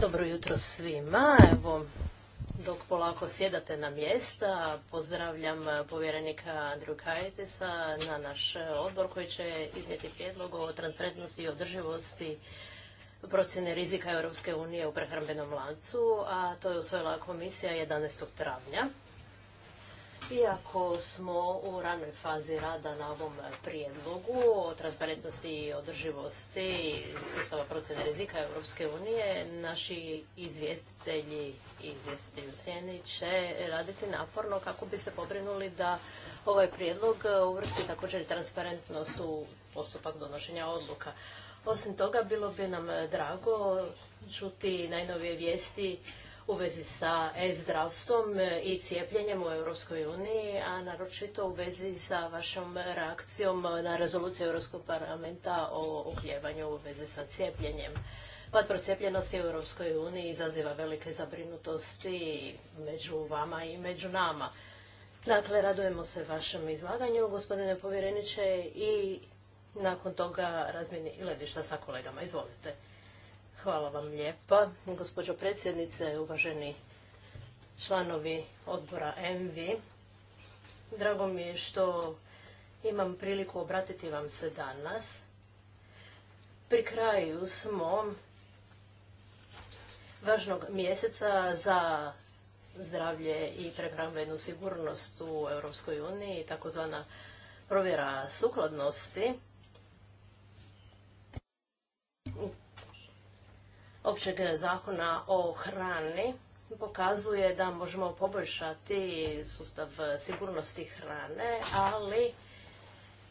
Dobro jutro svima. Evo, dok polako sjedate na mjesta, pozdravljam povjerenika Andriju Kajetisa na naš odbor koji će iznijeti prijedlog o transparentnosti i održivosti procjene rizika Europske unije u prehrambenom lancu, a to je usvojila komisija 11. travnja. Iako smo u ranoj fazi rada na ovom prijedlogu o transparentnosti i održivosti sustava procjene rizika Europske unije, naši izvjestitelji i izvjestitelji u Sjeni će raditi naporno kako bi se pobrinuli da ovaj prijedlog uvrsti također transparentnost u postupak donošenja odluka. Osim toga, bilo bi nam drago čuti najnovije vijesti u vezi sa e-zdravstvom i cijepljenjem u Europskoj uniji, a naročito u vezi sa vašom reakcijom na rezoluciju Europskog parlamenta o uhljevanju u vezi sa cijepljenjem. Pad procijepljenosti u Europskoj uniji izaziva velike zabrinutosti među vama i među nama. Dakle, radujemo se vašem izlaganju, gospodine povjereniče, i nakon toga razmjeni gledišta sa kolegama. Izvolite. Hvala vam lijepa. Gospođo predsjednice, uvaženi članovi odbora MV, drago mi je što imam priliku obratiti vam se danas. Pri kraju smo važnog mjeseca za zdravlje i prehrambenu sigurnost u Europskoj uniji, takozvana provjera sukladnosti. općeg zakona o hrani pokazuje da možemo poboljšati sustav sigurnosti hrane, ali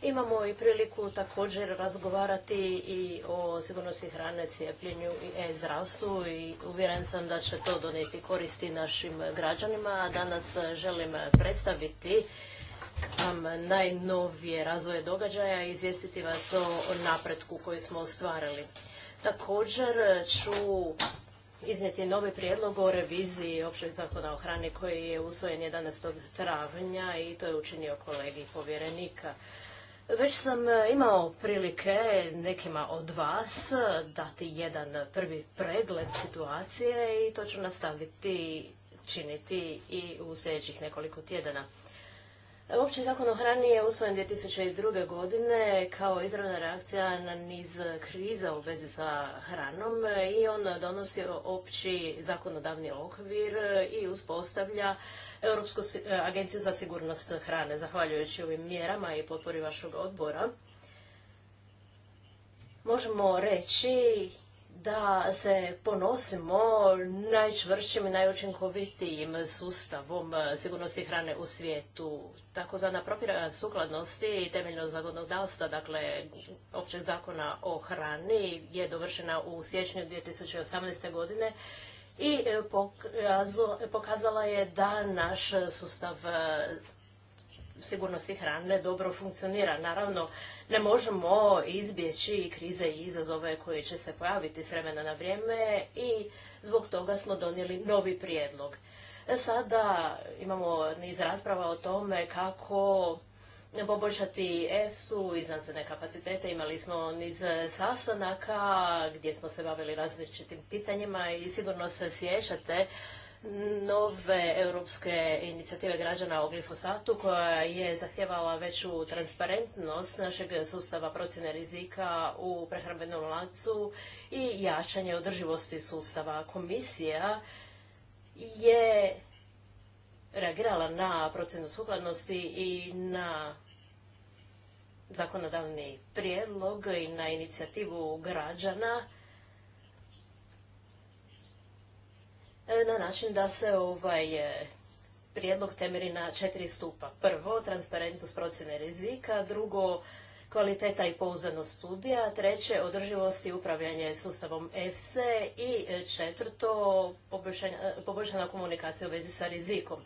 imamo i priliku također razgovarati i o sigurnosti hrane, cijepljenju i e-zdravstvu i uvjeren sam da će to donijeti koristi našim građanima. Danas želim predstaviti vam najnovije razvoje događaja i izvijestiti vas o napretku koji smo ostvarili. Također ću iznijeti novi prijedlog o reviziji općeg zakona o hrani koji je usvojen 11. travnja i to je učinio kolegi povjerenika. Već sam imao prilike nekima od vas dati jedan prvi pregled situacije i to ću nastaviti činiti i u sljedećih nekoliko tjedana. Opći zakon o hrani je usvojen 2002. godine kao izravna reakcija na niz kriza u vezi sa hranom i on donosi opći zakonodavni okvir i uspostavlja Europsku agenciju za sigurnost hrane. Zahvaljujući ovim mjerama i potpori vašeg odbora, možemo reći da se ponosimo najčvršim i najučinkovitijim sustavom eh, sigurnosti hrane u svijetu. Tako da na propira sukladnosti i temeljnog zakonodavstva, dakle općeg zakona o hrani, je dovršena u siječnju 2018. godine i eh, eh, pokazala je da naš sustav sigurnosti hrane dobro funkcionira. Naravno, ne možemo izbjeći krize i izazove koje će se pojaviti s vremena na vrijeme i zbog toga smo donijeli novi prijedlog. E, sada imamo niz rasprava o tome kako poboljšati EFSU i znanstvene kapacitete. Imali smo niz sastanaka gdje smo se bavili različitim pitanjima i sigurno se sjećate nove europske inicijative građana o glifosatu koja je zahtijevala veću transparentnost našeg sustava procjene rizika u prehrambenom lancu i jačanje održivosti sustava. Komisija je reagirala na procjenu sukladnosti i na zakonodavni prijedlog i na inicijativu građana E, na način da se ovaj e, prijedlog temelji na četiri stupa. Prvo, transparentnost procjene rizika, drugo, kvaliteta i pouzdanost studija, treće, održivost i upravljanje sustavom EFSE i e, četvrto, poboljšana komunikacija u vezi sa rizikom.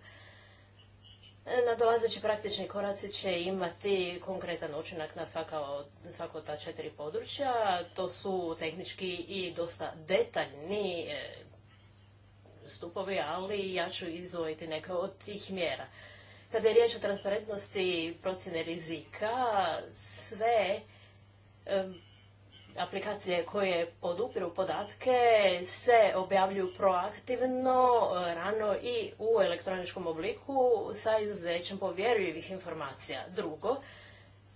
Nadolazeći praktični koraci će imati konkretan učinak na svaka, svako ta četiri područja. To su tehnički i dosta detaljni stupovi, ali ja ću izvojiti neke od tih mjera. Kada je riječ o transparentnosti procjene rizika, sve aplikacije koje podupiru podatke se objavljuju proaktivno, rano i u elektroničkom obliku sa izuzećem povjerljivih informacija. Drugo,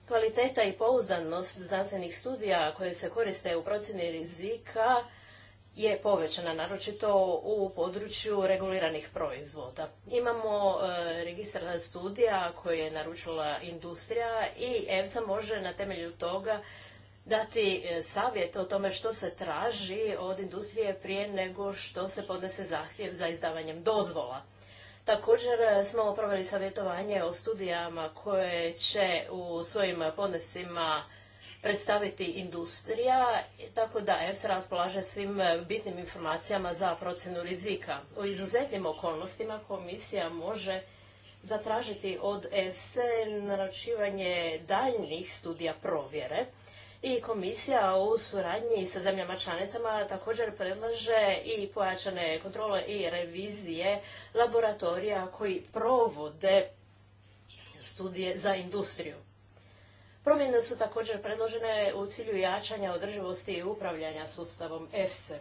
kvaliteta i pouzdanost znanstvenih studija koje se koriste u procjeni rizika je povećana, naročito u području reguliranih proizvoda. Imamo e, registar studija koje je naručila industrija i EFSA može na temelju toga dati e, savjet o tome što se traži od industrije prije nego što se podnese zahtjev za izdavanjem dozvola. Također e, smo proveli savjetovanje o studijama koje će u svojim podnesima predstaviti industrija, tako da EFSA raspolaže svim eh, bitnim informacijama za procenu rizika. U izuzetnim okolnostima komisija može zatražiti od EFSA naručivanje daljnjih studija provjere i komisija u suradnji sa zemljama članicama također predlaže i pojačane kontrole i revizije laboratorija koji provode studije za industriju. Promjene su također predložene u cilju jačanja održivosti i upravljanja sustavom EFSE.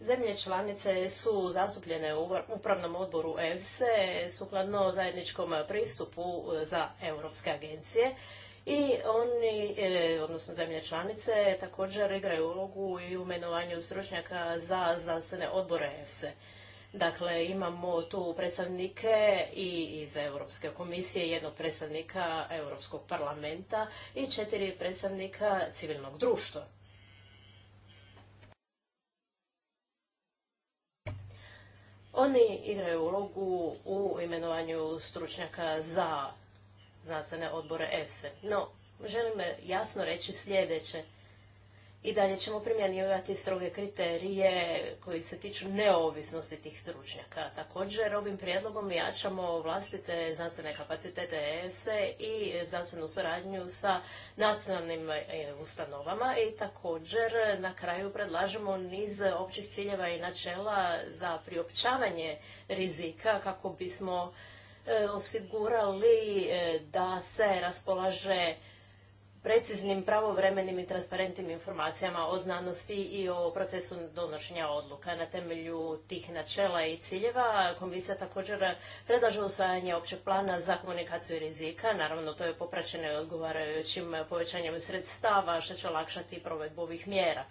Zemlje članice su zastupljene u upravnom odboru EFSE sukladno zajedničkom pristupu e, za europske agencije i oni, e, odnosno zemlje članice, također igraju ulogu i u imenovanju stručnjaka za znanstvene odbore EFSE. Dakle, imamo tu predstavnike i iz Europske komisije, jednog predstavnika Europskog parlamenta i četiri predstavnika civilnog društva. Oni igraju ulogu u imenovanju stručnjaka za znanstvene odbore EFSE. No, želim jasno reći sljedeće i dalje ćemo primjenjivati stroge kriterije koji se tiču neovisnosti tih stručnjaka. Također, ovim prijedlogom jačamo vlastite znanstvene kapacitete EFSE i znanstvenu suradnju sa nacionalnim e, ustanovama i također na kraju predlažemo niz općih ciljeva i načela za priopćavanje rizika kako bismo e, osigurali e, da se raspolaže preciznim, pravovremenim i transparentnim informacijama o znanosti i o procesu donošenja odluka. Na temelju tih načela i ciljeva komisija također predlaže usvajanje općeg plana za komunikaciju rizika. Naravno, to je popraćeno i odgovarajućim povećanjem sredstava što će olakšati provedbu ovih mjera.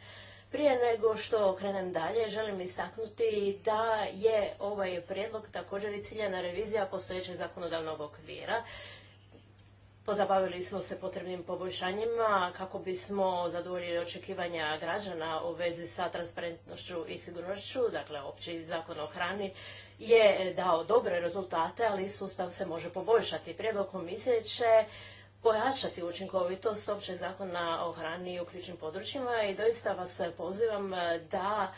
Prije nego što krenem dalje, želim istaknuti da je ovaj prijedlog također i ciljena revizija postojećeg zakonodavnog okvira pozabavili smo se potrebnim poboljšanjima kako bismo zadovoljili očekivanja građana u vezi sa transparentnošću i sigurnošću, dakle opći zakon o hrani je dao dobre rezultate, ali sustav se može poboljšati. Prijedlog komisije će pojačati učinkovitost općeg zakona o hrani u ključnim područjima i doista vas pozivam da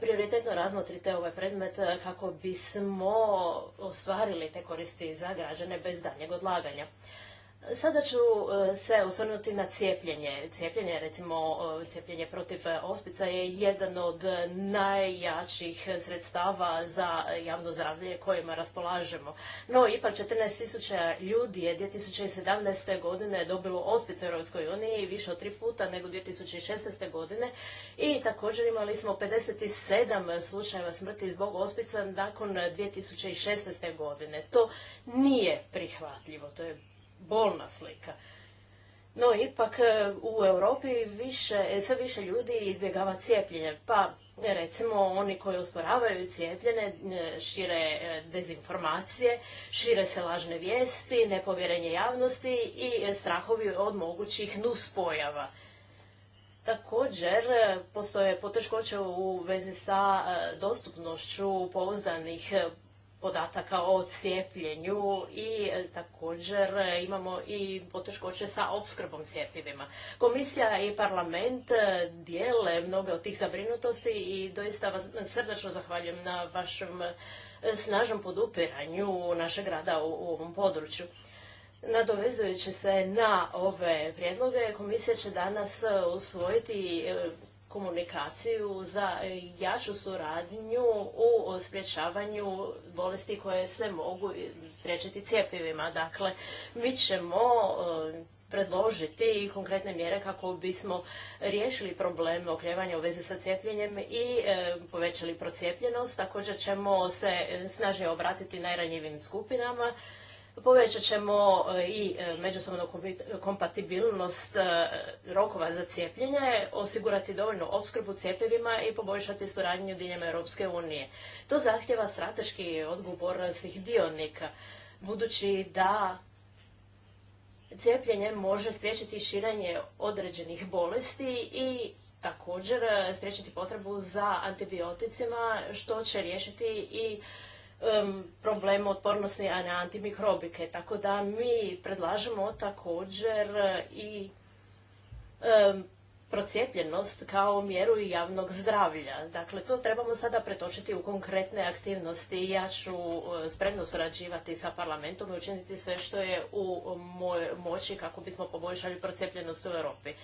prioritetno razmotrite ovaj predmet kako bismo ostvarili te koristi za građane bez daljnjeg odlaganja. Sada ću e, se osvrnuti na cijepljenje. Cijepljenje, recimo e, cijepljenje protiv e, ospica je jedan od najjačih sredstava za javno zdravlje kojima raspolažemo. No, ipak 14.000 ljudi je 2017. godine dobilo ospice u Europskoj uniji više od tri puta nego 2016. godine i također imali smo 57 slučajeva smrti zbog ospica nakon 2016. godine. To nije prihvatljivo, to je bolna slika. No, ipak e, u Europi više, e, sve više ljudi izbjegava cijepljenje. Pa, e, recimo, oni koji usporavaju cijepljene šire dezinformacije, šire se lažne vijesti, nepovjerenje javnosti i strahovi od mogućih nuspojava. Također, postoje poteškoće u vezi sa dostupnošću pouzdanih podataka o cijepljenju i e, također e, imamo i poteškoće sa opskrbom cjepivima. Komisija i parlament e, dijele mnoge od tih zabrinutosti i doista vas srdačno zahvaljujem na vašem snažnom podupiranju našeg rada u ovom području. Nadovezujući se na ove prijedloge, komisija će danas usvojiti komunikaciju za jaču suradnju u sprječavanju bolesti koje se mogu spriječiti cijepivima. Dakle, mi ćemo e, predložiti konkretne mjere kako bismo riješili problem okljevanja u vezi sa cijepljenjem i e, povećali procijepljenost. Također ćemo se snažnije obratiti najranjivim skupinama Povećat ćemo e, i e, međusobnu kompatibilnost e, rokova za cijepljenje, osigurati dovoljnu opskrbu cjepivima i poboljšati suradnju diljem Europske unije. To zahtjeva strateški odgovor svih dionika, budući da cijepljenje može spriječiti širenje određenih bolesti i također spriječiti potrebu za antibioticima, što će riješiti i problem otpornosti na antimikrobike. Tako da mi predlažemo također e, i procijepljenost kao mjeru javnog zdravlja. Dakle, to trebamo sada pretočiti u konkretne aktivnosti. Ja ću e, spremno surađivati sa parlamentom i učiniti sve što je u moći kako bismo poboljšali procijepljenost u Europi. E,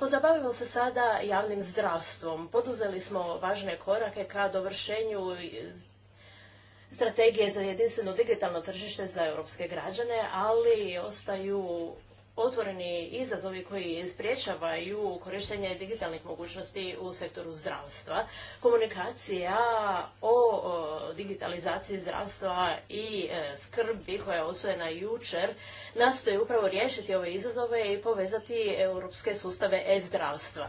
pozabavimo se sada javnim zdravstvom. Poduzeli smo važne korake ka dovršenju strategije za jedinstveno digitalno tržište za europske građane, ali ostaju otvoreni izazovi koji sprječavaju korištenje digitalnih mogućnosti u sektoru zdravstva. Komunikacija o digitalizaciji zdravstva i e, skrbi koja je osvojena jučer nastoji upravo riješiti ove izazove i povezati europske sustave e-zdravstva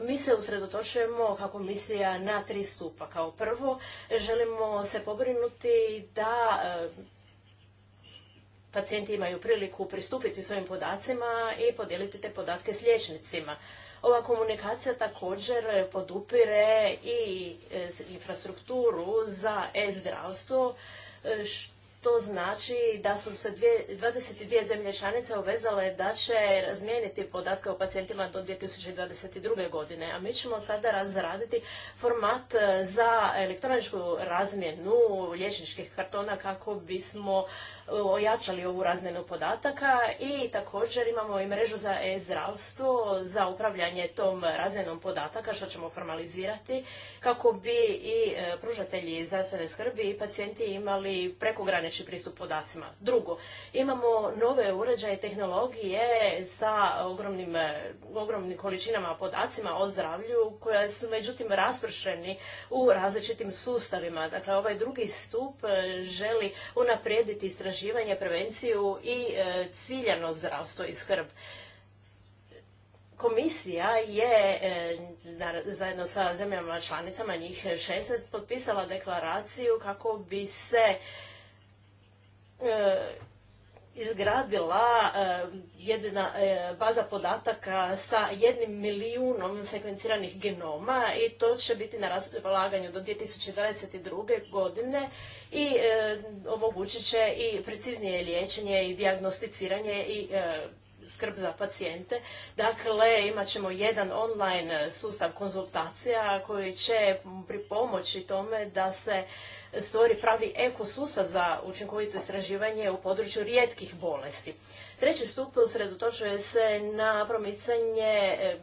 mi se usredotočujemo kako misija na tri stupa. Kao prvo, želimo se pobrinuti da e, pacijenti imaju priliku pristupiti svojim podacima i podijeliti te podatke s liječnicima. Ova komunikacija također podupire i e, infrastrukturu za e-zdravstvo, e, to znači da su se 22 zemlje članice obvezale da će razmijeniti podatke o pacijentima do 2022. godine, a mi ćemo sada razraditi format e, za elektroničku razmjenu liječničkih kartona kako bismo e, ojačali ovu razmjenu podataka i također imamo i mrežu za e-zdravstvo za upravljanje tom razmjenom podataka što ćemo formalizirati kako bi i e, pružatelji zdravstvene skrbi i pacijenti imali prekogranične veći pristup podacima. Drugo, imamo nove uređaje, tehnologije sa ogromnim, količinama podacima o zdravlju koje su međutim raspršeni u različitim sustavima. Dakle, ovaj drugi stup e, želi unaprijediti istraživanje, prevenciju i e, ciljano zdravstvo i skrb komisija je e, zajedno sa zemljama članicama njih 16 potpisala deklaraciju kako bi se E, izgradila e, jedna e, baza podataka sa jednim milijunom sekvenciranih genoma i to će biti na raspolaganju do 2022. godine i omogućit će i preciznije liječenje i dijagnosticiranje i skrb za pacijente. Dakle, imat ćemo jedan online sustav konzultacija koji će pripomoći tome da se stvori pravi ekosustav za učinkovito istraživanje u području rijetkih bolesti. Treći stup usredotočuje se na promicanje e,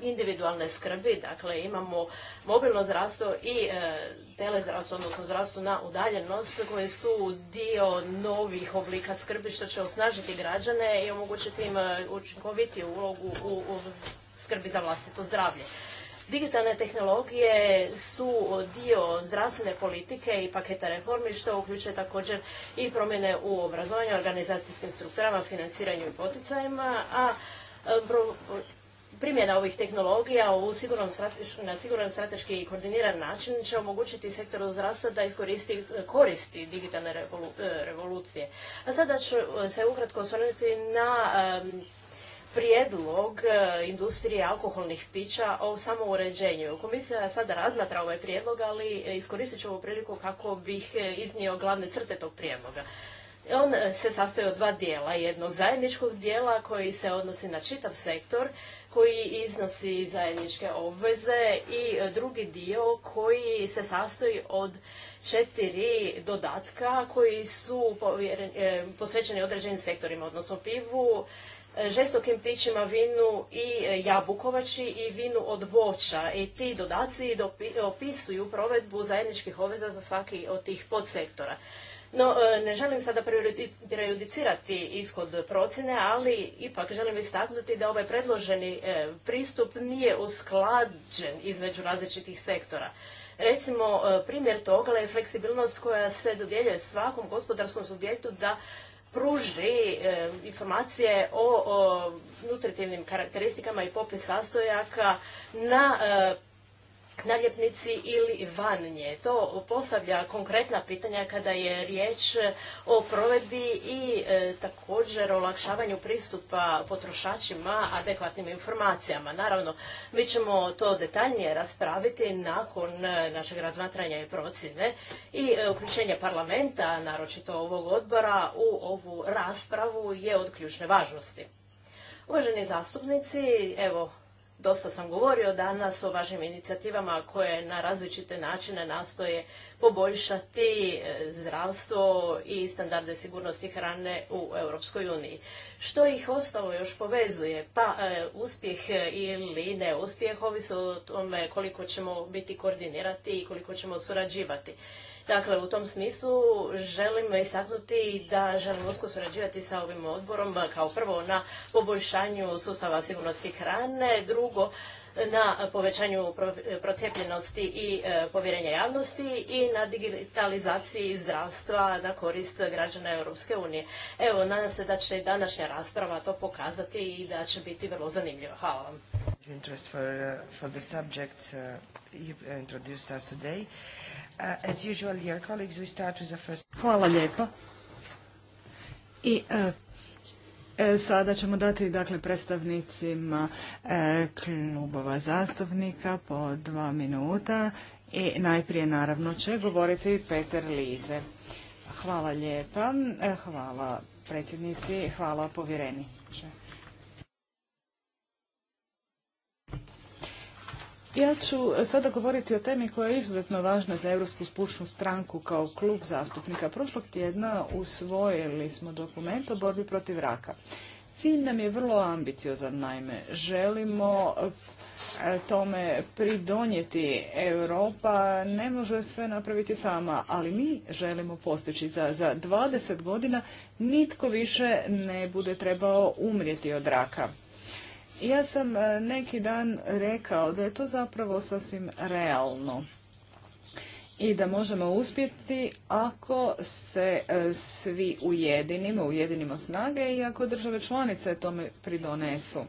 individualne skrbi, dakle imamo mobilno zdravstvo i e, telezdravstvo, odnosno zdravstvo na udaljenost koje su dio novih oblika skrbi što će osnažiti građane i omogućiti im e, učinkovitiju ulogu u skrbi za vlastito zdravlje. Digitalne tehnologije su dio zdravstvene politike i paketa reformi što uključuje također i promjene u obrazovanju, organizacijskim strukturama, financiranju i poticajima, a e, primjena ovih tehnologija u na siguran strateški i koordiniran način će omogućiti sektoru zdravstva da iskoristi koristi digitalne e, revolucije. A sada ću e, se ukratko osvrnuti na prijedlog e, industrije alkoholnih pića o samouređenju. Komisija sada razmatra ovaj prijedlog, ali e, iskoristit ću ovu priliku kako bih e, iznio glavne crte tog prijedloga. On se sastoji od dva dijela, jednog zajedničkog dijela koji se odnosi na čitav sektor, koji iznosi zajedničke obveze i drugi dio koji se sastoji od četiri dodatka koji su posvećeni određenim sektorima, odnosno pivu, žestokim pićima vinu i e, jabukovači i vinu od voća. I ti dodaci opisuju provedbu zajedničkih obveza za svaki od tih podsektora. No, e, ne želim sada prejudicirati ishod procjene, ali ipak želim istaknuti da ovaj predloženi e, pristup nije usklađen između različitih sektora. Recimo, primjer toga je fleksibilnost koja se dodjeljuje svakom gospodarskom subjektu da pruži e, informacije o nutritivnim karakteristikama i popis sastojaka na e, naljepnici ili van nje. To postavlja konkretna pitanja kada je riječ o provedbi i također također olakšavanju pristupa potrošačima adekvatnim informacijama. Naravno, mi ćemo to detaljnije raspraviti nakon e, našeg razmatranja i procjene i e, uključenje parlamenta, naročito ovog odbora, u ovu raspravu je od ključne važnosti. Uvaženi zastupnici, evo dosta sam govorio danas o važnim inicijativama koje na različite načine nastoje poboljšati e, zdravstvo i standarde sigurnosti hrane u Europskoj uniji. Što ih ostalo još povezuje? Pa e, uspjeh e, ili neuspjeh ovisi o tome koliko ćemo biti koordinirati i koliko ćemo surađivati. Dakle, u tom smislu želim istaknuti da želim usko surađivati sa ovim odborom kao prvo na poboljšanju sustava sigurnosti hrane, drugo dugo na povećanju procijepljenosti i e, povjerenja javnosti i na digitalizaciji zdravstva na korist građana Europske unije. Evo, nadam se da će današnja rasprava to pokazati i da će biti vrlo zanimljiva. Hvala vam. Hvala I E, sada ćemo dati dakle predstavnicima e, klubova zastupnika po dva minuta i najprije naravno će govoriti Peter Lize. Hvala lijepa, e, hvala predsjednici, hvala povjereniče. Ja ću sada govoriti o temi koja je izuzetno važna za Europsku spušnu stranku kao klub zastupnika. Prošlog tjedna usvojili smo dokument o borbi protiv raka. Cilj nam je vrlo ambiciozan, naime. Želimo e, tome pridonijeti. Europa ne može sve napraviti sama, ali mi želimo postići da za 20 godina nitko više ne bude trebao umrijeti od raka. Ja sam e, neki dan rekao da je to zapravo sasvim realno i da možemo uspjeti ako se e, svi ujedinimo, ujedinimo snage i ako države članice tome pridonesu.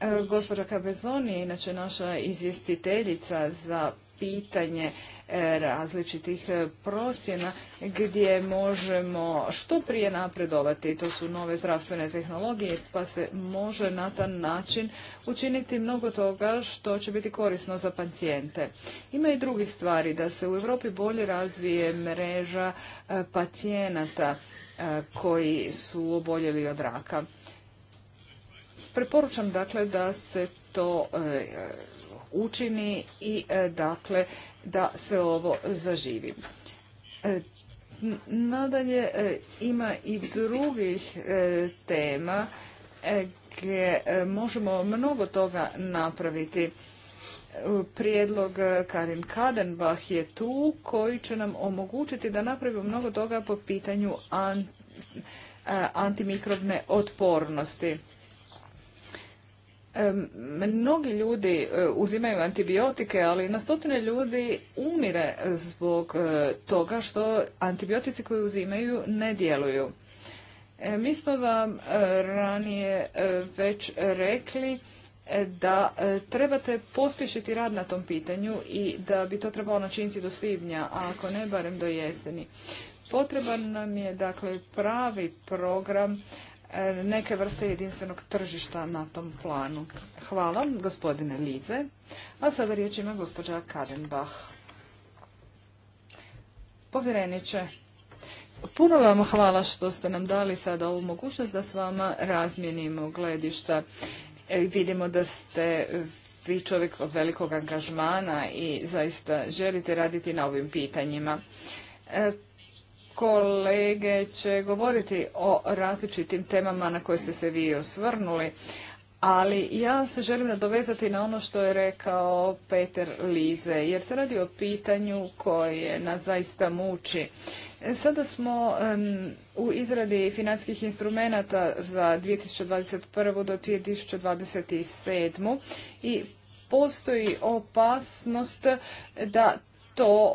E, gospođa Kabezon je inače naša izvjestiteljica za pitanje e, različitih e, procjena gdje možemo što prije napredovati. To su nove zdravstvene tehnologije pa se može na taj način učiniti mnogo toga što će biti korisno za pacijente. Ima i drugih stvari da se u Europi bolje razvije mreža e, pacijenata koji su oboljeli od raka. Preporučam dakle da se to učini i e, dakle da sve ovo zaživi. E, nadalje e, ima i drugih tema gdje možemo mnogo toga napraviti. Prijedlog Karin Kadenbach je tu koji će nam omogućiti da napravimo mnogo toga po pitanju antimikrobne otpornosti. Mnogi ljudi e, uzimaju antibiotike, ali na stotine ljudi umire zbog e, toga što antibiotici koji uzimaju ne djeluju. E, mi smo vam ranije već rekli da trebate pospješiti rad na tom pitanju i da bi to trebalo načiniti do svibnja, a ako ne, barem do jeseni. Potreban nam je dakle pravi program neke vrste jedinstvenog tržišta na tom planu. Hvala, gospodine Lize. A sada riječ ima gospođa Kadenbach. Povjereniče, puno vam hvala što ste nam dali sada ovu mogućnost da s vama razmijenimo gledišta. E, vidimo da ste vi čovjek od velikog angažmana i zaista želite raditi na ovim pitanjima. E, kolege će govoriti o različitim temama na koje ste se vi osvrnuli, ali ja se želim nadovezati na ono što je rekao Peter Lize, jer se radi o pitanju koje nas zaista muči. Sada smo u izradi financijskih instrumenata za 2021. do 2027. i postoji opasnost da to e,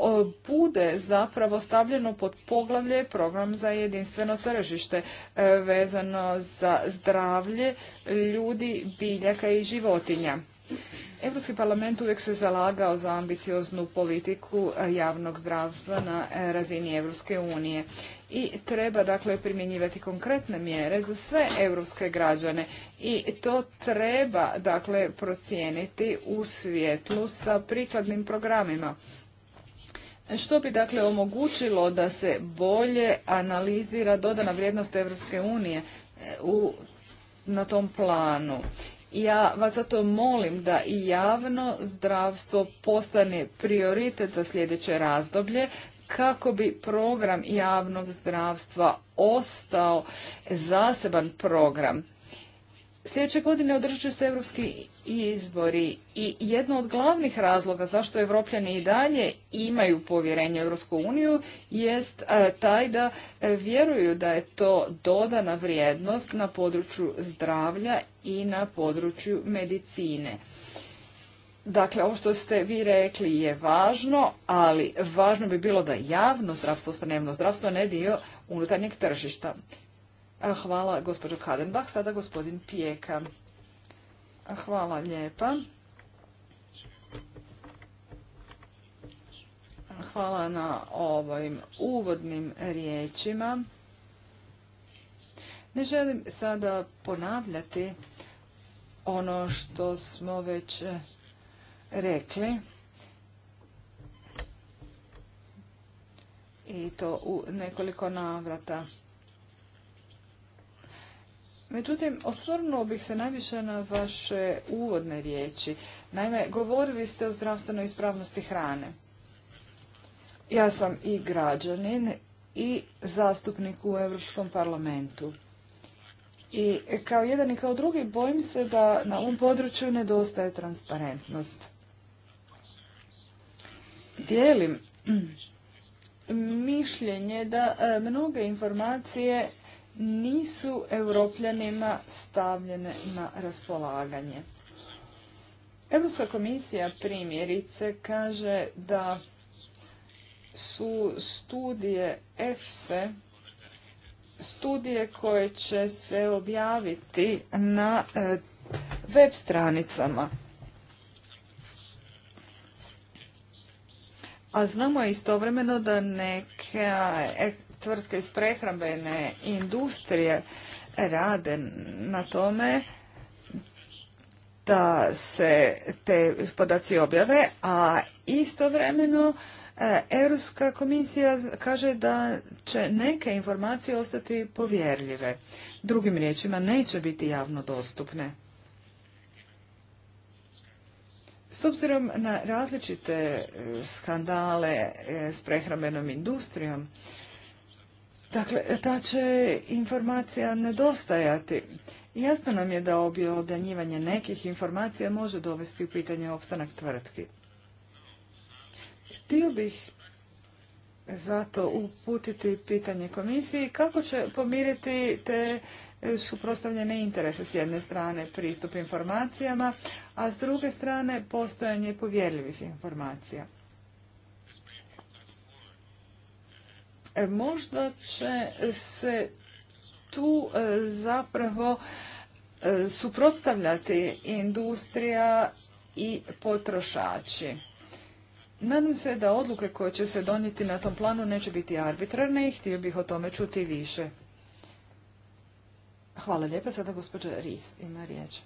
bude zapravo stavljeno pod poglavlje program za jedinstveno tržište e, vezano za zdravlje ljudi, biljaka i životinja. Europski parlament uvijek se zalagao za ambicioznu politiku e, javnog zdravstva na razini Europske unije i treba dakle primjenjivati konkretne mjere za sve europske građane i to treba dakle procijeniti u svijetlu sa prikladnim programima što bi dakle omogućilo da se bolje analizira dodana vrijednost Europske unije e, u, na tom planu. Ja vas zato molim da i javno zdravstvo postane prioritet za sljedeće razdoblje kako bi program javnog zdravstva ostao zaseban program. Sljedeće godine održat će se Europski izbori i jedno od glavnih razloga zašto evropljani i dalje imaju povjerenje u Europsku uniju jest e, taj da e, vjeruju da je to dodana vrijednost na području zdravlja i na području medicine. Dakle, ovo što ste vi rekli je važno, ali važno bi bilo da javno zdravstvo ostane zdravstvo, ne dio unutarnjeg tržišta. E, hvala gospođo Kadenbach, sada gospodin Pijeka. Hvala lijepa. Hvala na ovim uvodnim riječima. Ne želim sada ponavljati ono što smo već rekli. I to u nekoliko navrata. Međutim, osvrnuo bih se najviše na vaše uvodne riječi. Naime, govorili ste o zdravstvenoj ispravnosti hrane. Ja sam i građanin i zastupnik u Europskom parlamentu. I kao jedan i kao drugi bojim se da na ovom području nedostaje transparentnost. Dijelim mišljenje da e, mnoge informacije nisu europljanima stavljene na raspolaganje. Europska komisija primjerice kaže da su studije EFSE studije koje će se objaviti na e, web stranicama. A znamo istovremeno da neke e, tvrtke iz prehrambene industrije rade na tome da se te podaci objave, a istovremeno e, Europska komisija kaže da će neke informacije ostati povjerljive. Drugim riječima, neće biti javno dostupne. S obzirom na različite e, skandale e, s prehrambenom industrijom, Dakle, ta će informacija nedostajati. Jasno nam je da objelodanjivanje nekih informacija može dovesti u pitanje opstanak tvrtki. Htio bih zato uputiti pitanje komisiji kako će pomiriti te suprotstavljene interese s jedne strane pristup informacijama, a s druge strane postojanje povjerljivih informacija. E, možda će se tu e, zapravo e, suprotstavljati industrija i potrošači. Nadam se da odluke koje će se donijeti na tom planu neće biti arbitrarne i htio bih o tome čuti više. Hvala lijepa. Sada gospođa Ris ima riječ.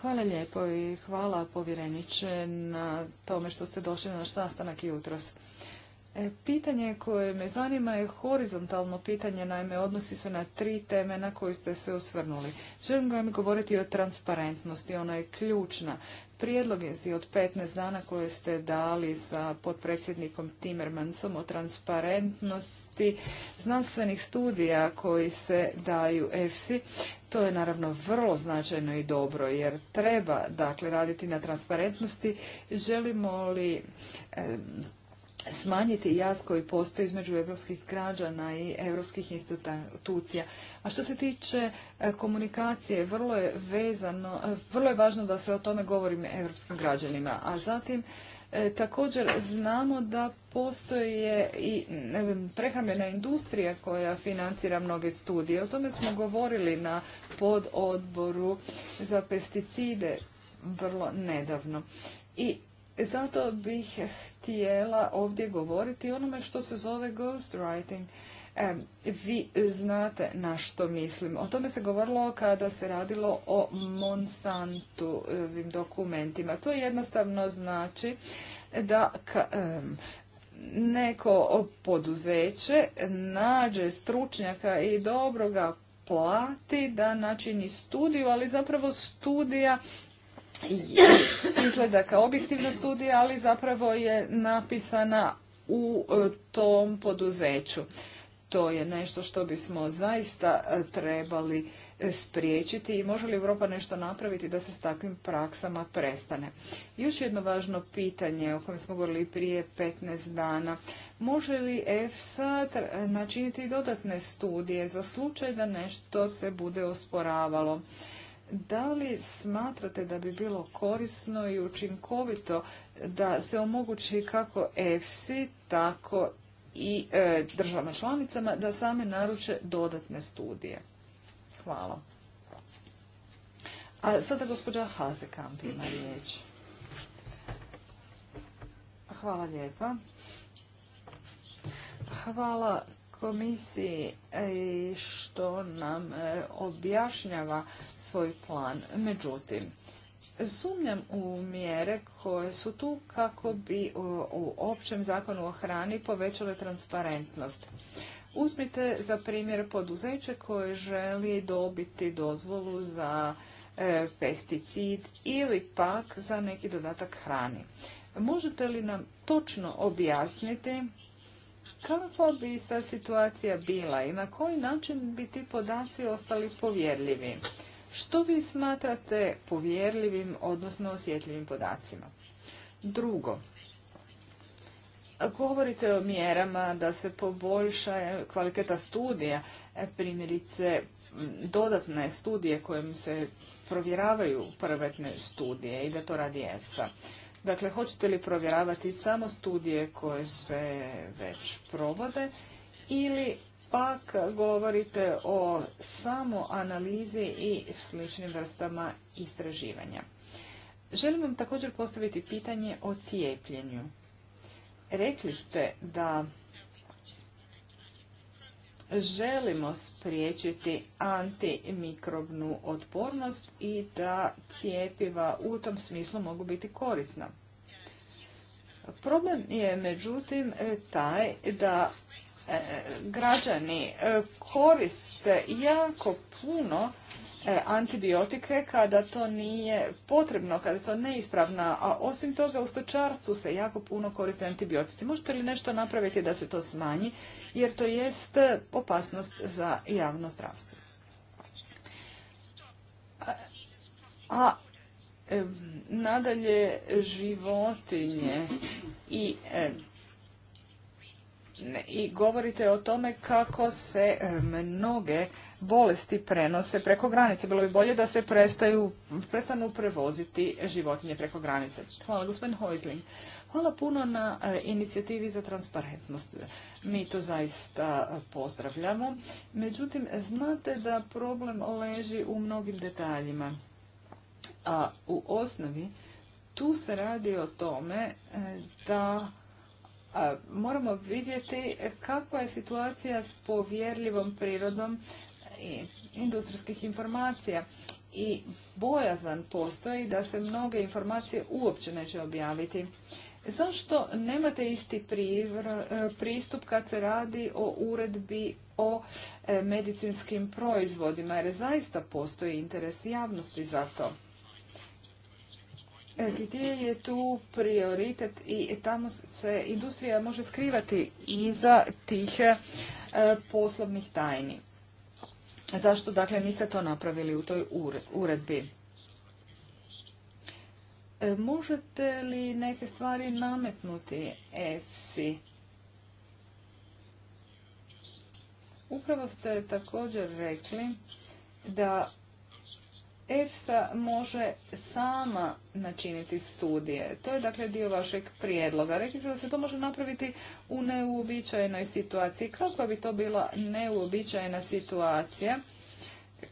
Hvala lijepo i hvala povjereniče na tome što ste došli na naš sastanak jutros. E, pitanje koje me zanima je horizontalno pitanje, naime odnosi se na tri teme na koje ste se osvrnuli. Želim vam govoriti o transparentnosti, ona je ključna. Prijedlog je od 15 dana koje ste dali za potpredsjednikom Timmermansom o transparentnosti znanstvenih studija koji se daju EFSI. To je naravno vrlo značajno i dobro jer treba dakle raditi na transparentnosti. Želimo li smanjiti jaz koji postoji između europskih građana i europskih institucija. A što se tiče e, komunikacije, vrlo je vezano, e, vrlo je važno da se o tome govorimo evropskim građanima. A zatim e, također znamo da postoje i prehrambena industrija koja financira mnoge studije. O tome smo govorili na pododboru za pesticide vrlo nedavno. I zato bih htjela ovdje govoriti onome što se zove ghostwriting. vi znate na što mislim. O tome se govorilo kada se radilo o Monsantu dokumentima. To jednostavno znači da neko poduzeće nađe stručnjaka i dobro ga plati da načini studiju, ali zapravo studija izgleda kao objektivna studija, ali zapravo je napisana u e, tom poduzeću. To je nešto što bismo zaista e, trebali e, spriječiti i može li Europa nešto napraviti da se s takvim praksama prestane. Još jedno važno pitanje o kojem smo govorili prije 15 dana. Može li EFSA načiniti dodatne studije za slučaj da nešto se bude osporavalo? Da li smatrate da bi bilo korisno i učinkovito da se omogući kako EFSI, tako i e, državama članicama da same naruče dodatne studije? Hvala. A sada gospođa Hazekamp ima riječ. Hvala lijepa. Hvala komisiji e, što nam e, objašnjava svoj plan. Međutim, sumnjam u mjere koje su tu kako bi e, u općem zakonu o hrani povećale transparentnost. Uzmite za primjer poduzeće koje želi dobiti dozvolu za pesticid ili pak za neki dodatak hrani. Možete li nam točno objasniti Kakva bi ta situacija bila i na koji način bi ti podaci ostali povjerljivi? Što vi smatrate povjerljivim, odnosno osjetljivim podacima? Drugo, govorite o mjerama da se poboljša kvaliteta studija, e, primjerice dodatne studije kojim se provjeravaju prvetne studije i da to radi EFSA. Dakle, hoćete li provjeravati samo studije koje se već provode ili pak govorite o samo analizi i sličnim vrstama istraživanja. Želim vam također postaviti pitanje o cijepljenju. Rekli ste da želimo spriječiti antimikrobnu otpornost i da cijepiva u tom smislu mogu biti korisna. Problem je međutim taj da e, građani e, koriste jako puno E, antibiotike kada to nije potrebno, kada je to neispravna, a osim toga u stočarstvu se jako puno koriste antibiotici. Možete li nešto napraviti da se to smanji, jer to jest opasnost za javno zdravstvo. A, a nadalje životinje i i govorite o tome kako se e, mnoge bolesti prenose preko granice. Bilo bi bolje da se prestaju, prestanu prevoziti životinje preko granice. Hvala gospodin Hojzling. Hvala puno na e, inicijativi za transparentnost. Mi to zaista pozdravljamo. Međutim, znate da problem leži u mnogim detaljima. A u osnovi tu se radi o tome e, da moramo vidjeti kakva je situacija s povjerljivom prirodom industrijskih informacija i bojazan postoji da se mnoge informacije uopće neće objaviti. Zašto nemate isti e, pristup kad se radi o uredbi o e, medicinskim proizvodima jer zaista postoji interes javnosti za to? E, gdje je tu prioritet i tamo se industrija može skrivati iza tih e, poslovnih tajni. Zašto dakle niste to napravili u toj uredbi? E, možete li neke stvari nametnuti EFSI? Upravo ste također rekli da EFSA može sama načiniti studije. To je dakle dio vašeg prijedloga. Rekli ste da se to može napraviti u neuobičajenoj situaciji. Kako bi to bila neuobičajena situacija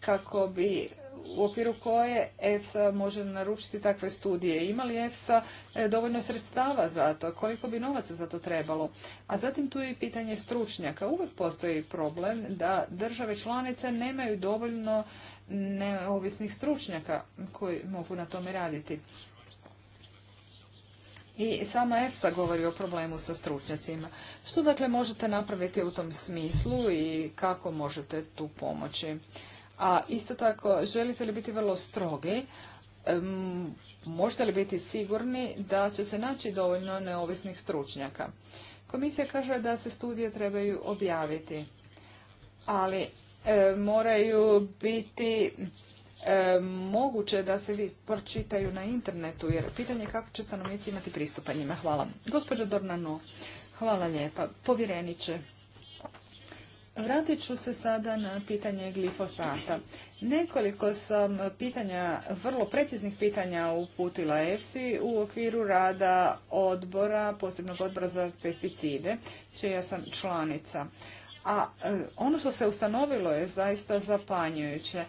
kako bi u okviru koje EFSA može naručiti takve studije. Ima li EFSA e, dovoljno sredstava za to? Koliko bi novaca za to trebalo? A zatim tu je i pitanje stručnjaka. Uvijek postoji problem da države članice nemaju dovoljno neovisnih stručnjaka koji mogu na tome raditi. I sama EFSA govori o problemu sa stručnjacima. Što dakle možete napraviti u tom smislu i kako možete tu pomoći? A isto tako, želite li biti vrlo strogi? možete li biti sigurni da će se naći dovoljno neovisnih stručnjaka? Komisija kaže da se studije trebaju objaviti, ali E, moraju biti e, moguće da se vi pročitaju na internetu, jer pitanje je kako će stanovnici imati pristupa pa njima. Hvala. Gospođa Dornano, hvala lijepa. Povjereniče, vratit ću se sada na pitanje glifosata. Nekoliko sam pitanja, vrlo preciznih pitanja uputila EFSI u okviru rada odbora, posebnog odbora za pesticide, čija sam članica a e, ono što se ustanovilo je zaista zapanjujuće.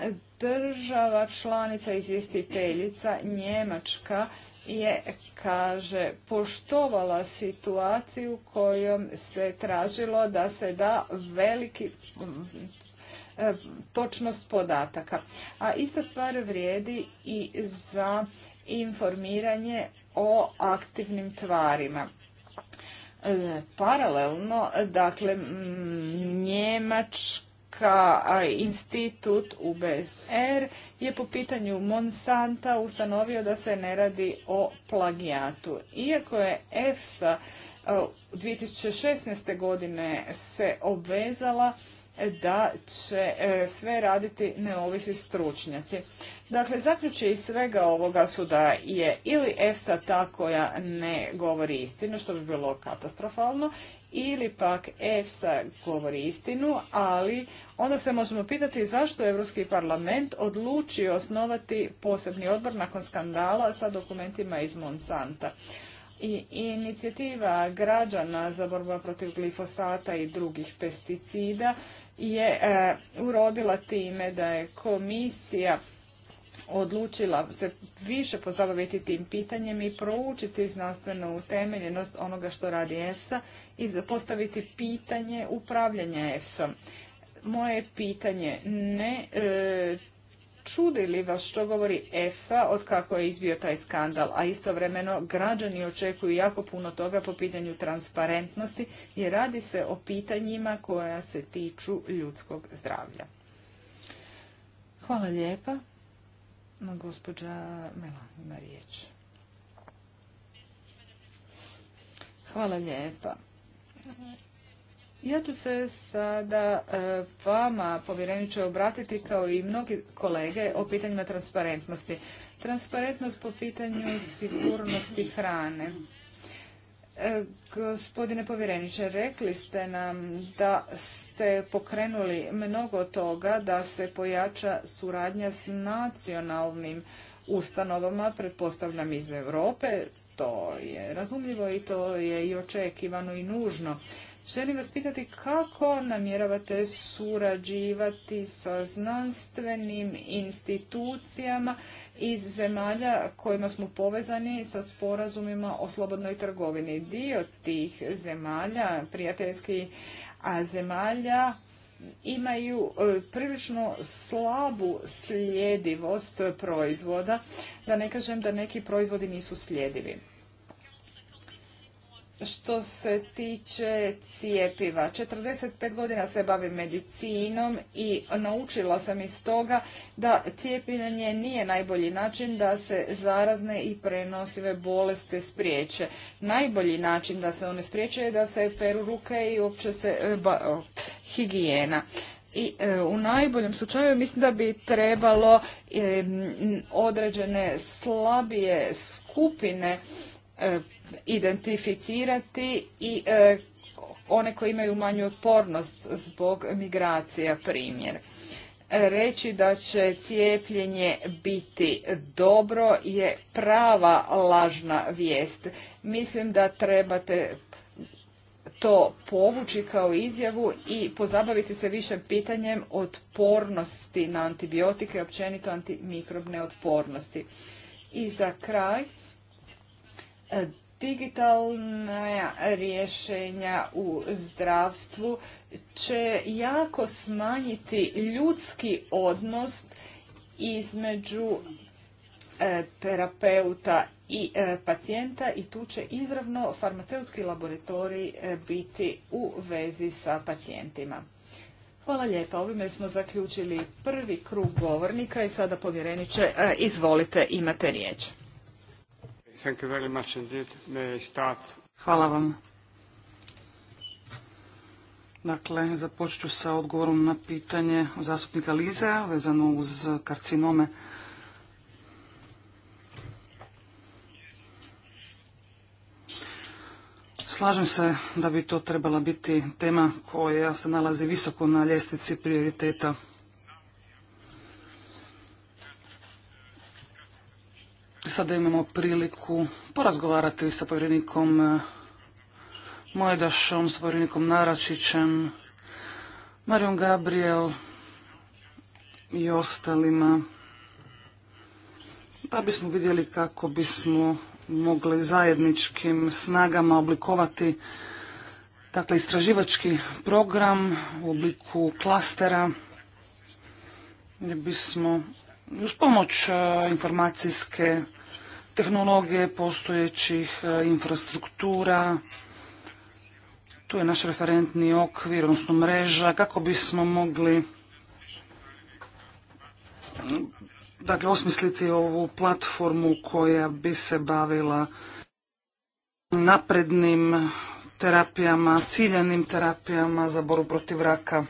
E, država članica izvjestiteljica Njemačka je, kaže, poštovala situaciju kojom se tražilo da se da veliki e, točnost podataka. A ista stvar vrijedi i za informiranje o aktivnim tvarima. E, paralelno, dakle, Njemačka institut UBSR je po pitanju Monsanta ustanovio da se ne radi o plagijatu. Iako je EFSA 2016. E, godine se obvezala da će e, sve raditi neovisi stručnjaci. Dakle, zaključe iz svega ovoga su da je ili EFSA ta koja ne govori istinu, što bi bilo katastrofalno, ili pak EFSA govori istinu, ali onda se možemo pitati zašto je Europski parlament odlučio osnovati posebni odbor nakon skandala sa dokumentima iz Monsanta. I inicijativa građana za borbu protiv glifosata i drugih pesticida je e, urodila time da je komisija odlučila se više pozabaviti tim pitanjem i proučiti znanstvenu utemeljenost onoga što radi EFSA i postaviti pitanje upravljanja efsa Moje pitanje ne e, čudi li vas što govori EFSA od kako je izbio taj skandal, a istovremeno građani očekuju jako puno toga po pitanju transparentnosti i radi se o pitanjima koja se tiču ljudskog zdravlja. Hvala lijepa. Gospođa mela ima riječ. Hvala lijepa. Ja ću se sada e, vama, povjereniče, obratiti kao i mnogi kolege o pitanjima transparentnosti. Transparentnost po pitanju sigurnosti hrane. E, gospodine povjereniče, rekli ste nam da ste pokrenuli mnogo toga da se pojača suradnja s nacionalnim ustanovama, pretpostavljam iz Europe, to je razumljivo i to je i očekivano i nužno. Želim vas pitati kako namjeravate surađivati sa znanstvenim institucijama iz zemalja kojima smo povezani sa sporazumima o slobodnoj trgovini. Dio tih zemalja, prijateljskih zemalja, imaju e, prilično slabu sljedivost proizvoda, da ne kažem da neki proizvodi nisu sljedivi što se tiče cijepiva. 45 godina se bavim medicinom i naučila sam iz toga da cijepljenje nije najbolji način da se zarazne i prenosive bolesti spriječe. Najbolji način da se one spriječe je da se peru ruke i uopće se e, higijena. I e, u najboljem slučaju mislim da bi trebalo određene slabije skupine e, identificirati i e, one koji imaju manju otpornost zbog migracija primjer. E, reći da će cijepljenje biti dobro je prava lažna vijest. Mislim da trebate to povući kao izjavu i pozabaviti se više pitanjem otpornosti na antibiotike i općenito antimikrobne otpornosti. I za kraj, e, digitalna rješenja u zdravstvu će jako smanjiti ljudski odnos između e, terapeuta i e, pacijenta i tu će izravno farmaceutski laboratorij e, biti u vezi sa pacijentima. Hvala lijepa. Ovime smo zaključili prvi krug govornika i sada povjereniče izvolite imate riječ. Thank you very much Hvala vam. Dakle, započet ću sa odgovorom na pitanje zastupnika Liza vezano uz karcinome. Slažem se da bi to trebala biti tema koja se nalazi visoko na ljestvici prioriteta Sada imamo priliku porazgovarati sa povjerenikom eh, Mojedašom, sa povjerenikom Naračićem, Marijom Gabriel i ostalima. Da bismo vidjeli kako bismo mogli zajedničkim snagama oblikovati dakle istraživački program u obliku klastera gdje bismo uz pomoć e, informacijske tehnologije, postojećih e, infrastruktura, tu je naš referentni okvir, odnosno mreža, kako bismo mogli dakle, osmisliti ovu platformu koja bi se bavila naprednim terapijama, ciljanim terapijama za boru protiv raka.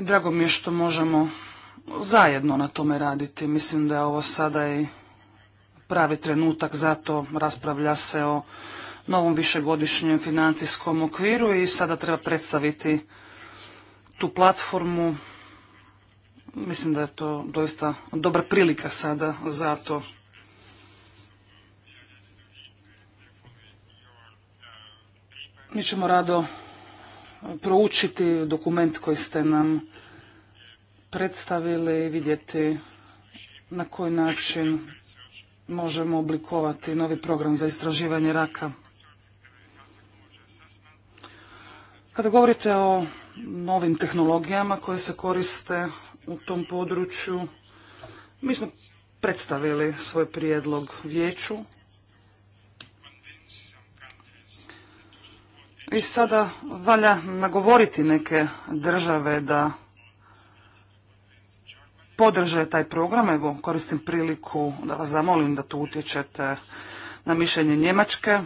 Drago mi je što možemo zajedno na tome raditi. Mislim da je ovo sada i pravi trenutak, zato raspravlja se o novom višegodišnjem financijskom okviru i sada treba predstaviti tu platformu. Mislim da je to doista dobra prilika sada za to. Mi ćemo rado proučiti dokument koji ste nam predstavili i vidjeti na koji način možemo oblikovati novi program za istraživanje raka. Kada govorite o novim tehnologijama koje se koriste u tom području, mi smo predstavili svoj prijedlog vijeću I sada valja nagovoriti neke države da podrže taj program. Evo, koristim priliku da vas zamolim da to utječete na mišljenje Njemačke.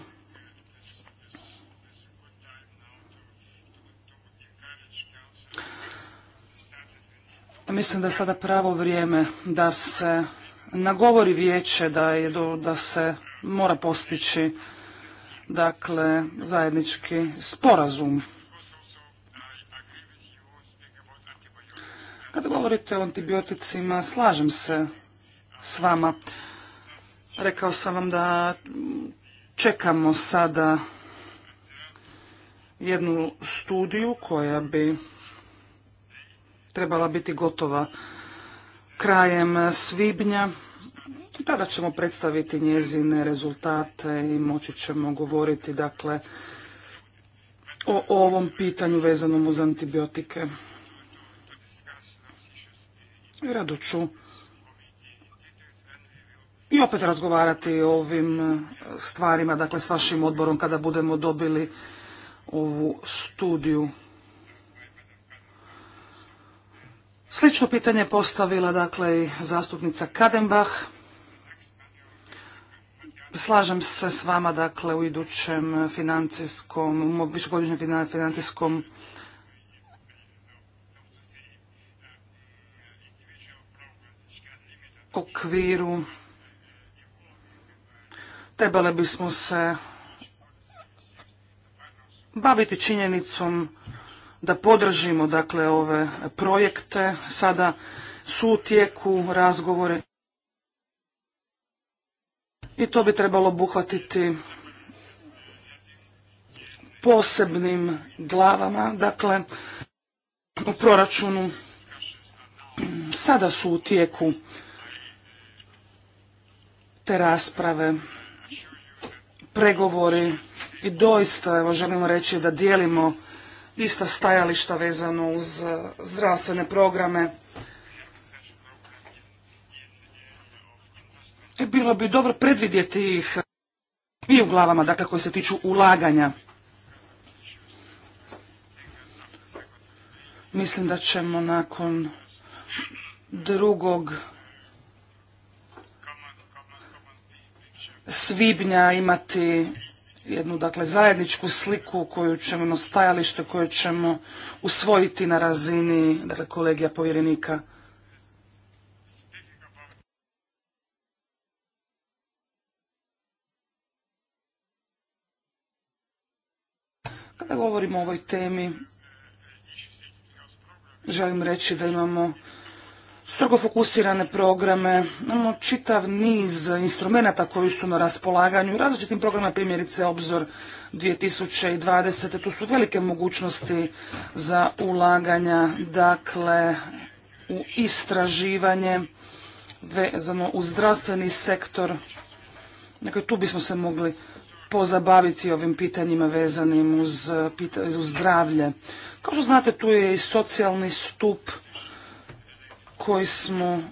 Mislim da je sada pravo vrijeme da se nagovori vijeće da, da se mora postići dakle, zajednički sporazum. Kada govorite o antibioticima, slažem se s vama. Rekao sam vam da čekamo sada jednu studiju koja bi trebala biti gotova krajem svibnja. Tada ćemo predstaviti njezine rezultate i moći ćemo govoriti dakle o ovom pitanju vezanom uz antibiotike. Rado ću i opet razgovarati o ovim stvarima, dakle s vašim odborom kada budemo dobili ovu studiju. Slično pitanje postavila dakle i zastupnica Kadenbach. Slažem se s vama, dakle, u idućem financijskom, u višegodišnjem financijskom okviru trebali bismo se baviti činjenicom da podržimo dakle ove projekte. Sada su u tijeku razgovore i to bi trebalo obuhvatiti posebnim glavama, dakle u proračunu sada su u tijeku te rasprave, pregovori i doista evo, želimo reći da dijelimo ista stajališta vezano uz zdravstvene programe bilo bi dobro predvidjeti ih eh, i u glavama, dakle, koji se tiču ulaganja. Mislim da ćemo nakon drugog svibnja imati jednu dakle zajedničku sliku koju ćemo na stajalište koje ćemo usvojiti na razini dakle kolegija povjerenika. o ovoj temi, želim reći da imamo strogo fokusirane programe, imamo čitav niz instrumenta koji su na raspolaganju, različitim programima primjerice Obzor 2020. Tu su velike mogućnosti za ulaganja, dakle, u istraživanje vezano u zdravstveni sektor. Dakle, tu bismo se mogli pozabaviti ovim pitanjima vezanim uz, uz zdravlje. Kao što znate, tu je i socijalni stup koji smo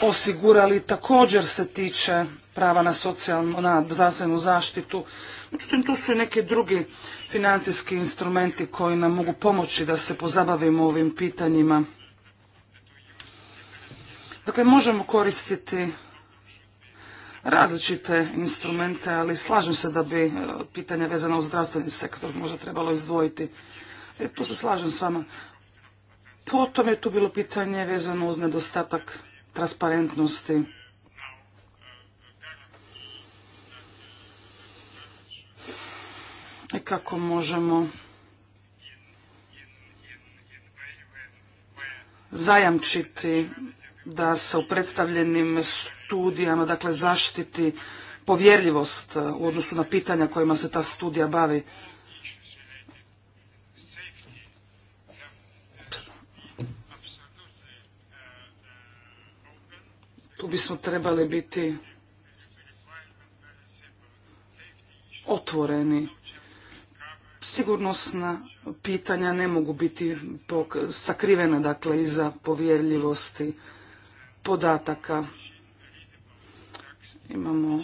osigurali također se tiče prava na socijalnu, na zdravstvenu zaštitu. Međutim, tu su i neki drugi financijski instrumenti koji nam mogu pomoći da se pozabavimo ovim pitanjima. Dakle, možemo koristiti različite instrumente, ali slažem se da bi e, pitanje vezano uz zdravstveni sektor možda trebalo izdvojiti. E, tu se slažem s vama. Potom je tu bilo pitanje vezano uz nedostatak transparentnosti. I kako možemo zajamčiti da se u predstavljenim studijama dakle zaštiti povjerljivost e, u odnosu na pitanja kojima se ta studija bavi. Tu bismo trebali biti otvoreni. Sigurnosna pitanja ne mogu biti sakrivena dakle iza povjerljivosti podataka. Imamo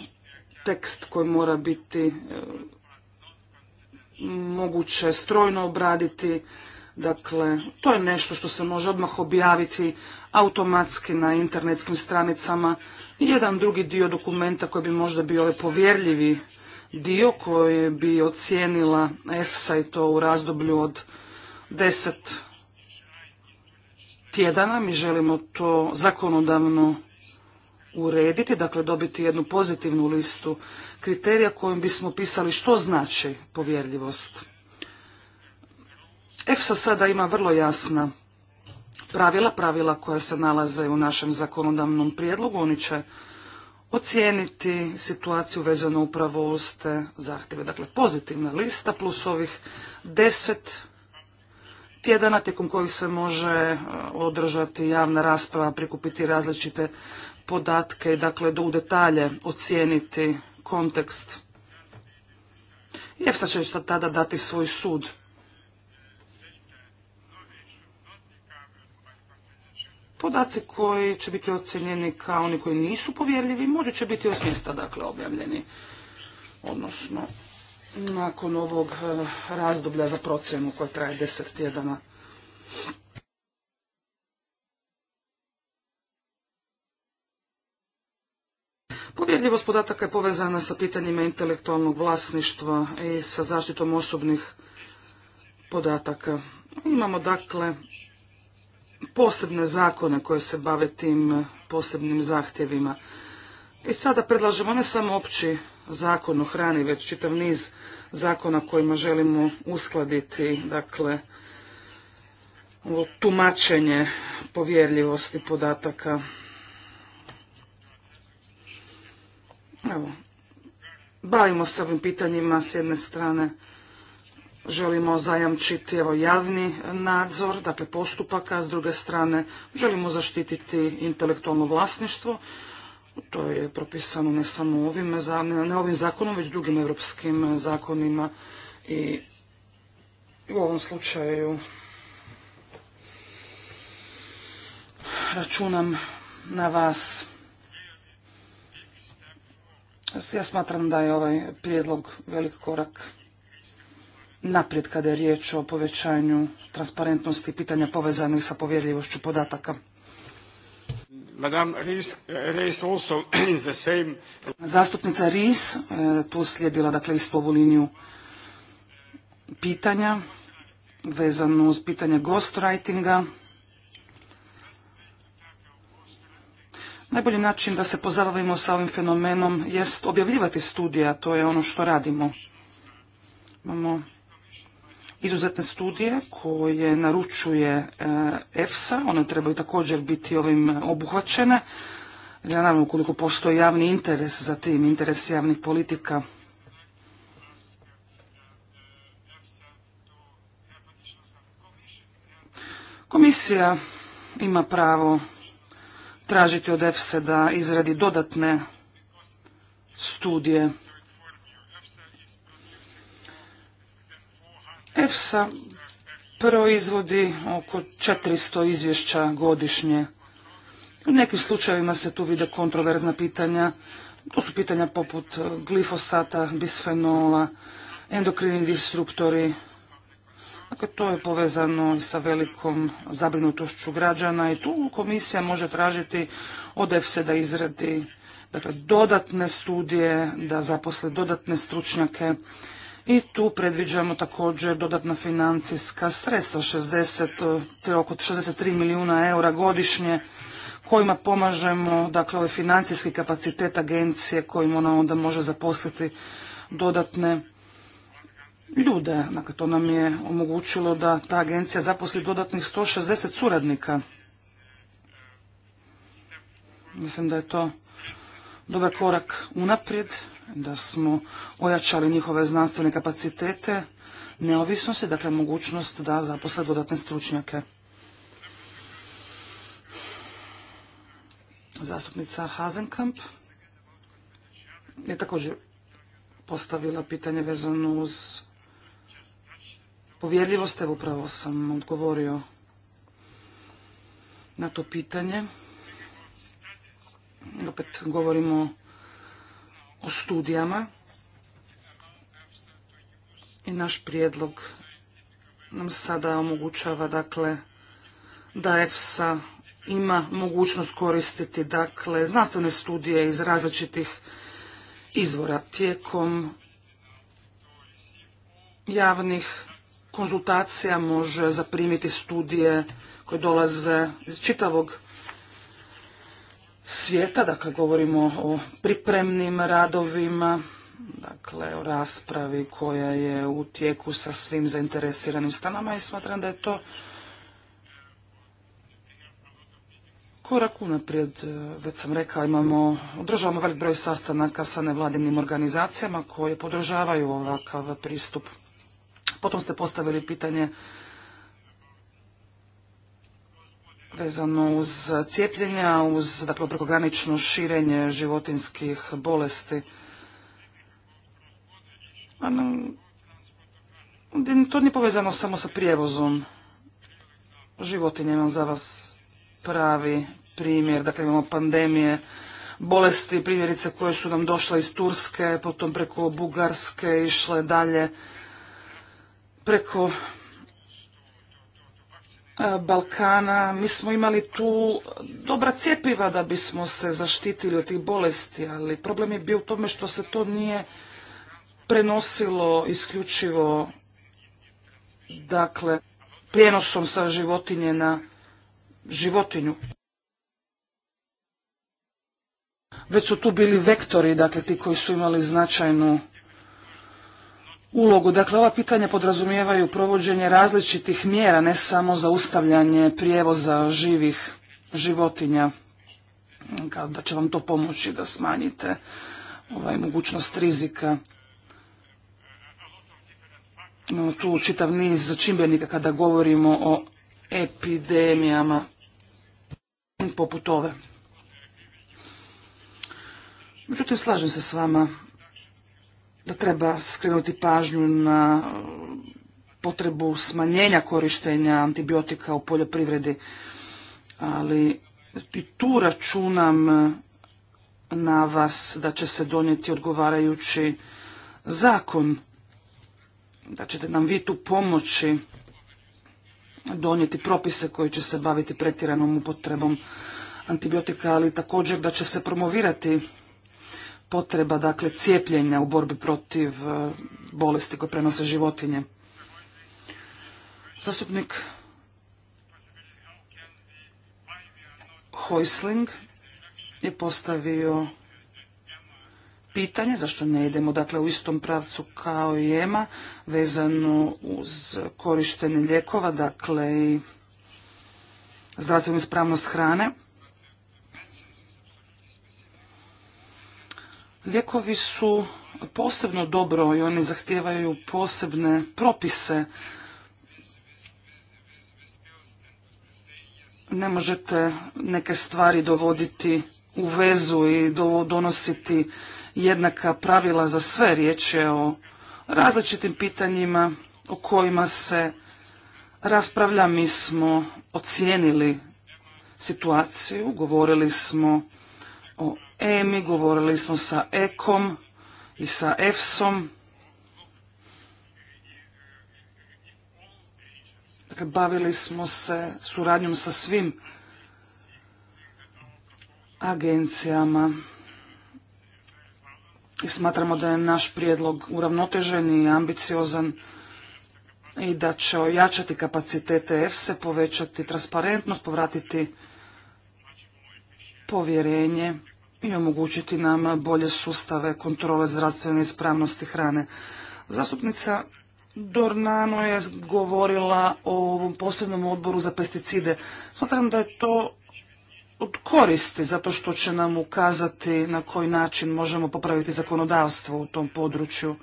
tekst koji mora biti e, moguće strojno obraditi. Dakle, to je nešto što se može odmah objaviti automatski na internetskim stranicama. I jedan drugi dio dokumenta koji bi možda bio ovaj povjerljivi dio koji bi ocijenila EFSA i to u razdoblju od 10 tjedana. Mi želimo to zakonodavno urediti, dakle dobiti jednu pozitivnu listu kriterija kojom bismo pisali što znači povjerljivost. EFSA sada ima vrlo jasna pravila, pravila koja se nalaze u našem zakonodavnom prijedlogu. Oni će ocijeniti situaciju vezano upravo uz te zahtjeve. Dakle, pozitivna lista plus ovih deset tjedana tijekom kojih se može e, održati javna rasprava, prikupiti različite podatke i dakle do u detalje ocijeniti kontekst. I EFSA će tada dati svoj sud. Podaci koji će biti ocjenjeni kao oni koji nisu povjerljivi, može će biti osmjesta dakle objavljeni, odnosno nakon ovog e, razdoblja za procjenu koja traje deset tjedana. Povjerljivost podataka je povezana sa pitanjima intelektualnog vlasništva i sa zaštitom osobnih podataka. Imamo dakle posebne zakone koje se bave tim posebnim zahtjevima. I sada predlažemo ne samo opći zakon o hrani, već čitav niz zakona kojima želimo uskladiti, dakle, tumačenje povjerljivosti podataka. Evo, bavimo se ovim pitanjima s jedne strane. Želimo zajamčiti evo, javni nadzor, dakle postupaka, s druge strane želimo zaštititi intelektualno vlasništvo, to je propisano ne samo ovim, ne ovim zakonom, već drugim europskim zakonima i u ovom slučaju računam na vas. Ja smatram da je ovaj prijedlog velik korak naprijed kada je riječ o povećanju transparentnosti i pitanja povezanih sa povjerljivošću podataka. Zastupnica Ries, e, tu slijedila dakle ispovu liniju pitanja vezano uz pitanje ghostwritinga. Najbolji način da se pozabavimo sa ovim fenomenom jest objavljivati studije, a to je ono što radimo. Imamo izuzetne studije koje naručuje e, EFSA, one trebaju također biti ovim obuhvaćene. Naravno, ukoliko postoji javni interes za tim, interes javnih politika, Komisija ima pravo tražiti od EFSA da izradi dodatne studije EFSA proizvodi oko 400 izvješća godišnje. U nekim slučajevima se tu vide kontroverzna pitanja. To su pitanja poput glifosata, bisfenola, endokrini disruptori. Dakle, to je povezano sa velikom zabrinutošću građana i tu komisija može tražiti od EFSA da izradi dakle, dodatne studije, da zaposle dodatne stručnjake i tu predviđamo također dodatna financijska sredstva 60, te oko 63 milijuna eura godišnje kojima pomažemo dakle ovaj financijski kapacitet agencije kojim ona onda može zaposliti dodatne ljude. Dakle, to nam je omogućilo da ta agencija zaposli dodatnih 160 suradnika. Mislim da je to dobar korak unaprijed da smo ojačali njihove znanstvene kapacitete, neovisnosti, dakle mogućnost da zaposle dodatne stručnjake. Zastupnica Hazenkamp je također postavila pitanje vezano uz povjerljivost. Evo upravo sam odgovorio na to pitanje. Opet govorimo o studijama i naš prijedlog nam sada omogućava dakle da EFSA ima mogućnost koristiti dakle znanstvene studije iz različitih izvora tijekom javnih konzultacija može zaprimiti studije koje dolaze iz čitavog svijeta, dakle govorimo o pripremnim radovima, dakle o raspravi koja je u tijeku sa svim zainteresiranim stanama i smatram da je to korak unaprijed. Već sam rekao, imamo, održavamo velik broj sastanaka sa nevladinim organizacijama koje podržavaju ovakav pristup. Potom ste postavili pitanje vezano uz cijepljenja, uz dakle, prekogranično širenje životinskih bolesti. To nije povezano samo sa prijevozom. Životinje imam za vas pravi primjer. Dakle, imamo pandemije, bolesti, primjerice koje su nam došle iz Turske, potom preko Bugarske, išle dalje preko E, Balkana, mi smo imali tu dobra cjepiva da bismo se zaštitili od tih bolesti, ali problem je bio u tome što se to nije prenosilo isključivo dakle prijenosom sa životinje na životinju. Već su tu bili vektori, dakle ti koji su imali značajnu ulogu. Dakle, ova pitanja podrazumijevaju provođenje različitih mjera, ne samo za ustavljanje prijevoza živih životinja, kao da će vam to pomoći da smanjite ovaj, mogućnost rizika. Imamo tu čitav niz čimbenika kada govorimo o epidemijama poput ove. Međutim, slažem se s vama da treba skrenuti pažnju na potrebu smanjenja korištenja antibiotika u poljoprivredi, ali i tu računam na vas da će se donijeti odgovarajući zakon, da ćete nam vi tu pomoći donijeti propise koji će se baviti pretjeranom upotrebom antibiotika, ali također da će se promovirati potreba dakle cijepljenja u borbi protiv e, bolesti koje prenose životinje. Zastupnik Hojsling je postavio pitanje zašto ne idemo dakle u istom pravcu kao i EMA vezano uz korištenje lijekova, dakle i zdravstvenu ispravnost hrane. Lijekovi su posebno dobro i oni zahtijevaju posebne propise. Ne možete neke stvari dovoditi u vezu i donositi jednaka pravila za sve. Riječ je o različitim pitanjima o kojima se raspravlja. Mi smo ocijenili situaciju, govorili smo o EMI, govorili smo sa EKOM i sa EFSOM. Dakle, bavili smo se suradnjom sa svim agencijama i smatramo da je naš prijedlog uravnotežen i ambiciozan i da će ojačati kapacitete EFSE, e, povećati transparentnost, povratiti povjerenje i omogućiti nam bolje sustave kontrole zdravstvene ispravnosti hrane. Zastupnica Dornano je govorila o ovom posebnom odboru za pesticide. Smatram da je to od koristi zato što će nam ukazati na koji način možemo popraviti zakonodavstvo u tom području.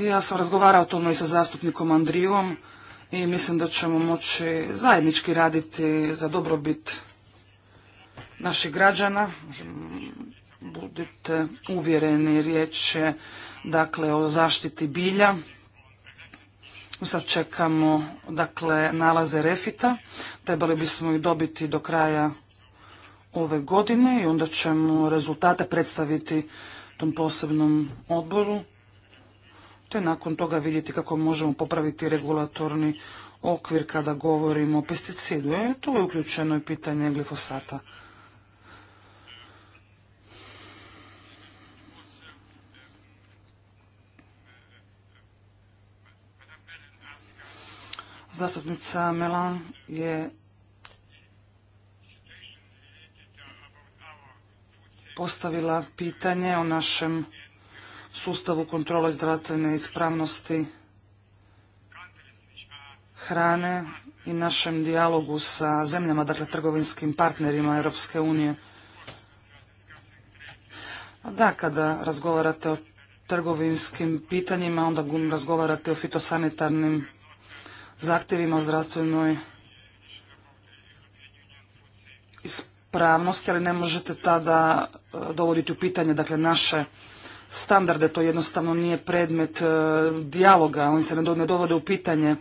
Ja sam razgovarao o tome i sa zastupnikom Andrijom i mislim da ćemo moći zajednički raditi za dobrobit naših građana. Budite uvjereni, riječ je dakle o zaštiti bilja. Sad čekamo dakle nalaze refita. Trebali bismo ih dobiti do kraja ove godine i onda ćemo rezultate predstaviti tom posebnom odboru te nakon toga vidjeti kako možemo popraviti regulatorni okvir kada govorimo o pesticidu. E, tu je uključeno i pitanje glifosata. Zastupnica Melan je postavila pitanje o našem sustavu kontrole zdravstvene ispravnosti hrane i našem dijalogu sa zemljama, dakle trgovinskim partnerima Europske unije. Da, kada razgovarate o trgovinskim pitanjima, onda razgovarate o fitosanitarnim zahtjevima o zdravstvenoj ispravnosti, ali ne možete tada eh, dovoditi u pitanje dakle, naše standarde, to jednostavno nije predmet e, dijaloga, oni se ne dovode u pitanje.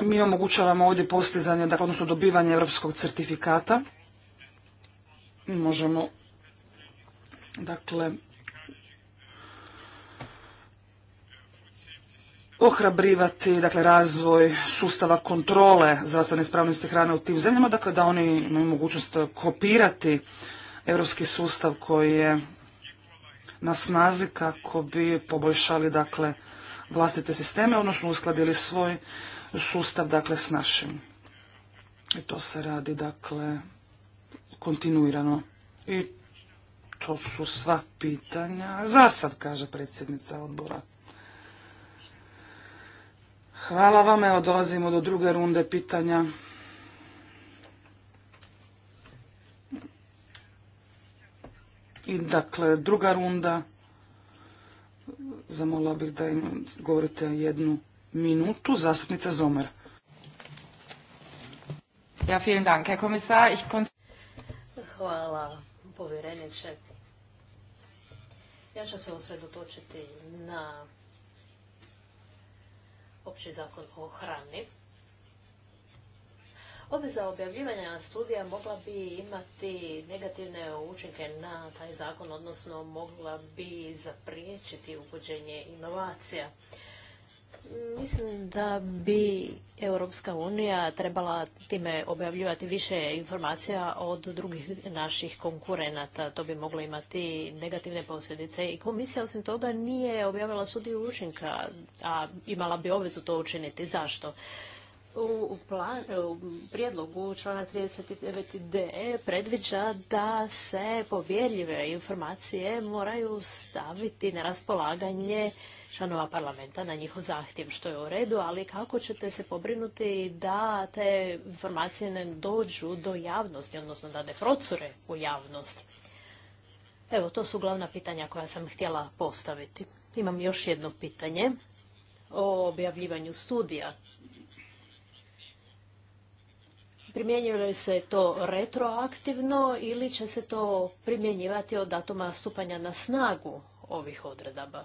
Mi omogućavamo ovdje postizanje, dakle, odnosno dobivanje europskog certifikata. Možemo, dakle, ohrabrivati dakle, razvoj sustava kontrole zdravstvene ispravnosti hrane u tim zemljama, dakle da oni imaju mogućnost kopirati europski sustav koji je na snazi kako bi poboljšali dakle, vlastite sisteme, odnosno uskladili svoj sustav dakle, s našim. I to se radi dakle, kontinuirano. I to su sva pitanja. Za sad, kaže predsjednica odbora. Hvala vam, evo dolazimo do druge runde pitanja. I dakle, druga runda. Zamola bih da im govorite jednu minutu. Zastupnica Zomer. Ja, vielen Dank, Herr Kommissar. Ich Hvala, povjereniče. Ja ću se usredotočiti na opći zakon o hrani. Obveza objavljivanja studija mogla bi imati negativne učinke na taj zakon, odnosno mogla bi zapriječiti uvođenje inovacija. Mislim da bi Europska unija trebala time objavljivati više informacija od drugih naših konkurenata. To bi moglo imati negativne posljedice. I komisija osim toga nije objavila sudiju učinka, a imala bi obvezu to učiniti. Zašto? U, prijedlogu člana 39 de predviđa da se povjerljive informacije moraju staviti na raspolaganje članova parlamenta na njihov zahtjev, što je u redu, ali kako ćete se pobrinuti da te informacije ne dođu do javnosti, odnosno da ne procure u javnost? Evo, to su glavna pitanja koja sam htjela postaviti. Imam još jedno pitanje o objavljivanju studija. Primjenjuje li se to retroaktivno ili će se to primjenjivati od datuma stupanja na snagu ovih odredaba?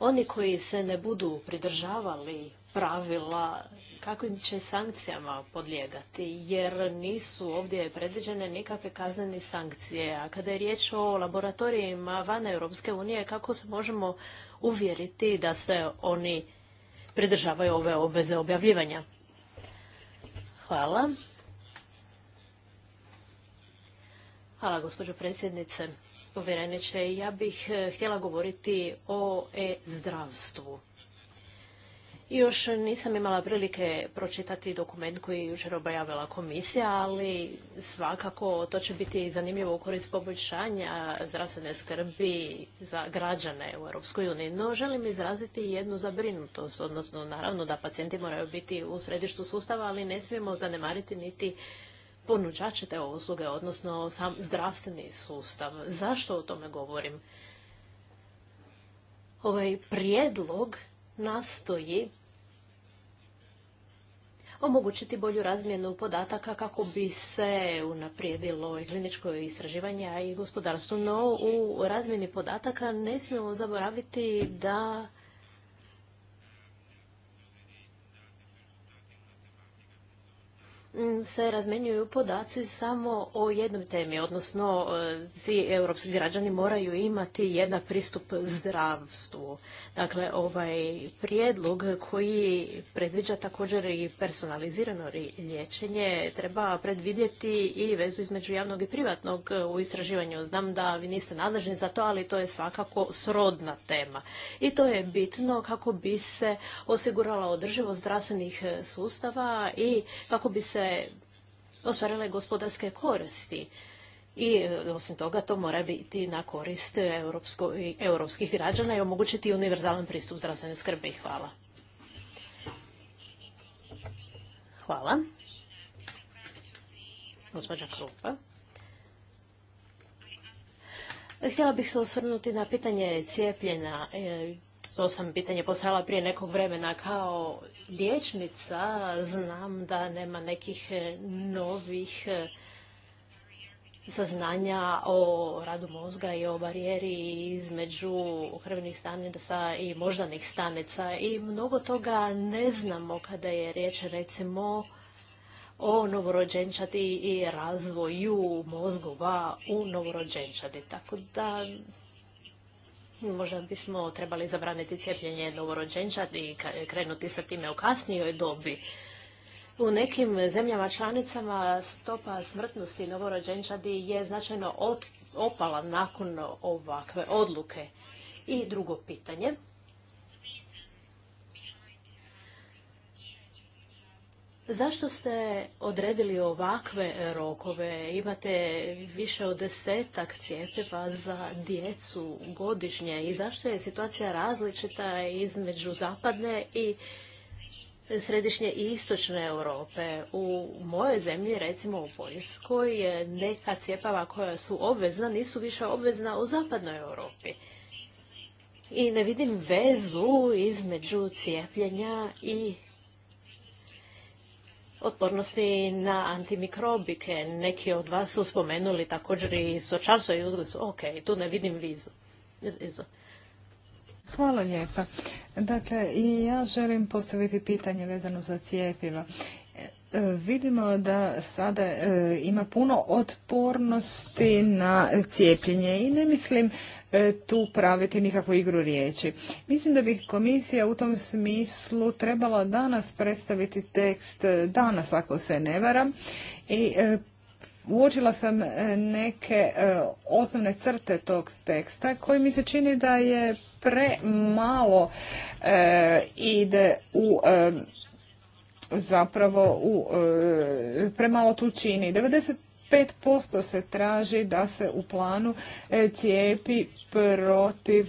Oni koji se ne budu pridržavali pravila, kakvim će sankcijama podlijegati, jer nisu ovdje predviđene nikakve kaznene sankcije. A kada je riječ o laboratorijima van Europske unije, kako se možemo uvjeriti da se oni pridržavaju ove obveze objavljivanja? Hvala. Hvala, gospođo predsjednice povjereniče. Ja bih eh, htjela govoriti o e-zdravstvu. Još nisam imala prilike pročitati dokument koji je jučer objavila komisija, ali svakako to će biti zanimljivo u korist poboljšanja zdravstvene skrbi za građane u Europskoj uniji. No želim izraziti jednu zabrinutost, odnosno naravno da pacijenti moraju biti u središtu sustava, ali ne smijemo zanemariti niti ponuđače te usluge, odnosno sam zdravstveni sustav. Zašto o tome govorim? Ovaj prijedlog nastoji omogućiti bolju razmjenu podataka kako bi se unaprijedilo i kliničko istraživanje, a i gospodarstvo. No, u razmjeni podataka ne smijemo zaboraviti da Mm, se razmenjuju podaci samo o jednoj temi, odnosno e, svi europski građani moraju imati jednak pristup zdravstvu. Dakle, ovaj prijedlog koji predviđa također i personalizirano liječenje treba predvidjeti i vezu između javnog i privatnog e, u istraživanju. Znam da vi niste nadležni za to, ali to je svakako srodna tema. I to je bitno kako bi se osigurala održivost zdravstvenih e, sustava i kako bi se se ostvarile gospodarske koristi. I e, osim toga to mora biti na korist e, europskih građana i omogućiti univerzalan pristup zdravstvenoj skrbi. Hvala. Hvala. Gospođa Krupa. Htjela bih se osvrnuti na pitanje cijepljenja. E, to sam pitanje postavila prije nekog vremena kao liječnica, znam da nema nekih e, novih e, saznanja o radu mozga i o barijeri između krvnih stanica i moždanih stanica i mnogo toga ne znamo kada je riječ recimo o novorođenčadi i razvoju mozgova u novorođenčadi. Tako da Možda bismo trebali zabraniti cijepljenje novorođenčadi i krenuti sa time u kasnijoj dobi. U nekim zemljama članicama stopa smrtnosti novorođenčadi je značajno opala nakon ovakve odluke. I drugo pitanje. Zašto ste odredili ovakve rokove? Imate više od desetak cijepeva za djecu godišnje i zašto je situacija različita između zapadne i središnje i istočne Europe. U mojoj zemlji, recimo u Poljskoj, neka cijepava koja su obvezna nisu više obvezna u zapadnoj Europi. I ne vidim vezu između cijepljenja i otpornosti na antimikrobike. Neki od vas su spomenuli također i sočarstvo i uzgoj Ok, tu ne vidim vizu. vizu. Hvala lijepa. Dakle, i ja želim postaviti pitanje vezano za cijepiva. Vidimo da sada e, ima puno otpornosti na cijepljenje i ne mislim e, tu praviti nikakvu igru riječi. Mislim da bi komisija u tom smislu trebala danas predstaviti tekst, e, danas ako se ne varam, i uočila sam neke osnovne crte tog teksta koji mi se čini da je premalo ide u zapravo u, e, premalo tu čini. 95% se traži da se u planu e, cijepi protiv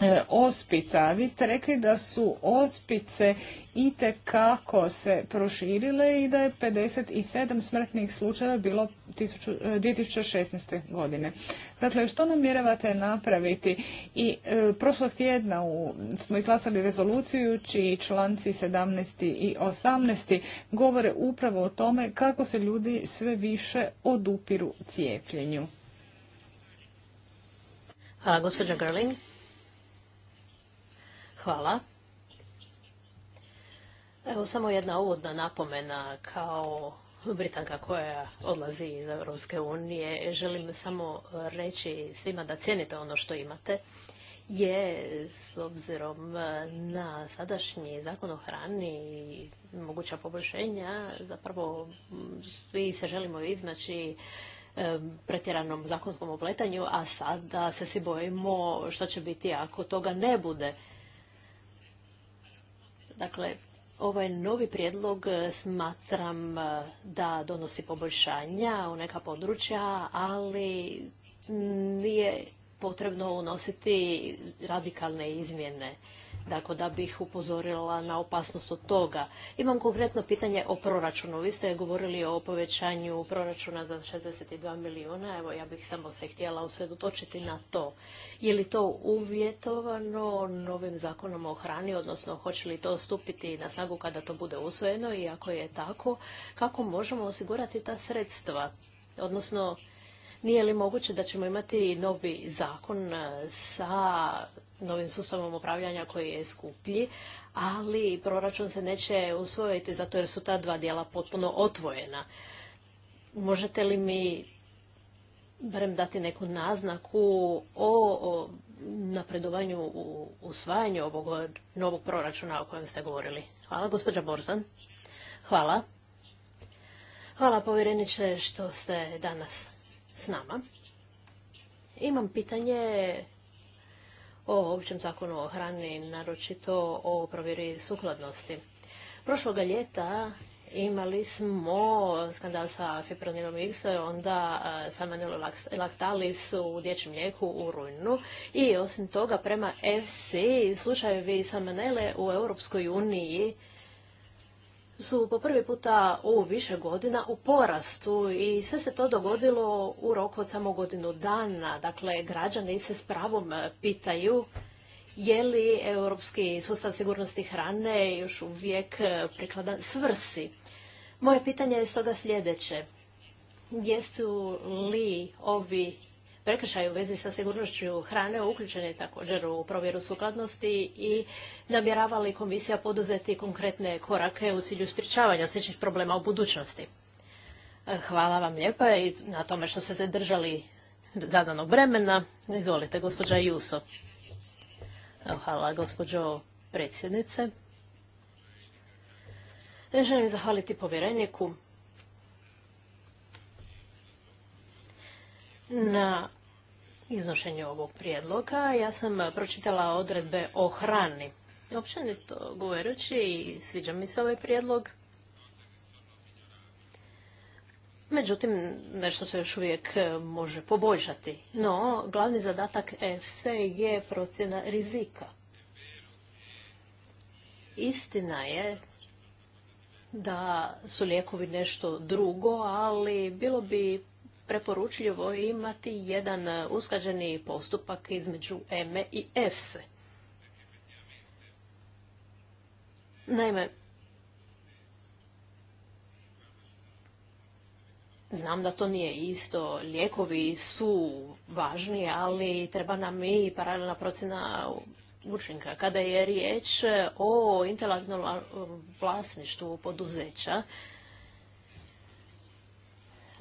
E, ospica. Vi ste rekli da su ospice itekako se proširile i da je 57 smrtnih slučajeva bilo 2016. E, godine. Dakle, što namjeravate napraviti? I e, prošlog tjedna smo izglasali rezoluciju čiji članci 17. i 18. govore upravo o tome kako se ljudi sve više odupiru cijepljenju. Hvala, gospođa Gerling. Hvala. Evo samo jedna uvodna napomena kao Britanka koja odlazi iz Europske unije. Želim samo reći svima da cijenite ono što imate. Je, s obzirom na sadašnji zakon o hrani i moguća poboljšenja, zapravo svi se želimo iznaći pretjeranom zakonskom opletanju, a sada se svi bojimo što će biti ako toga ne bude. Dakle, ovaj novi prijedlog e, smatram e, da donosi poboljšanja u neka područja, ali nije potrebno unositi radikalne izmjene tako da bih upozorila na opasnost od toga. Imam konkretno pitanje o proračunu. Vi ste govorili o povećanju proračuna za 62 milijuna, evo ja bih samo se htjela usredotočiti na to. Je li to uvjetovano novim zakonom o hrani, odnosno hoće li to stupiti na snagu kada to bude usvojeno i ako je tako, kako možemo osigurati ta sredstva? Odnosno, nije li moguće da ćemo imati novi zakon eh, sa novim sustavom upravljanja koji je skuplji, ali proračun se neće usvojiti zato jer su ta dva dijela potpuno otvojena. Možete li mi barem dati neku naznaku o, napredovanju u usvajanju ovog novog proračuna o kojem ste govorili? Hvala, gospođa Borzan. Hvala. Hvala povjereniče što ste danas s nama. Imam pitanje o općem zakonu o hrani, naročito o provjeri sukladnosti. Prošloga ljeta imali smo skandal sa fipronilom X, onda sa lactalis u dječjem mlijeku u rujnu i osim toga prema FC slučajevi salmonele u Europskoj uniji su po prvi puta u više godina u porastu i sve se to dogodilo u roku od samo godinu dana. Dakle, građani se s pravom pitaju je li europski sustav sigurnosti hrane još uvijek prikladan svrsi. Moje pitanje je stoga sljedeće. Jesu li ovi prekršaj u vezi sa sigurnošću hrane je također u provjeru sukladnosti i namjerava li komisija poduzeti konkretne korake u cilju sprječavanja sličnih problema u budućnosti? E, hvala vam lijepa i na tome što ste se držali zadanog vremena. Izvolite, gospođa Juso. E, hvala, gospođo predsjednice. E, želim zahvaliti povjereniku na iznošenju ovog prijedloga. Ja sam pročitala odredbe o hrani. Općenito govoreći, sviđa mi se ovaj prijedlog. Međutim, nešto se još uvijek može poboljšati. No, glavni zadatak FC je procjena rizika. Istina je da su lijekovi nešto drugo, ali bilo bi preporučljivo imati jedan e, uskađeni postupak između EME e i EFSE. E. Naime, Znam da to nije isto, lijekovi su važni, ali treba nam i paralelna procjena učinka. Kada je riječ o intelektualnom vlasništvu poduzeća,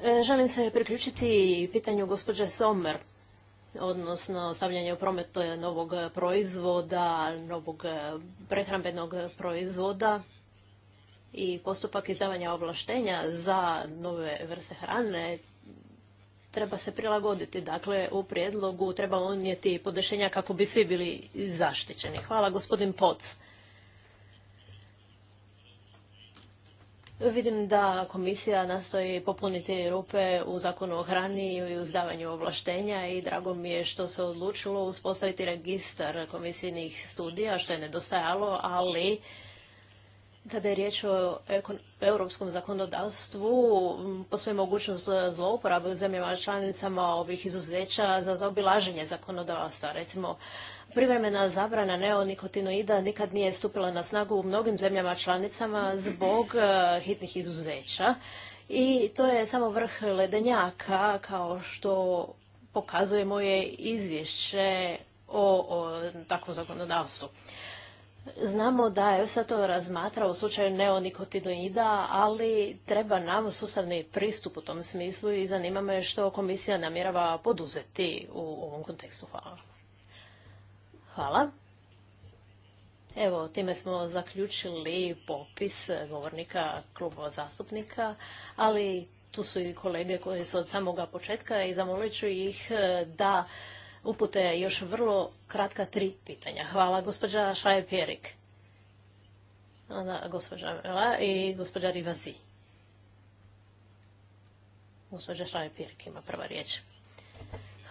E, želim se priključiti pitanju gospođe Sommer, odnosno stavljanje u promet novog proizvoda, novog e, prehrambenog proizvoda i postupak izdavanja ovlaštenja za nove vrste hrane treba se prilagoditi. Dakle, u prijedlogu treba unijeti podešenja kako bi svi bili zaštićeni. Hvala, gospodin Poc. Vidim da komisija nastoji popuniti rupe u zakonu o hrani i u zdavanju ovlaštenja i drago mi je što se odlučilo uspostaviti registar komisijnih studija, što je nedostajalo, ali kada je riječ o europskom zakonodavstvu, postoji mogućnost zlouporabe u zemljama članicama ovih izuzeća za zaobilaženje zakonodavstva. Recimo, Privremena zabrana neonikotinoida nikad nije stupila na snagu u mnogim zemljama članicama zbog e, hitnih izuzeća i to je samo vrh ledenjaka kao što pokazuje moje izvješće o, takvom zakonodavstvu. Znamo da je sve to razmatra u slučaju neonikotinoida, ali treba nam sustavni pristup u tom smislu i zanima me što komisija namjerava poduzeti u ovom kontekstu. Hvala. Hvala. Evo, time smo zaključili popis govornika klubova zastupnika, ali tu su i kolege koji su od samoga početka i zamolit ću ih e, da upute još vrlo kratka tri pitanja. Hvala, gospođa Šaje Pjerik. Onda gospođa Mela i gospođa Rivazi. Gospođa Šaje Pjerik ima prva riječ.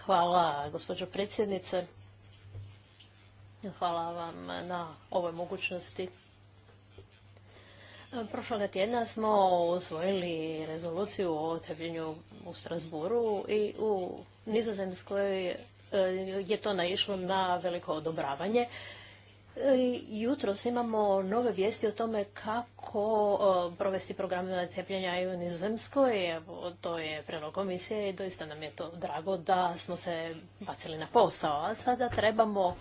Hvala, gospođo predsjednice. Hvala vam na ovoj mogućnosti. Prošloga tjedna smo usvojili rezoluciju o cijepljenju u Strasburu i u Nizozemskoj e, je to naišlo na veliko odobravanje. E, jutros imamo nove vijesti o tome kako e, provesti program cijepljenja i u Nizozemskoj. to je prelog komisije i doista nam je to drago da smo se bacili na posao. A sada trebamo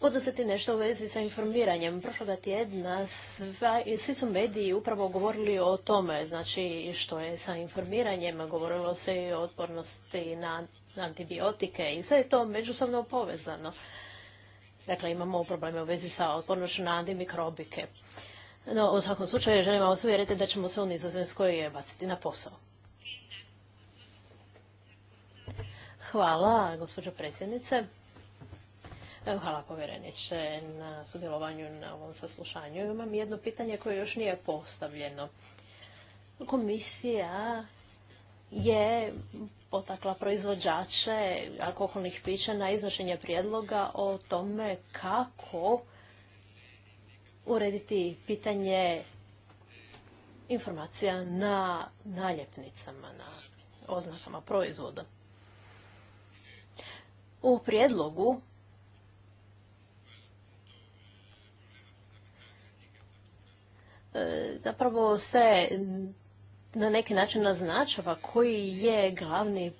poduzeti nešto u vezi sa informiranjem. Prošloga tjedna svi su mediji upravo govorili o tome, znači što je sa informiranjem, govorilo se i o otpornosti na antibiotike i sve je to međusobno povezano. Dakle, imamo probleme u vezi sa otpornošću na antimikrobike. No, u svakom slučaju želim vas uvjeriti da ćemo se u Nizozemskoj baciti na posao. Hvala, gospođo predsjednice. Hvala povjereniče na sudjelovanju na ovom saslušanju. Imam jedno pitanje koje još nije postavljeno. Komisija je potakla proizvođače alkoholnih pića na iznošenje prijedloga o tome kako urediti pitanje informacija na naljepnicama, na oznakama proizvoda. U prijedlogu E, zapravo se na neki način naznačava koji je glavni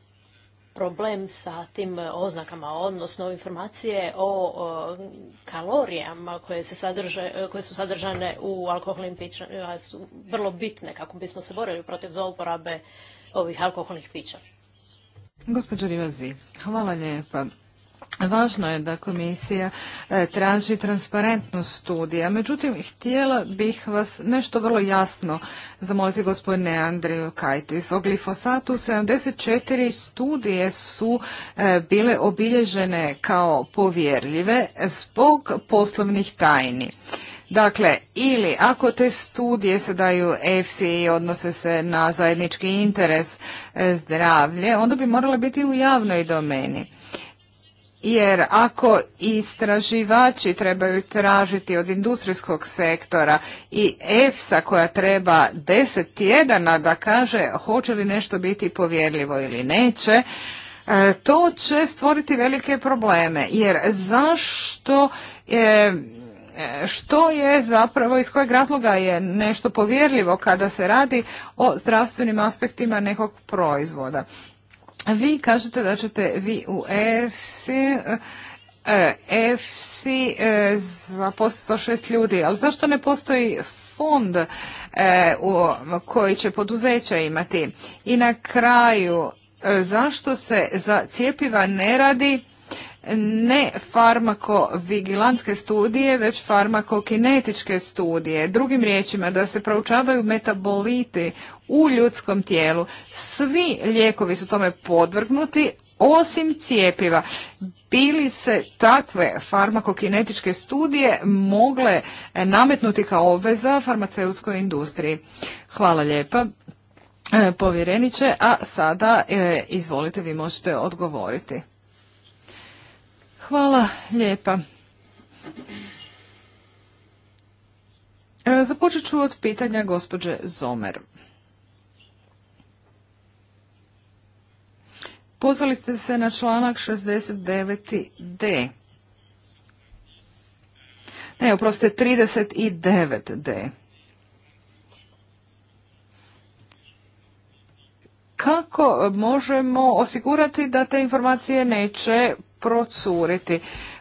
problem sa tim oznakama, odnosno informacije o, kalorijama koje, se sadrže, koje su sadržane u alkoholnim pićima su vrlo bitne kako bismo se borili protiv zlouporabe ovih alkoholnih pića. Gospođo Rivazi, hvala lijepa. Važno je da komisija e, traži transparentnost studija. Međutim, htjela bih vas nešto vrlo jasno zamoliti gospodine Andreju Kajtis. O glifosatu 74 studije su e, bile obilježene kao povjerljive zbog poslovnih tajni. Dakle, ili ako te studije se daju EFSI i odnose se na zajednički interes e, zdravlje, onda bi morala biti u javnoj domeni jer ako istraživači trebaju tražiti od industrijskog sektora i EFSA koja treba deset tjedana da kaže hoće li nešto biti povjerljivo ili neće, e, to će stvoriti velike probleme. Jer zašto je, što je zapravo, iz kojeg razloga je nešto povjerljivo kada se radi o zdravstvenim aspektima nekog proizvoda. Vi kažete da ćete vi u EFC EFSI e, za posto šest ljudi, ali zašto ne postoji fond e, koji će poduzeća imati? I na kraju, e, zašto se za cijepiva ne radi ne farmakovigilantske studije, već farmakokinetičke studije. Drugim riječima, da se proučavaju metaboliti u ljudskom tijelu. Svi lijekovi su tome podvrgnuti, osim cijepiva. Bili se takve farmakokinetičke studije mogle nametnuti kao obveza farmaceutskoj industriji? Hvala lijepa. E, povjereniče, a sada e, izvolite, vi možete odgovoriti. Hvala lijepa. E, započet ću od pitanja gospođe Zomer. Pozvali ste se na članak 69d. Ne, oprostite, 39d. Kako možemo osigurati da te informacije neće procuriti.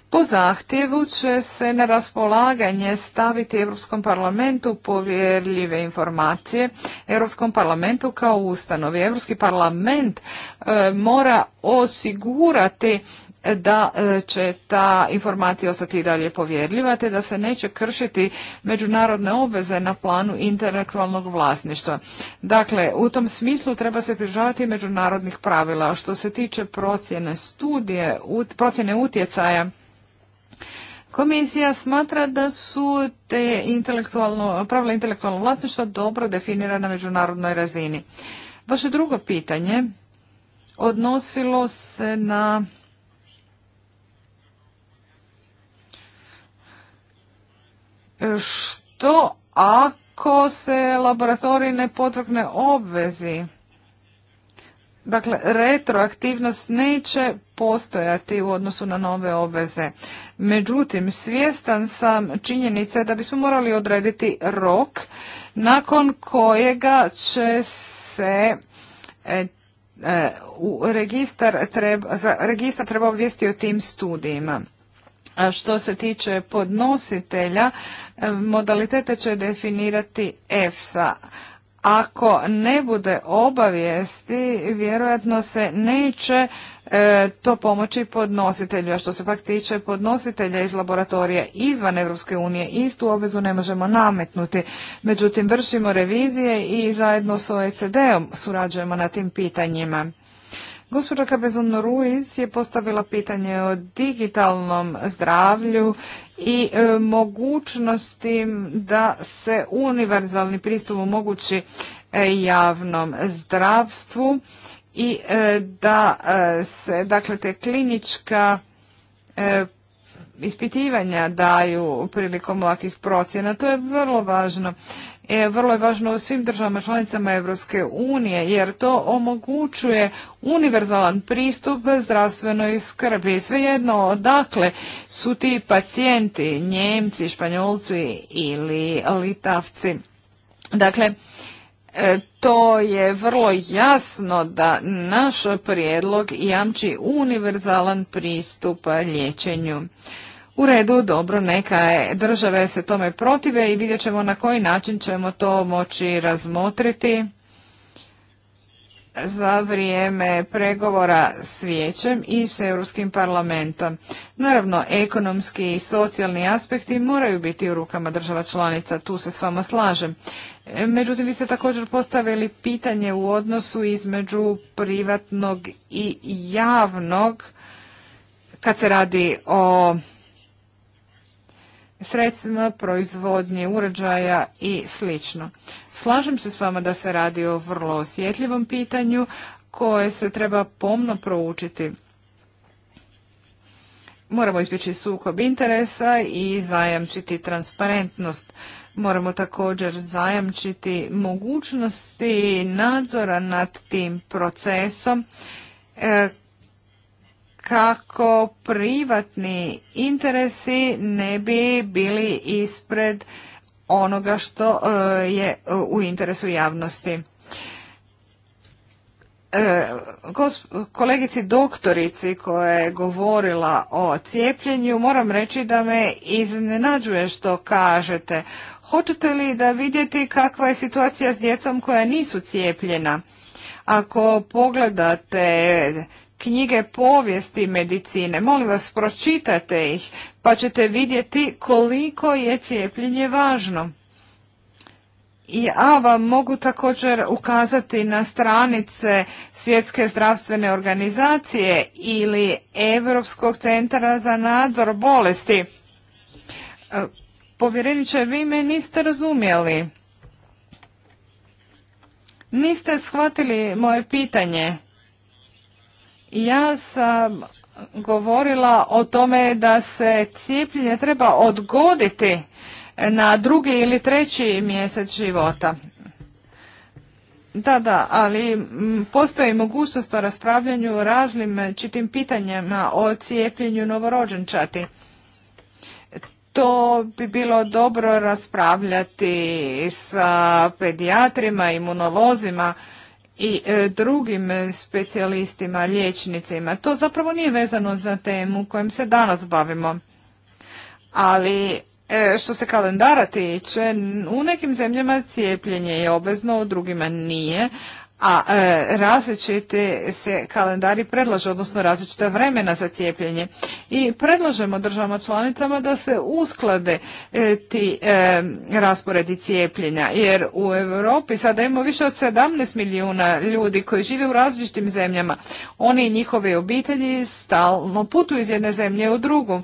Po zahtjevu će se na raspolaganje staviti Europskom parlamentu povjerljive informacije Europskom parlamentu kao ustanovi. Europski parlament e, mora osigurati da e, će ta informacija ostati i dalje povjerljiva te da se neće kršiti međunarodne obveze na planu intelektualnog vlasništva. Dakle, u tom smislu treba se prižavati međunarodnih pravila. Što se tiče procjene studije, procjene utjecaja, Komisija smatra da su te intelektualno, pravila intelektualnog vlasništva dobro definirana na međunarodnoj razini. Vaše drugo pitanje odnosilo se na Što ako se laboratorij ne potvrkne obvezi? Dakle, retroaktivnost neće postojati u odnosu na nove obveze. Međutim, svjestan sam činjenice da bismo morali odrediti rok nakon kojega će se e, e, registar treba, za registar treba obvijesti o tim studijima što se tiče podnositelja, e, modalitete će definirati EFSA. Ako ne bude obavijesti, vjerojatno se neće e, to pomoći podnositelju. A što se pak tiče podnositelja iz laboratorija izvan Europske unije, istu obvezu ne možemo nametnuti. Međutim, vršimo revizije i zajedno s OECD-om surađujemo na tim pitanjima. Gospođa Cabezon Ruiz je postavila pitanje o digitalnom zdravlju i e, mogućnosti da se univerzalni pristup omogući e, javnom zdravstvu i e, da se dakle te klinička ispitivanja daju prilikom ovakvih procjena. To je vrlo važno je vrlo je važno u svim državama članicama Europske unije jer to omogućuje univerzalan pristup zdravstvenoj skrbi. Svejedno odakle su ti pacijenti, Njemci, Španjolci ili Litavci. Dakle, e, to je vrlo jasno da naš prijedlog jamči univerzalan pristup liječenju. U redu, dobro, neka Države se tome protive i vidjet ćemo na koji način ćemo to moći razmotriti za vrijeme pregovora s vijećem i s Europskim parlamentom. Naravno, ekonomski i socijalni aspekti moraju biti u rukama država članica, tu se s vama slažem. Međutim, vi ste također postavili pitanje u odnosu između privatnog i javnog kad se radi o sredstvima proizvodnje uređaja i sl. Slažem se s vama da se radi o vrlo osjetljivom pitanju koje se treba pomno proučiti. Moramo izbjeći sukob interesa i zajamčiti transparentnost. Moramo također zajamčiti mogućnosti nadzora nad tim procesom e, kako privatni interesi ne bi bili ispred onoga što e, je u interesu javnosti. E, kolegici doktorici koja je govorila o cijepljenju moram reći da me iznenađuje što kažete. Hoćete li da vidjeti kakva je situacija s djecom koja nisu cijepljena? Ako pogledate knjige povijesti medicine. Molim vas, pročitajte ih pa ćete vidjeti koliko je cijepljenje važno. I a vam mogu također ukazati na stranice Svjetske zdravstvene organizacije ili Europskog centra za nadzor bolesti. E, povjereniče, vi me niste razumjeli. Niste shvatili moje pitanje. Ja sam govorila o tome da se cijepljenje treba odgoditi na drugi ili treći mjesec života. Da, da, ali postoji mogućnost o raspravljanju raznim čitim pitanjima o cijepljenju novorođenčati. To bi bilo dobro raspravljati sa pedijatrima, imunolozima, i e, drugim e, specijalistima, liječnicima. To zapravo nije vezano za temu kojom se danas bavimo. Ali e, što se kalendara tiče, u nekim zemljama cijepljenje je obvezno, u drugima nije, a e, različiti različite se kalendari predlažu, odnosno različita vremena za cijepljenje. I predlažemo državama članicama da se usklade e, ti e, rasporedi cijepljenja, jer u Europi sada imamo više od 17 milijuna ljudi koji žive u različitim zemljama. Oni i njihove obitelji stalno putuju iz jedne zemlje u drugu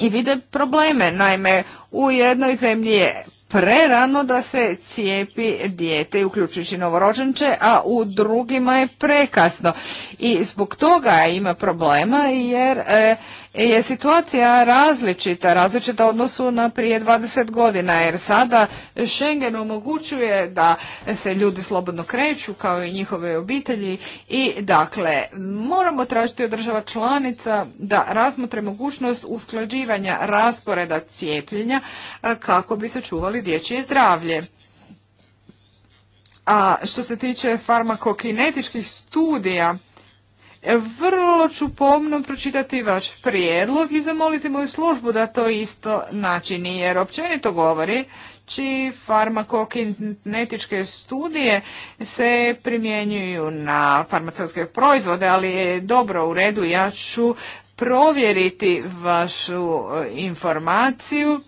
i vide probleme. Naime, u jednoj zemlji je prerano da se cijepi dijete, uključujući novorođenče, a u drugima je prekasno. I zbog toga ima problema jer e, je situacija različita, različita odnosu na prije 20 godina, jer sada Schengen omogućuje da se ljudi slobodno kreću kao i njihove obitelji i dakle moramo tražiti od država članica da razmotre mogućnost usklađivanja rasporeda cijepljenja kako bi se čuvali dječje zdravlje. A što se tiče farmakokinetičkih studija, vrlo ću pomno pročitati vaš prijedlog i zamoliti moju službu da to isto načini, jer općenito govori či farmakokinetičke studije se primjenjuju na farmaceutske proizvode, ali je dobro u redu, ja ću provjeriti vašu e, informaciju.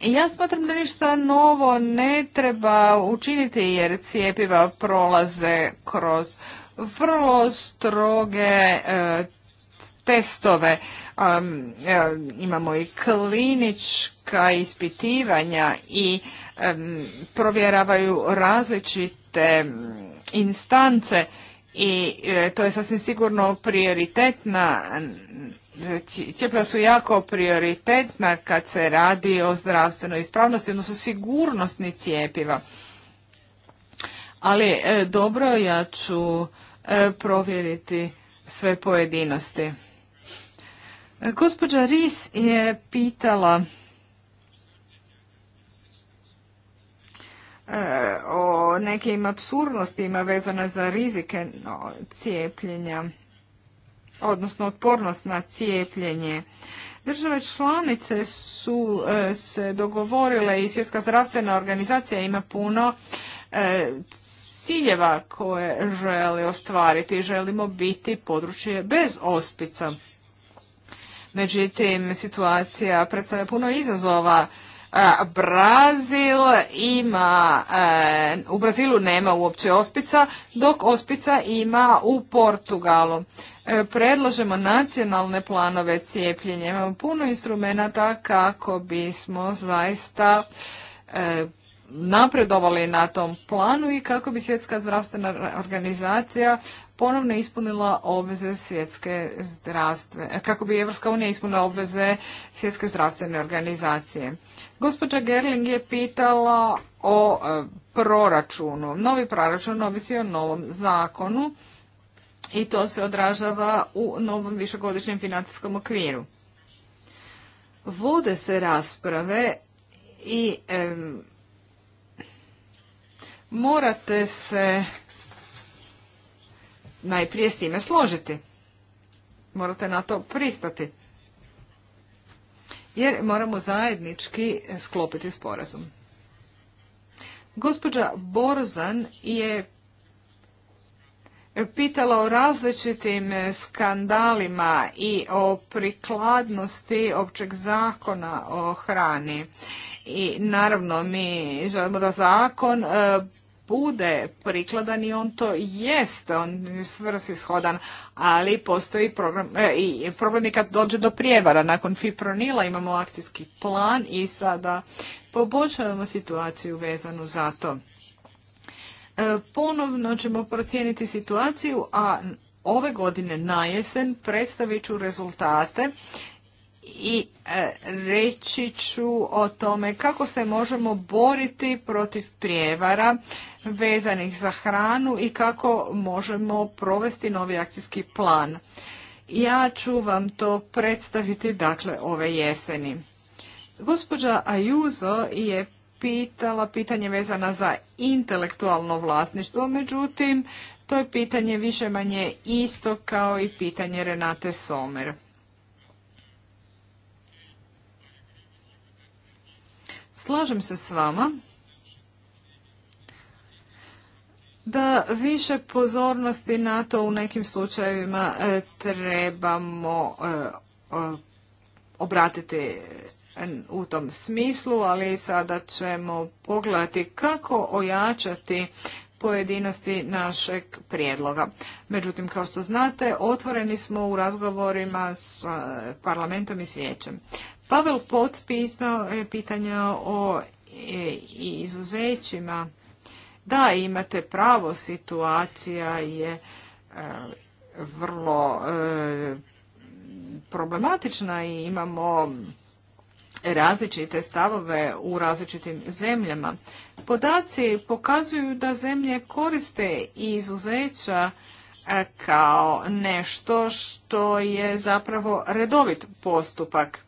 Ja smatram da ništa novo ne treba učiniti jer cijepiva prolaze kroz vrlo stroge e, testove. E, imamo i klinička ispitivanja i provjeravaju različite instance i e, to je sasvim sigurno prioritetna Cijepiva su jako prioritetna kad se radi o zdravstvenoj ispravnosti, odnosno sigurnosni cijepiva. Ali dobro, ja ću E, provjeriti sve pojedinosti. E, gospođa Ris je pitala e, o nekim absurdnostima vezane za rizike cijepljenja, odnosno otpornost na cijepljenje. Države članice su se dogovorile i Svjetska zdravstvena organizacija ima puno ciljeva koje želi ostvariti. Želimo biti područje bez ospica. Međutim, situacija predstavlja puno izazova. E, Brazil ima, e, u Brazilu nema uopće ospica, dok ospica ima u Portugalu. E, predlažemo nacionalne planove cijepljenja, imamo puno instrumenta kako bismo zaista napredovali na tom planu i kako bi svjetska zdravstvena organizacija ponovno ispunila obveze svjetske zdravstvene, kako bi Evropska unija ispunila obveze svjetske zdravstvene organizacije. Gospođa Gerling je pitala o e, proračunu. Novi proračun ovisi o novom zakonu i to se odražava u novom višegodišnjem financijskom okviru. Vode se rasprave i morate se najprije s time složiti. Morate na to pristati. Jer moramo zajednički sklopiti sporazum. Gospođa Borzan je pitala o različitim skandalima i o prikladnosti općeg zakona o hrani. I naravno mi želimo da zakon e, bude prikladan i on to jest, on je ali postoji program, e, i problem je kad dođe do prijevara. Nakon fipronila imamo akcijski plan i sada poboljšavamo situaciju vezanu za to. E, ponovno ćemo procijeniti situaciju, a ove godine na jesen predstavit ću rezultate i e, reći ću o tome kako se možemo boriti protiv prijevara vezanih za hranu i kako možemo provesti novi akcijski plan. Ja ću vam to predstaviti dakle ove jeseni. Gospođa Ajuzo je pitala pitanje vezana za intelektualno vlasništvo, međutim to je pitanje više manje isto kao i pitanje Renate Somer. Slažem se s vama da više pozornosti na to u nekim slučajevima e, trebamo e, obratiti e, u tom smislu, ali sada ćemo pogledati kako ojačati pojedinosti našeg prijedloga. Međutim, kao što znate, otvoreni smo u razgovorima s parlamentom i svijećem. Pavel Pot e, pitanja o e, izuzećima. Da, imate pravo, situacija je e, vrlo problematična i imamo različite stavove u različitim zemljama. Podaci pokazuju da zemlje koriste izuzeća kao nešto što je zapravo redovit postupak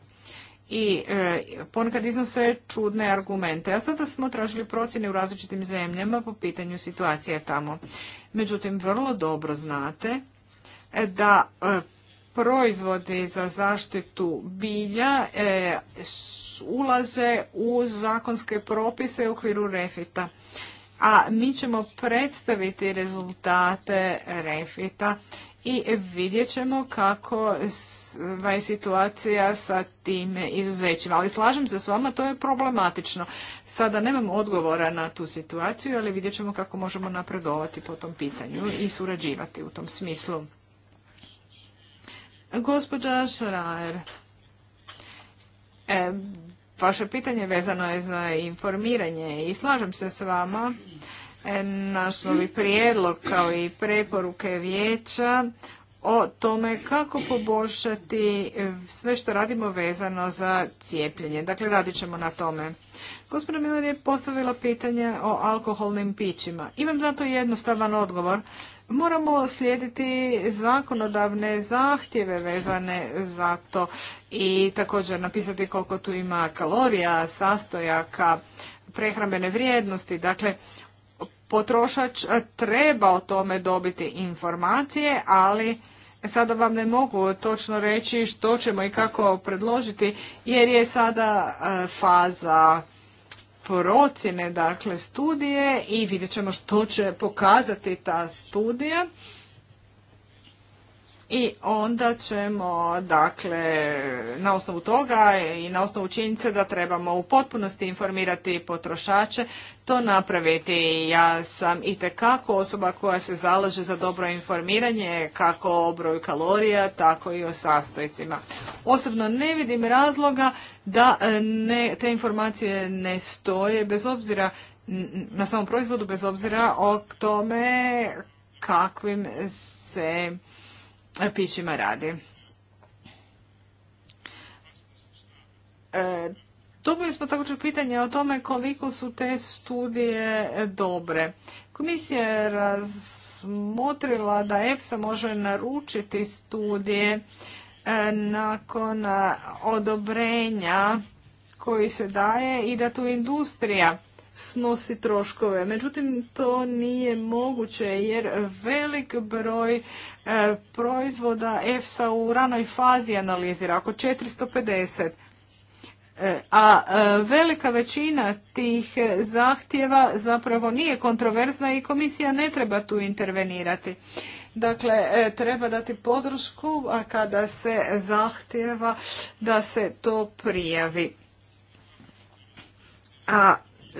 i e, ponekad iznose čudne argumente. A sada smo tražili procjene u različitim zemljama po pitanju situacije tamo. Međutim, vrlo dobro znate e, da e, proizvodi za zaštitu bilja ulaze u zakonske propise u okviru refita. A mi ćemo predstaviti rezultate refita i vidjet ćemo kako je situacija sa tim izuzećima. Ali slažem se s vama, to je problematično. Sada nemam odgovora na tu situaciju, ali vidjet ćemo kako možemo napredovati po tom pitanju i surađivati u tom smislu. Gospođa Šrajer, e, vaše pitanje vezano je za informiranje i slažem se s vama naš novi prijedlog kao i preporuke vijeća o tome kako poboljšati eh, sve što radimo vezano za cijepljenje. Dakle, radit ćemo na tome. Gospoda Milor je postavila pitanje o alkoholnim pićima. Imam za to jednostavan odgovor. Moramo slijediti zakonodavne zahtjeve vezane za to i također napisati koliko tu ima kalorija, sastojaka, prehrambene vrijednosti. Dakle, potrošač treba o tome dobiti informacije, ali sada vam ne mogu točno reći što ćemo i kako predložiti, jer je sada e, faza procjene, dakle studije i vidjet ćemo što će pokazati ta studija i onda ćemo dakle na osnovu toga i na osnovu činjenice da trebamo u potpunosti informirati potrošače to napraviti. Ja sam i tekako osoba koja se zalaže za dobro informiranje kako o broju kalorija, tako i o sastojcima. Osobno ne vidim razloga da e, ne, te informacije ne stoje bez obzira na samom proizvodu bez obzira o tome kakvim se pićima radi. E, dobili smo također pitanje o tome koliko su te studije dobre. Komisija je razmotrila da EFSA može naručiti studije e, nakon odobrenja koji se daje i da tu industrija snosi troškove. Međutim, to nije moguće jer velik broj e, proizvoda EFSA u ranoj fazi analizira, oko 450. E, a e, velika većina tih zahtjeva zapravo nije kontroverzna i komisija ne treba tu intervenirati. Dakle, treba dati podršku a kada se zahtjeva da se to prijavi. A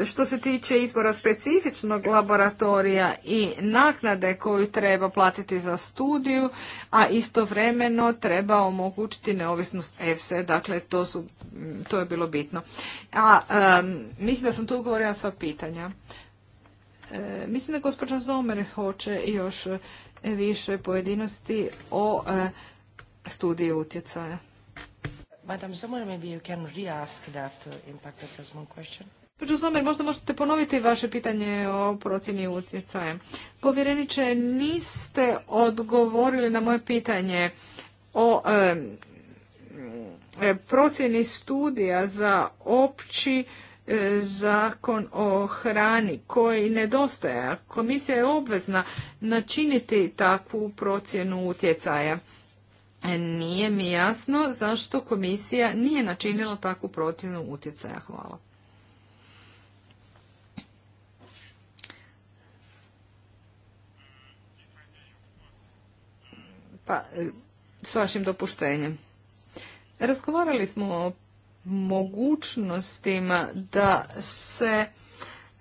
što se tiče izbora specifičnog laboratorija i naknade koju treba platiti za studiju, a istovremeno treba omogućiti neovisnost EFSE, dakle to, su, to je bilo bitno. A mislim da sam tu govorila sva pitanja. E, mislim da gospođa Zomer hoće još više pojedinosti o e, studiji utjecaja. Madam Zomer, maybe you can re-ask that uh, impact assessment question. Pođu Zomer, možda možete ponoviti vaše pitanje o procjeni utjecaja. Povjereniče, niste odgovorili na moje pitanje o e, procjeni studija za opći e, zakon o hrani koji nedostaje. Komisija je obvezna načiniti takvu procjenu utjecaja. Nije mi jasno zašto komisija nije načinila takvu procjenu utjecaja. Hvala. Pa, e, s vašim dopuštenjem. Razgovarali smo o mogućnostima da se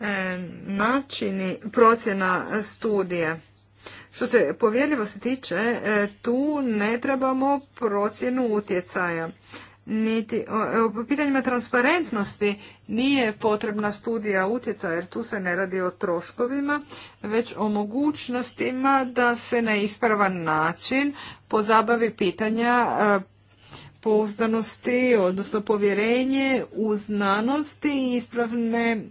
e, načini procjena studije. Što se se tiče, e, tu ne trebamo procjenu utjecaja niti o e, pitanjima transparentnosti nije potrebna studija utjecaja jer tu se ne radi o troškovima već o mogućnostima da se na ispravan način pozabavi pitanja e, pouzdanosti odnosno povjerenje u znanosti i ispravne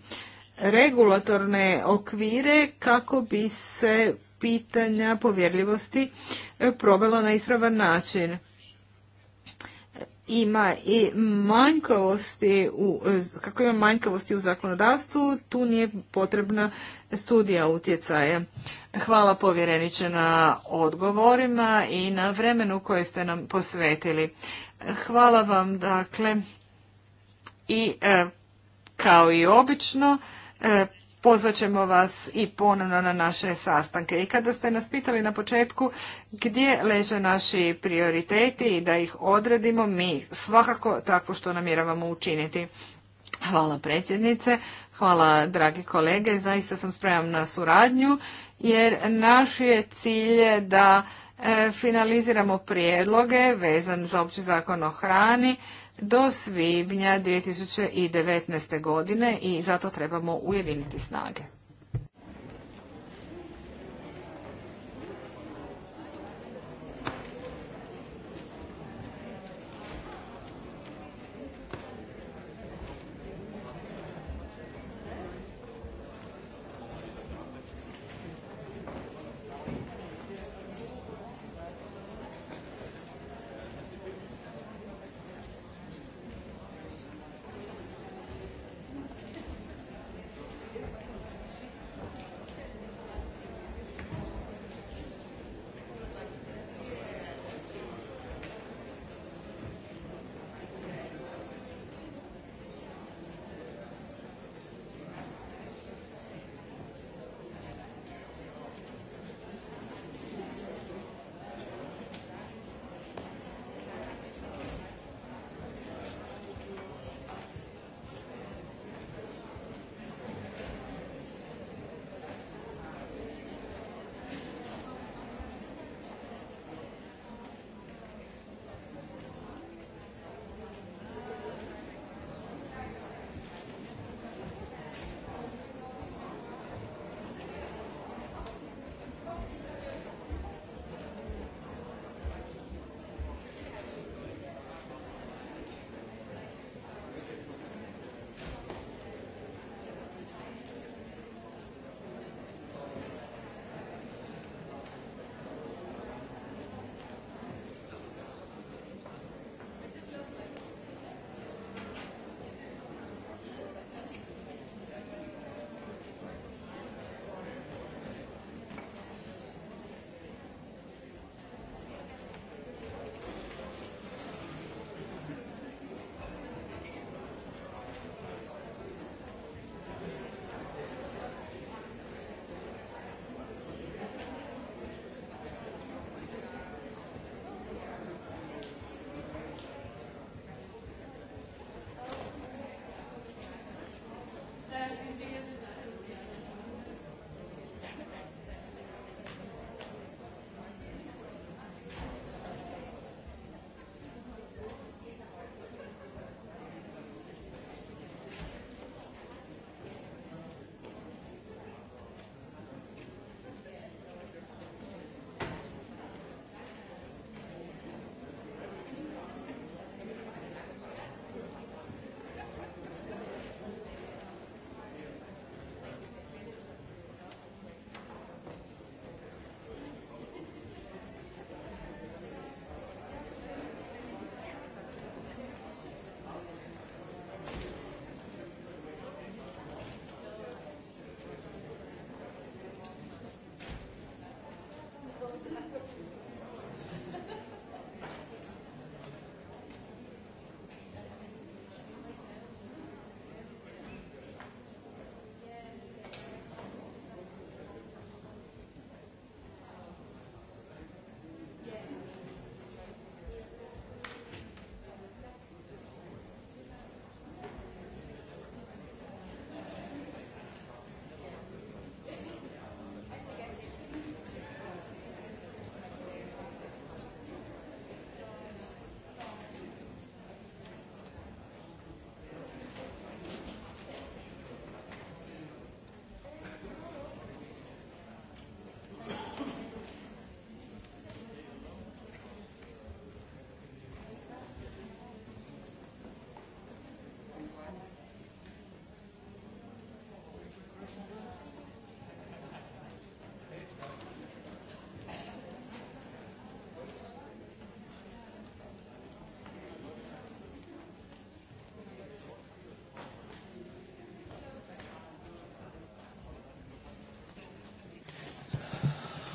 regulatorne okvire kako bi se pitanja povjerljivosti e, provela na ispravan način ima i manjkavosti u, kako ima manjkavosti u zakonodavstvu, tu nije potrebna studija utjecaja. Hvala povjereniče na odgovorima i na vremenu koje ste nam posvetili. Hvala vam dakle i e, kao i obično e, pozvat ćemo vas i ponovno na naše sastanke. I kada ste nas pitali na početku gdje leže naši prioriteti i da ih odredimo, mi svakako tako što namjeravamo učiniti. Hvala predsjednice, hvala dragi kolege, zaista sam spreman na suradnju jer naš je cilj da e, finaliziramo prijedloge vezan za opći zakon o hrani do svibnja 2019. godine i zato trebamo ujediniti snage.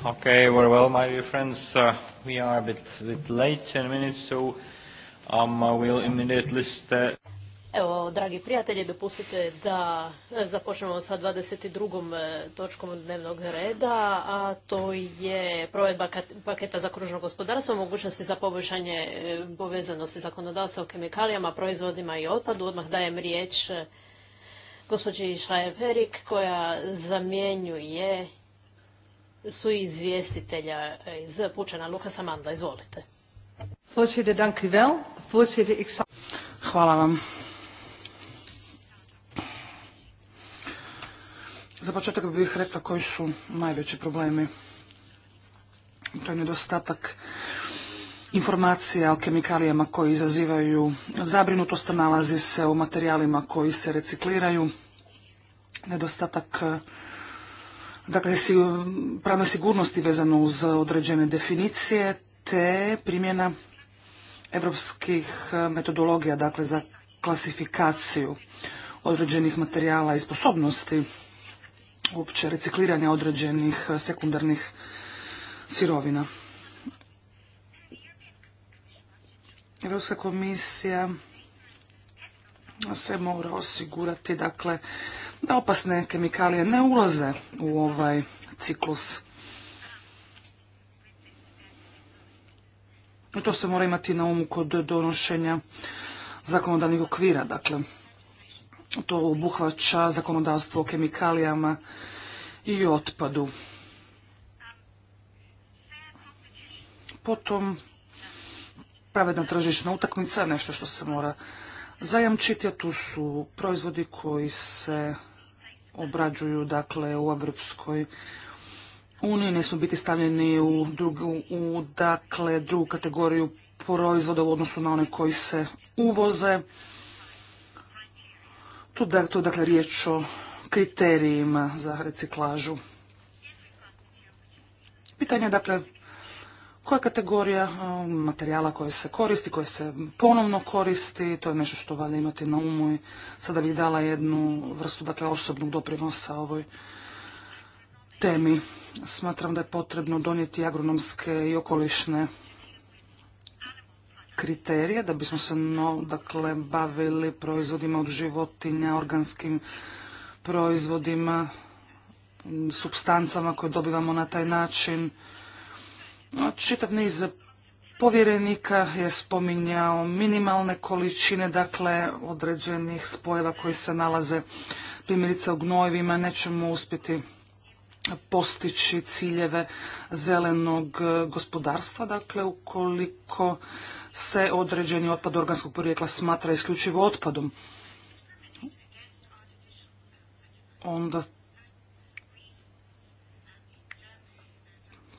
Okay, well, my dear friends. Uh, we are a bit, late, minutes, so um, uh, immediately start. Evo, dragi prijatelji, dopustite da e, započnemo sa 22. E, točkom dnevnog reda, a to je provedba paketa za kružno gospodarstvo, mogućnosti za poboljšanje e, povezanosti zakonodavstva o kemikalijama, proizvodima i otpadu. Odmah dajem riječ gospođi Šaje Perik koja zamjenjuje su izvjestitelja e, iz Pučana Luka Samanda, Izvolite. Hvala vam. Za početak bih rekla koji su najveći problemi. To je nedostatak informacija o kemikalijama koji izazivaju zabrinutost, nalazi se u materijalima koji se recikliraju, nedostatak dakle, um, pravne sigurnosti vezano uz određene definicije, te primjena evropskih e, metodologija, dakle, za klasifikaciju određenih materijala i sposobnosti uopće recikliranja određenih e, sekundarnih sirovina. Europska komisija se mora osigurati dakle, da opasne kemikalije ne ulaze u ovaj ciklus. I to se mora imati na umu kod donošenja zakonodavnih okvira. Dakle, to obuhvaća zakonodavstvo o kemikalijama i otpadu. Potom pravedna tržišna utakmica, nešto što se mora zajamčiti, a tu su proizvodi koji se obrađuju dakle u Evropskoj uniji, ne smiju biti stavljeni u drugu, u, dakle, drugu kategoriju proizvoda u odnosu na one koji se uvoze. Tu, da, to je dakle riječ o kriterijima za reciklažu. Pitanje dakle koja kategorija um, materijala koje se koristi, koje se ponovno koristi, to je nešto što valja imati na umu i sada bih dala jednu vrstu dakle, osobnog doprinosa ovoj temi. Smatram da je potrebno donijeti agronomske i okolišne kriterije da bismo se dakle, bavili proizvodima od životinja, organskim proizvodima, substancama koje dobivamo na taj način. Čitav niz povjerenika je spominjao minimalne količine, dakle određenih spojeva koji se nalaze primjerice u gnojevima. nećemo uspjeti postići ciljeve zelenog gospodarstva, dakle ukoliko se određeni otpad organskog porijekla smatra isključivo otpadom. Onda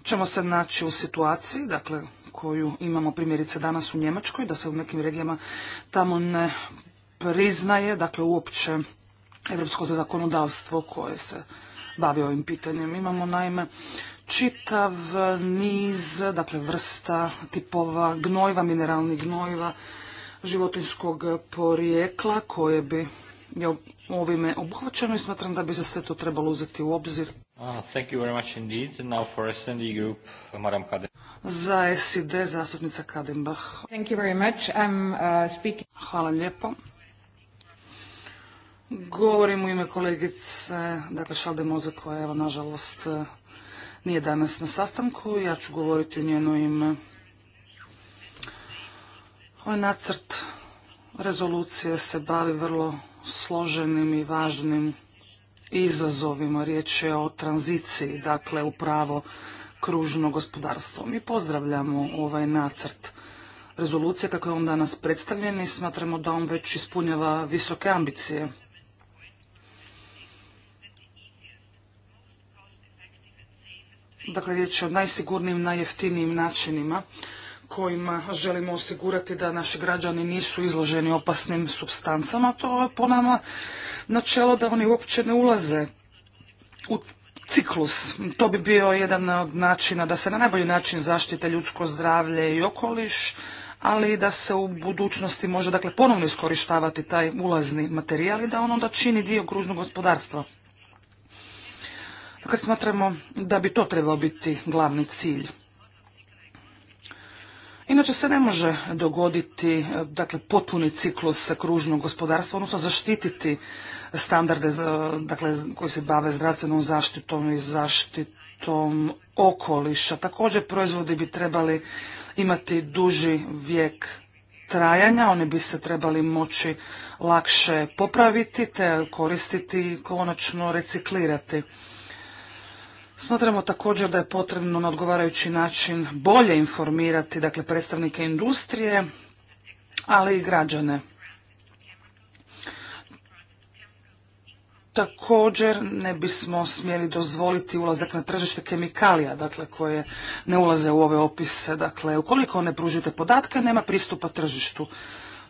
ćemo se naći u situaciji, dakle, koju imamo primjerice danas u Njemačkoj, da se u nekim regijama tamo ne priznaje, dakle, uopće evropsko zakonodavstvo koje se bavi ovim pitanjem. Imamo naime čitav niz, dakle, vrsta tipova gnojiva, mineralnih gnojiva, životinskog porijekla koje bi ovime obuhvaćeno i smatram da bi se sve to trebalo uzeti u obzir Ah, thank you very much indeed. And now for Za SID, zastupnica Kadimbah. Thank you very much. I'm uh, speaking... Hvala lijepo. Govorim u ime kolegice, dakle Šalde Moze koja evo nažalost uh, nije danas na sastanku. Ja ću govoriti u njeno ime. Ovaj nacrt rezolucije se bavi vrlo složenim i važnim izazovima. Riječ je o tranziciji, dakle, u pravo kružno gospodarstvo. Mi pozdravljamo ovaj nacrt rezolucije kako je on danas predstavljen i smatramo da on već ispunjava visoke ambicije. Dakle, riječ je o najsigurnijim, najjeftinijim načinima kojima želimo osigurati da naši građani nisu izloženi opasnim substancama, to je po nama načelo da oni uopće ne ulaze u ciklus. To bi bio jedan od načina da se na najbolji način zaštite ljudsko zdravlje i okoliš, ali da se u budućnosti može dakle ponovno iskorištavati taj ulazni materijal i da on onda čini dio kružnog gospodarstva. Dakle, smatramo da bi to trebao biti glavni cilj. Inače se ne može dogoditi dakle, potpuni ciklus kružnog gospodarstva, odnosno zaštititi standarde dakle, koji se bave zdravstvenom zaštitom i zaštitom okoliša. Također proizvodi bi trebali imati duži vijek trajanja, oni bi se trebali moći lakše popraviti te koristiti i konačno reciklirati. Smatramo također da je potrebno na odgovarajući način bolje informirati dakle, predstavnike industrije, ali i građane. Također ne bismo smjeli dozvoliti ulazak na tržište kemikalija, dakle koje ne ulaze u ove opise. Dakle, ukoliko ne pružite podatke, nema pristupa tržištu.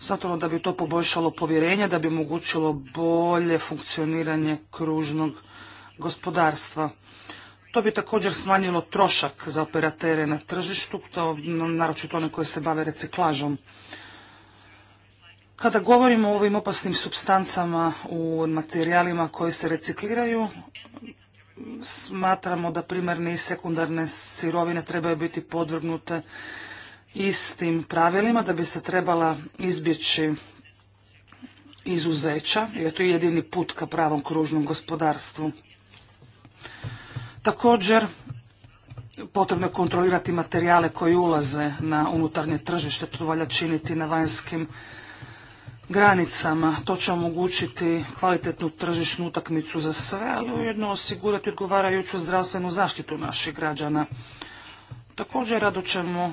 Zato da bi to poboljšalo povjerenje, da bi omogućilo bolje funkcioniranje kružnog gospodarstva. To bi također smanjilo trošak za operatere na tržištu, naročito one koje se bave reciklažom. Kada govorimo o ovim opasnim substancama u materijalima koji se recikliraju, smatramo da primarne i sekundarne sirovine trebaju biti podvrgnute istim pravilima da bi se trebala izbjeći izuzeća, jer to je jedini put ka pravom kružnom gospodarstvu. Također, potrebno je kontrolirati materijale koji ulaze na unutarnje tržište, to valja činiti na vanjskim granicama. To će omogućiti kvalitetnu tržišnu utakmicu za sve, ali ujedno osigurati odgovarajuću zdravstvenu zaštitu naših građana. Također rado ćemo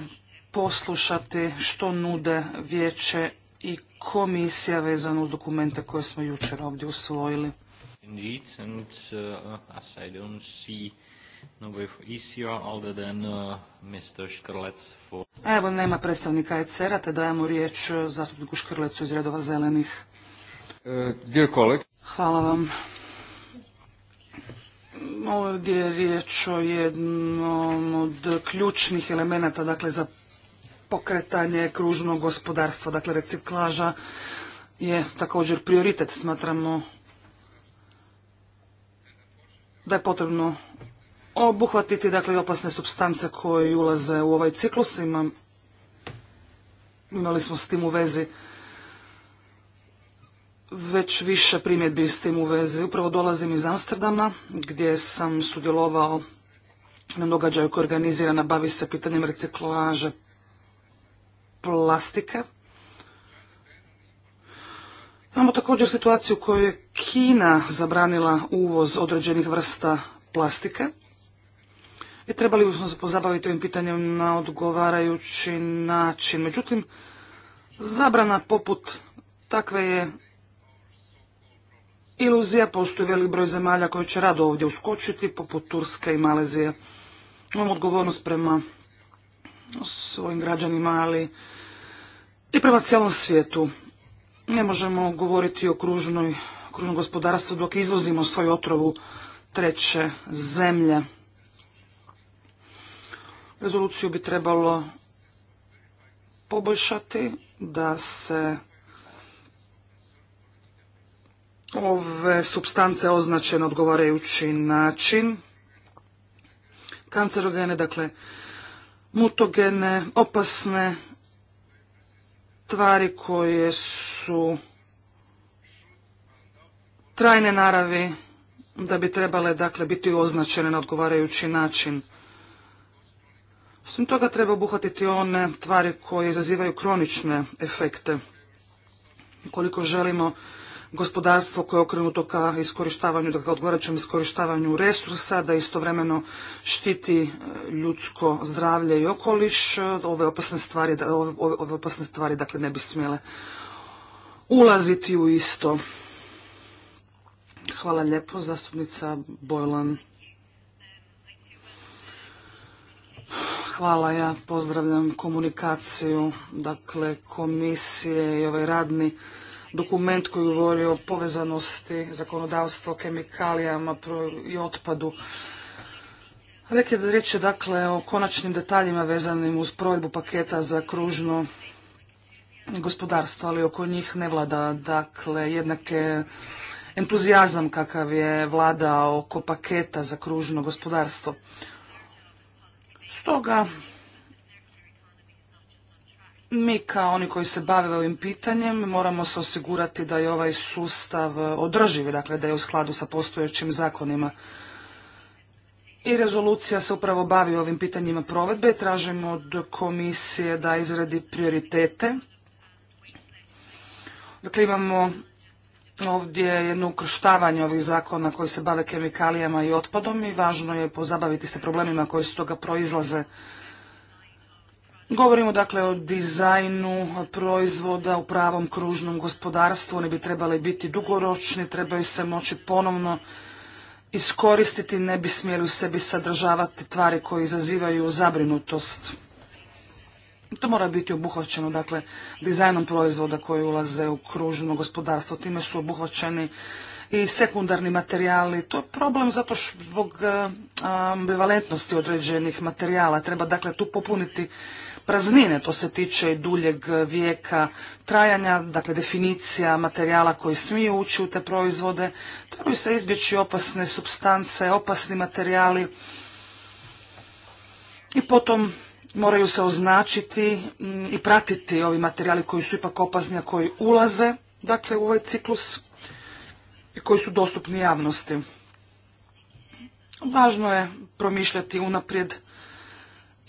poslušati što nude vijeće i komisija vezano uz dokumente koje smo jučer ovdje usvojili. Uh, Uh, Škrlec Evo, nema predstavnika ECR-a, te dajemo riječ uh, zastupniku Škrlecu iz redova zelenih. E, Hvala vam. Ovdje je riječ o jednom od ključnih elemenata dakle, za pokretanje kružnog gospodarstva. Dakle, reciklaža je također prioritet. Smatramo da je potrebno obuhvatiti dakle opasne substance koje ulaze u ovaj ciklus. imali smo s tim u vezi već više primjedbi s tim u vezi. Upravo dolazim iz Amsterdama gdje sam sudjelovao na događaju koji je organizirana bavi se pitanjem reciklaže plastike. Imamo također situaciju u kojoj je Kina zabranila uvoz određenih vrsta plastike. I e, trebali bismo se pozabaviti ovim pitanjem na odgovarajući način. Međutim, zabrana poput takve je iluzija. Postoji velik broj zemalja koje će rado ovdje uskočiti, poput Turske i Malezije. Imamo odgovornost prema svojim građanima, ali i prema cijelom svijetu. Ne možemo govoriti o kružnoj, kružnom gospodarstvu dok izvozimo svoju otrovu treće zemlje. Rezoluciju bi trebalo poboljšati da se ove substance označe na odgovarajući način. Kancerogene, dakle, mutogene, opasne tvari koje su trajne naravi, da bi trebale dakle, biti označene na odgovarajući način. Osim toga treba obuhvatiti one tvari koje izazivaju kronične efekte. Koliko želimo gospodarstvo koje je okrenuto ka iskorištavanju, dakle odgovarajućem iskorištavanju resursa, da istovremeno štiti e, ljudsko zdravlje i okoliš, e, ove opasne stvari, ove opasne stvari dakle ne bi smjele ulaziti u isto. Hvala lijepo, zastupnica Bojlan. Hvala, ja pozdravljam komunikaciju, dakle komisije i ovaj radni dokument koji govori o povezanosti zakonodavstva o kemikalijama i otpadu. da riječ je dakle o konačnim detaljima vezanim uz provedbu paketa za kružno gospodarstvo, ali oko njih ne vlada dakle jednake entuzijazam kakav je vlada oko paketa za kružno gospodarstvo. Stoga mi kao oni koji se bave ovim pitanjem moramo se osigurati da je ovaj sustav e, održiv, dakle da je u skladu sa postojećim zakonima. I rezolucija se upravo bavi ovim pitanjima provedbe. Tražimo od komisije da izradi prioritete. Dakle, imamo ovdje je jedno ukrštavanje ovih zakona koji se bave kemikalijama i otpadom i važno je pozabaviti se problemima koji su toga proizlaze. Govorimo dakle o dizajnu proizvoda u pravom kružnom gospodarstvu, oni bi trebali biti dugoročni, trebaju se moći ponovno iskoristiti, ne bi smjeli u sebi sadržavati tvari koje izazivaju zabrinutost. To mora biti obuhvaćeno, dakle, dizajnom proizvoda koji ulaze u kružno gospodarstvo. Time su obuhvaćeni i sekundarni materijali. To je problem zato što zbog e, ambivalentnosti određenih materijala. Treba, dakle, tu popuniti praznine. To se tiče i duljeg vijeka trajanja, dakle, definicija materijala koji smiju ući u te proizvode. Trebaju se izbjeći opasne substance, opasni materijali. I potom moraju se označiti mm, i pratiti ovi materijali koji su ipak opazni, a koji ulaze dakle, u ovaj ciklus i koji su dostupni javnosti. Važno je promišljati unaprijed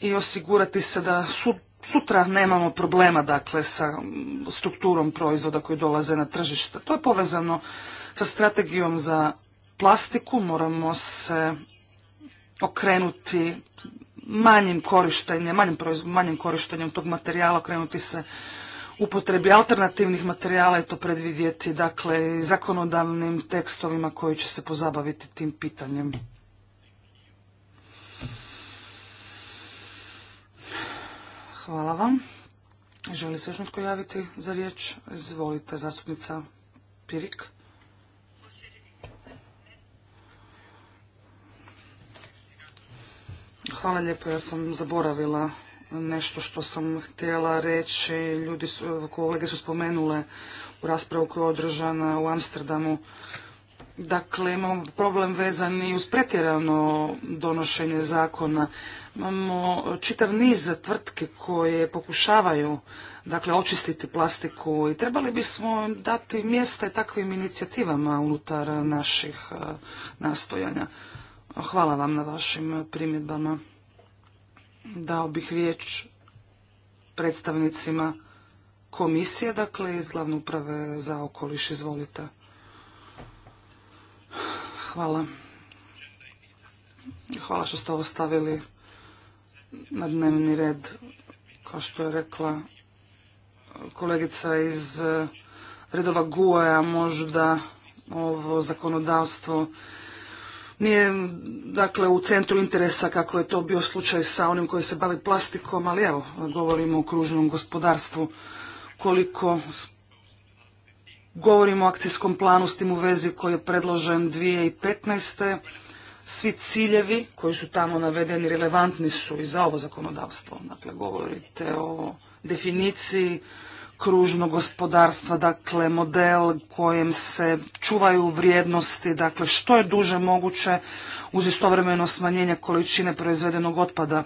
i osigurati se da sutra nemamo problema dakle, sa mm, strukturom proizvoda koji dolaze na tržište. To je povezano sa strategijom za plastiku, moramo se okrenuti manjim korištenjem, manjim, manjim korištenjem tog materijala krenuti se upotrebi alternativnih materijala i to predvidjeti, dakle, zakonodavnim tekstovima koji će se pozabaviti tim pitanjem. Hvala vam. Želi se još netko javiti za riječ? Izvolite, zastupnica Pirik. Hvala lijepo, ja sam zaboravila nešto što sam htjela reći. Ljudi su, kolege su spomenule u raspravu koja je održana u Amsterdamu. Dakle, imamo problem vezan i uz pretjerano donošenje zakona. Imamo čitav niz tvrtke koje pokušavaju dakle, očistiti plastiku i trebali bismo dati mjesta i takvim inicijativama unutar naših eh, nastojanja. Hvala vam na vašim primjedbama. Dao bih riječ predstavnicima komisije, dakle iz glavne uprave za okoliš. Izvolite. Hvala. Hvala što ste ovo stavili na dnevni red, kao što je rekla kolegica iz redova gua možda ovo zakonodavstvo nije dakle u centru interesa kako je to bio slučaj sa onim koji se bavi plastikom, ali evo govorimo o kružnom gospodarstvu koliko govorimo o akcijskom planu s tim u vezi koji je predložen 2015. Svi ciljevi koji su tamo navedeni relevantni su i za ovo zakonodavstvo. Dakle, govorite o definiciji kružnog gospodarstva, dakle model kojem se čuvaju vrijednosti, dakle što je duže moguće uz istovremeno smanjenje količine proizvedenog otpada.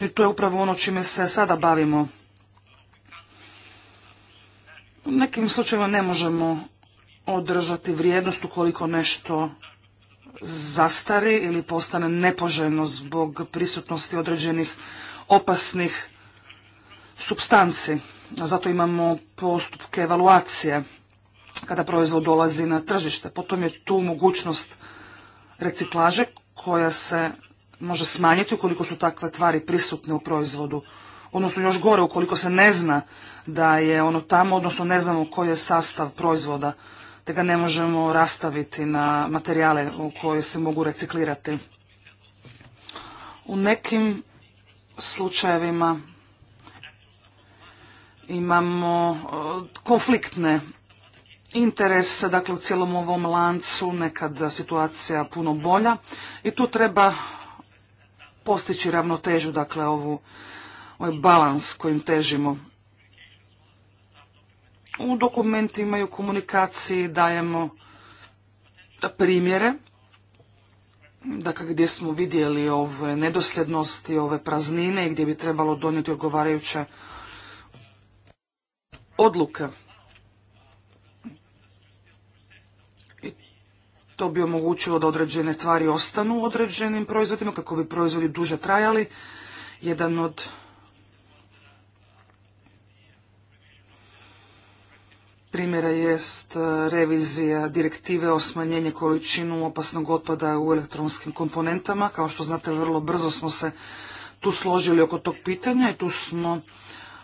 I to je upravo ono čime se sada bavimo. U nekim slučajevima ne možemo održati vrijednost ukoliko nešto zastari ili postane nepoželjno zbog prisutnosti određenih opasnih substanci. Zato imamo postupke evaluacije kada proizvod dolazi na tržište. Potom je tu mogućnost reciklaže koja se može smanjiti ukoliko su takve tvari prisutne u proizvodu. Odnosno još gore ukoliko se ne zna da je ono tamo, odnosno ne znamo koji je sastav proizvoda, te ga ne možemo rastaviti na materijale u koje se mogu reciklirati. U nekim slučajevima imamo e, konfliktne interese, dakle u cijelom ovom lancu nekad situacija puno bolja i tu treba postići ravnotežu, dakle ovu, ovaj balans kojim težimo. U dokumentima i u komunikaciji dajemo primjere, dakle gdje smo vidjeli ove nedosljednosti, ove praznine i gdje bi trebalo donijeti odgovarajuće odluka. to bi omogućilo da određene tvari ostanu u određenim proizvodima kako bi proizvodi duže trajali. Jedan od primjera jest e, revizija direktive o smanjenju količinu opasnog otpada u elektronskim komponentama. Kao što znate, vrlo brzo smo se tu složili oko tog pitanja i tu smo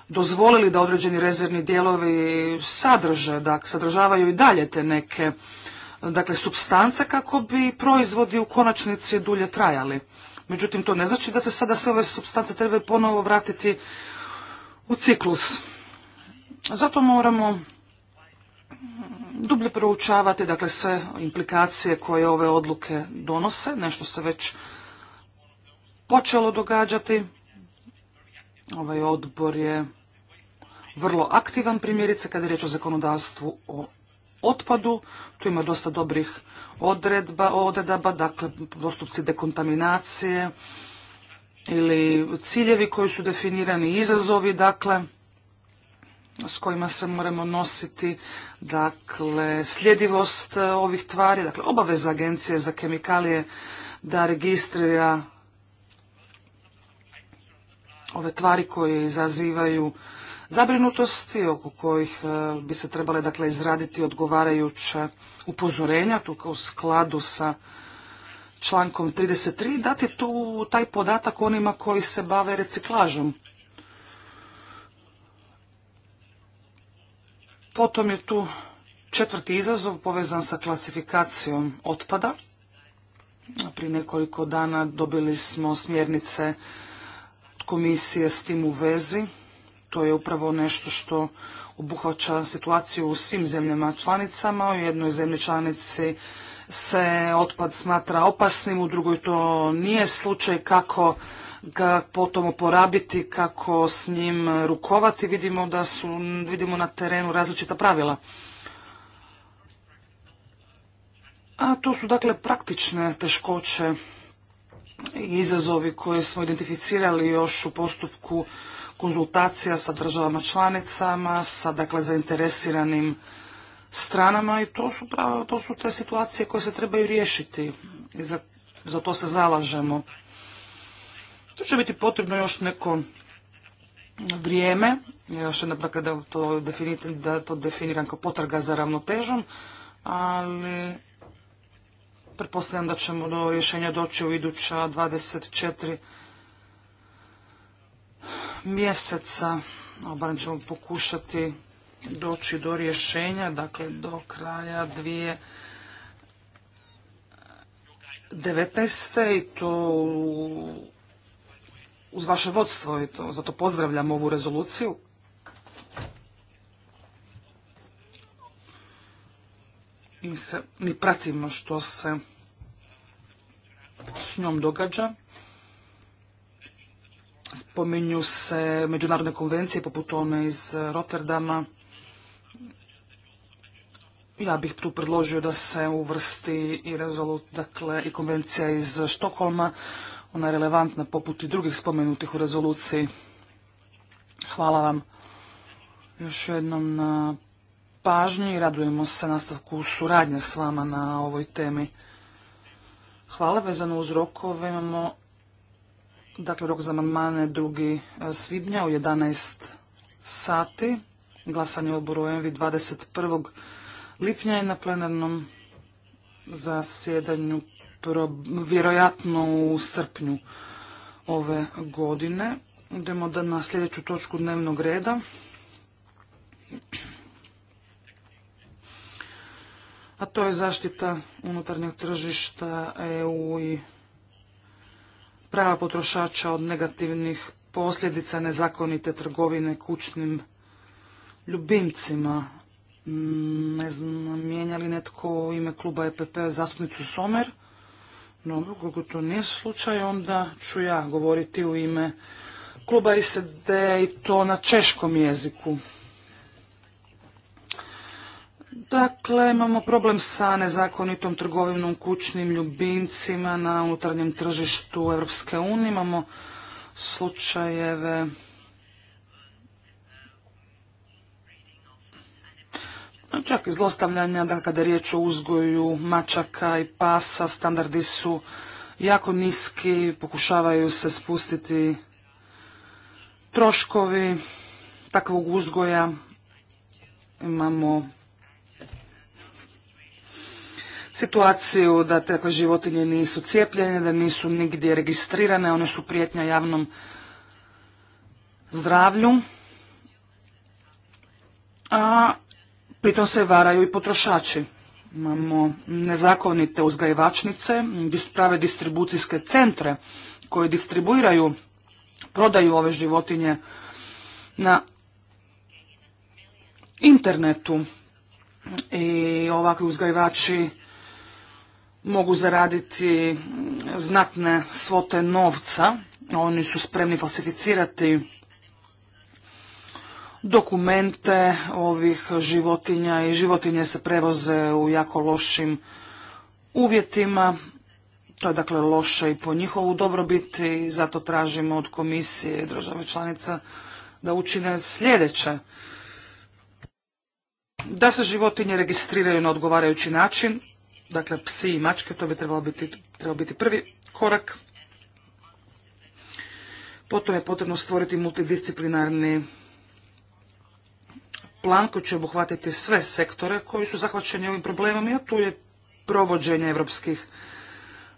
dozvolili da određeni rezervni dijelovi sadrže, da sadržavaju i dalje te neke dakle, substance kako bi proizvodi u konačnici dulje trajali. Međutim, to ne znači da se sada sve ove substance trebaju ponovo vratiti u ciklus. Zato moramo dublje proučavati dakle, sve implikacije koje ove odluke donose, nešto se već počelo događati. Ovaj odbor je vrlo aktivan, primjerice kada je riječ o zakonodavstvu o otpadu. Tu ima dosta dobrih odredba, odredaba, dakle dostupci dekontaminacije ili ciljevi koji su definirani, izazovi, dakle, s kojima se moramo nositi, dakle, sljedivost eh, ovih tvari, dakle, obaveza agencije za kemikalije da registrira ove tvari koje izazivaju zabrinutosti oko kojih e, bi se trebale dakle izraditi odgovarajuća upozorenja tu u skladu sa člankom 33 dati tu taj podatak onima koji se bave reciklažom. Potom je tu četvrti izazov povezan sa klasifikacijom otpada. Prije nekoliko dana dobili smo smjernice komisije s tim u vezi. To je upravo nešto što obuhvaća situaciju u svim zemljama članicama. U jednoj zemlji članici se otpad smatra opasnim, u drugoj to nije slučaj kako ga potom oporabiti, kako s njim rukovati. Vidimo da su, vidimo na terenu različita pravila. A to su dakle praktične teškoće izazovi koje smo identificirali još u postupku konzultacija sa državama članicama, sa dakle zainteresiranim stranama i to su, pravo, to su te situacije koje se trebaju riješiti i za, to se zalažemo. To će biti potrebno još neko vrijeme, još jedna dakle, da, to da to definiram kao potraga za ravnotežom, ali pretpostavljam da ćemo do rješenja doći u iduća 24 mjeseca. barem ćemo pokušati doći do rješenja, dakle do kraja dvije i to uz vaše vodstvo i to zato pozdravljam ovu rezoluciju mi, se, mi pratimo što se s njom događa. Spominju se međunarodne konvencije poput one iz Rotterdama. Ja bih tu predložio da se uvrsti i rezolut, dakle i konvencija iz Štokolma. Ona je relevantna poput i drugih spomenutih u rezoluciji. Hvala vam još jednom na pažnju i radujemo se nastavku suradnje s vama na ovoj temi. Hvala vezano uz rokove. Imamo dakle, rok za amandmane drugi e, svibnja u 11 sati. Glasanje odboru ENVI 21. lipnja i na plenarnom zasjedanju vjerojatno u srpnju ove godine. Idemo da na sljedeću točku dnevnog reda a to je zaštita unutarnjeg tržišta EU i prava potrošača od negativnih posljedica nezakonite trgovine kućnim ljubimcima. Mm, ne znam, mijenja li netko u ime kluba EPP zastupnicu Somer? No, kako to nije slučaj, onda ću ja govoriti u ime kluba ISD e i to na češkom jeziku. Dakle, imamo problem sa nezakonitom trgovinom kućnim ljubimcima na unutarnjem tržištu Europske unije. Imamo slučajeve čak i zlostavljanja, kada je riječ o uzgoju mačaka i pasa, standardi su jako niski, pokušavaju se spustiti troškovi takvog uzgoja. Imamo situaciju da takve životinje nisu cijepljene, da nisu nigdje registrirane, one su prijetnja javnom zdravlju, a pritom se varaju i potrošači. Imamo nezakonite uzgajivačnice, prave distribucijske centre koje distribuiraju, prodaju ove životinje na internetu i ovakvi uzgajivači mogu zaraditi znatne svote novca. Oni su spremni falsificirati dokumente ovih životinja i životinje se prevoze u jako lošim uvjetima. To je dakle loše i po njihovu dobrobit i zato tražimo od komisije i države članica da učine sljedeće. Da se životinje registriraju na odgovarajući način, dakle psi i mačke, to bi trebalo biti, trebalo biti prvi korak. Potom je potrebno stvoriti multidisciplinarni plan koji će obuhvatiti sve sektore koji su zahvaćeni ovim problemom, a tu je provođenje europskih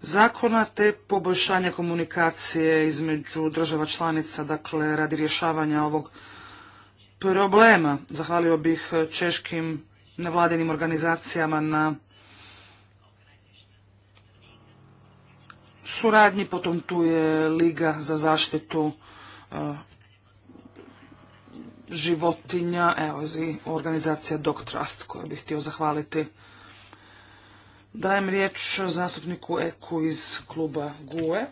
zakona te poboljšanje komunikacije između država članica, dakle radi rješavanja ovog problema. Zahvalio bih češkim nevladinim organizacijama na suradnji, potom tu je Liga za zaštitu e, životinja, evo i organizacija Dog Trust koju bih htio zahvaliti. Dajem riječ zastupniku Eku iz kluba GUE.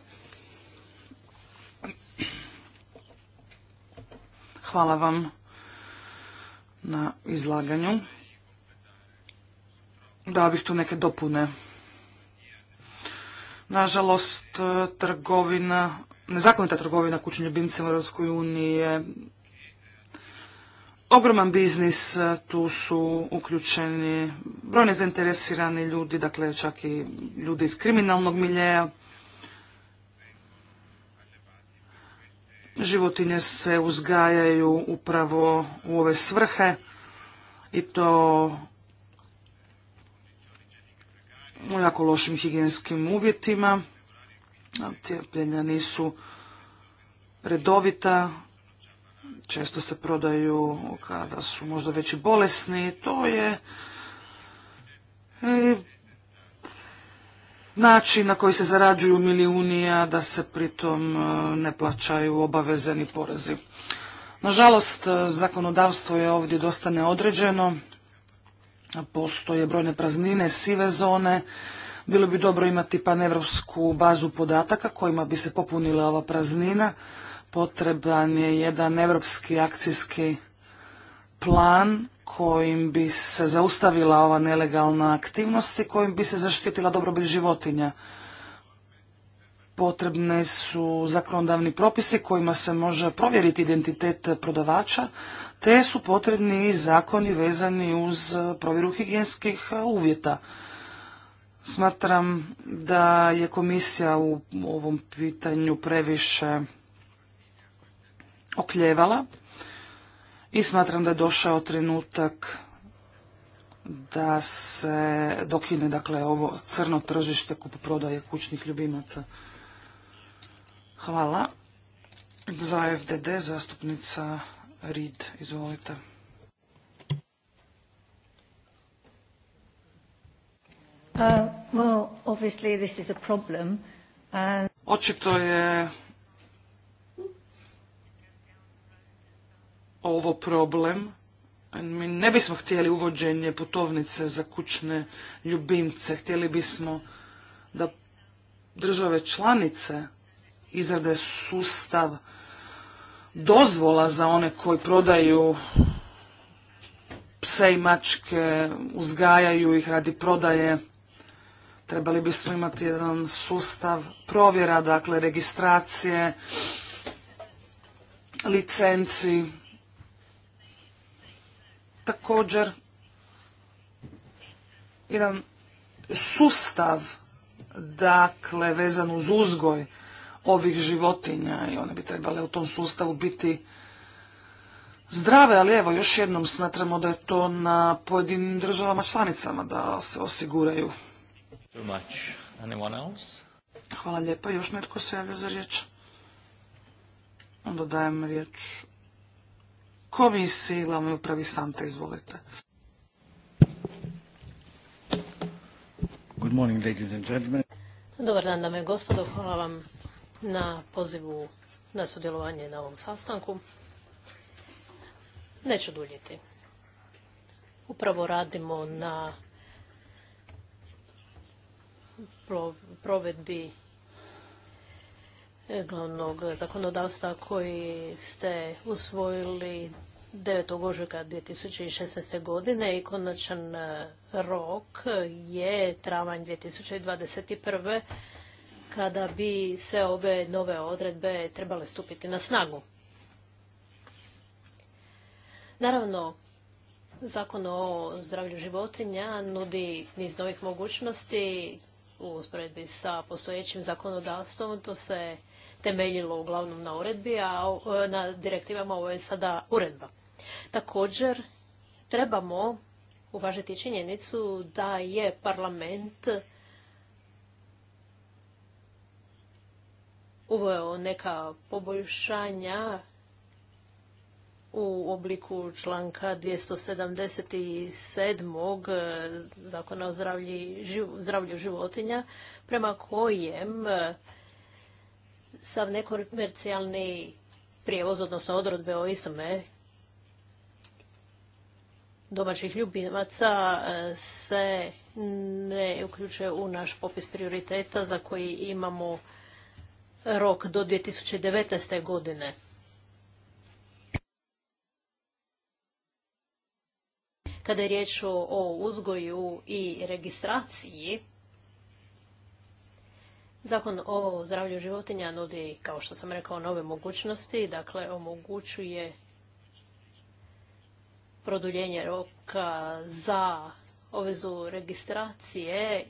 Hvala vam na izlaganju. Da bih tu neke dopune Nažalost, e, trgovina, nezakonita trgovina kućnim ljubimcima u Europskoj uniji je ogroman biznis, e, tu su uključeni brojne zainteresirani ljudi, dakle čak i ljudi iz kriminalnog miljeja. Životinje se uzgajaju upravo u ove svrhe i to u jako lošim higijenskim uvjetima. Cijepljenja nisu redovita, često se prodaju kada su možda već i bolesni. To je e, način na koji se zarađuju milijunija da se pritom e, ne plaćaju obavezeni porezi. Nažalost, e, zakonodavstvo je ovdje dosta neodređeno postoje brojne praznine, sive zone. Bilo bi dobro imati panevropsku bazu podataka kojima bi se popunila ova praznina. Potreban je jedan evropski akcijski plan kojim bi se zaustavila ova nelegalna aktivnost i kojim bi se zaštitila dobrobit životinja. Potrebne su zakonodavni propisi kojima se može provjeriti identitet prodavača, te su potrebni i zakoni vezani uz e, provjeru higijenskih e, uvjeta. Smatram da je komisija u ovom pitanju previše okljevala i smatram da je došao trenutak da se dokine dakle ovo crno tržište kupoprodaje kućnih ljubimaca. Hvala. Za FDD zastupnica Rid, izvolite. Uh, problem. And... Očito je ovo problem. Mi ne bismo htjeli uvođenje putovnice za kućne ljubimce. Htjeli bismo da države članice izrade sustav dozvola za one koji prodaju pse i mačke, uzgajaju ih radi prodaje. Trebali bismo imati jedan sustav provjera, dakle registracije, licenci. Također, jedan sustav, dakle, vezan uz uzgoj ovih životinja i one bi trebale u tom sustavu biti zdrave, ali evo još jednom smatramo da je to na pojedinim državama članicama da se osiguraju. Hvala lijepa. Još netko se javio za riječ? Onda dajem riječ komisiji, glavnoj upravi Sante, izvolite. Good morning, ladies and Dobar dan, dame i gospodo. Hvala vam na pozivu na sudjelovanje na ovom sastanku. Neću duljiti. Upravo radimo na provedbi e, glavnog zakonodavstva koji ste usvojili 9. ožujka 2016. godine i konačan e, rok je travanj 2021 kada bi sve ove nove odredbe trebale stupiti na snagu. Naravno, Zakon o zdravlju životinja nudi niz novih mogućnosti u usporedbi sa postojećim zakonodavstvom. To se temeljilo uglavnom na uredbi, a na direktivama ovo je sada uredba. Također, trebamo uvažiti činjenicu da je parlament uveo neka poboljšanja u obliku članka 277. Eh, zakona o zdravlju životinja, prema kojem eh, sav nekomercijalni prijevoz, odnosno odrodbe o istome domaćih ljubimaca eh, se ne uključuje u naš popis prioriteta za koji imamo rok do 2019. godine. Kada je riječ o uzgoju i registraciji, Zakon o zdravlju životinja nudi, kao što sam rekao, nove mogućnosti, dakle omogućuje produljenje roka za obvezu registracije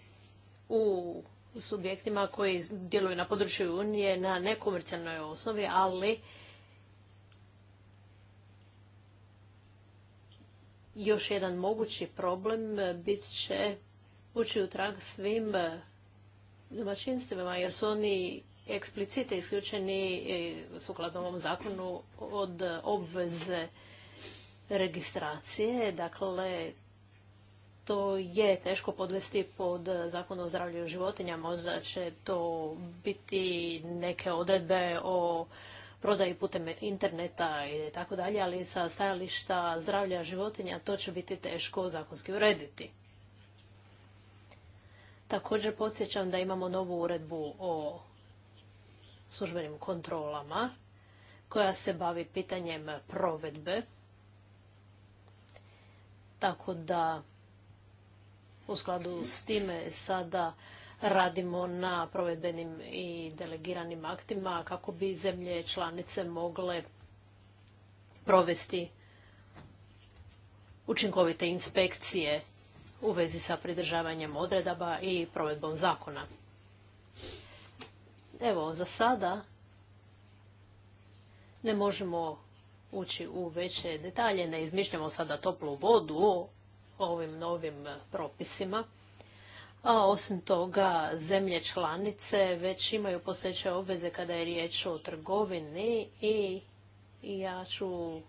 u subjektima koji djeluju na području Unije na nekomercijalnoj osnovi, ali još jedan mogući problem bit će ući u trag svim domaćinstvima, jer su oni eksplicite isključeni e, sukladno ovom zakonu od obveze registracije. Dakle, to je teško podvesti pod zakon o zdravlju životinja. Možda će to biti neke odredbe o prodaji putem interneta i tako dalje, ali sa stajališta zdravlja životinja to će biti teško zakonski urediti. Također podsjećam da imamo novu uredbu o službenim kontrolama koja se bavi pitanjem provedbe. Tako da u skladu s time sada radimo na provedbenim i delegiranim aktima kako bi zemlje članice mogle provesti učinkovite inspekcije u vezi sa pridržavanjem odredaba i provedbom zakona. Evo, za sada ne možemo ući u veće detalje, ne izmišljamo sada toplu vodu, ovim novim e, propisima. A osim toga, zemlje članice već imaju posveće obveze kada je riječ o trgovini i ja ću...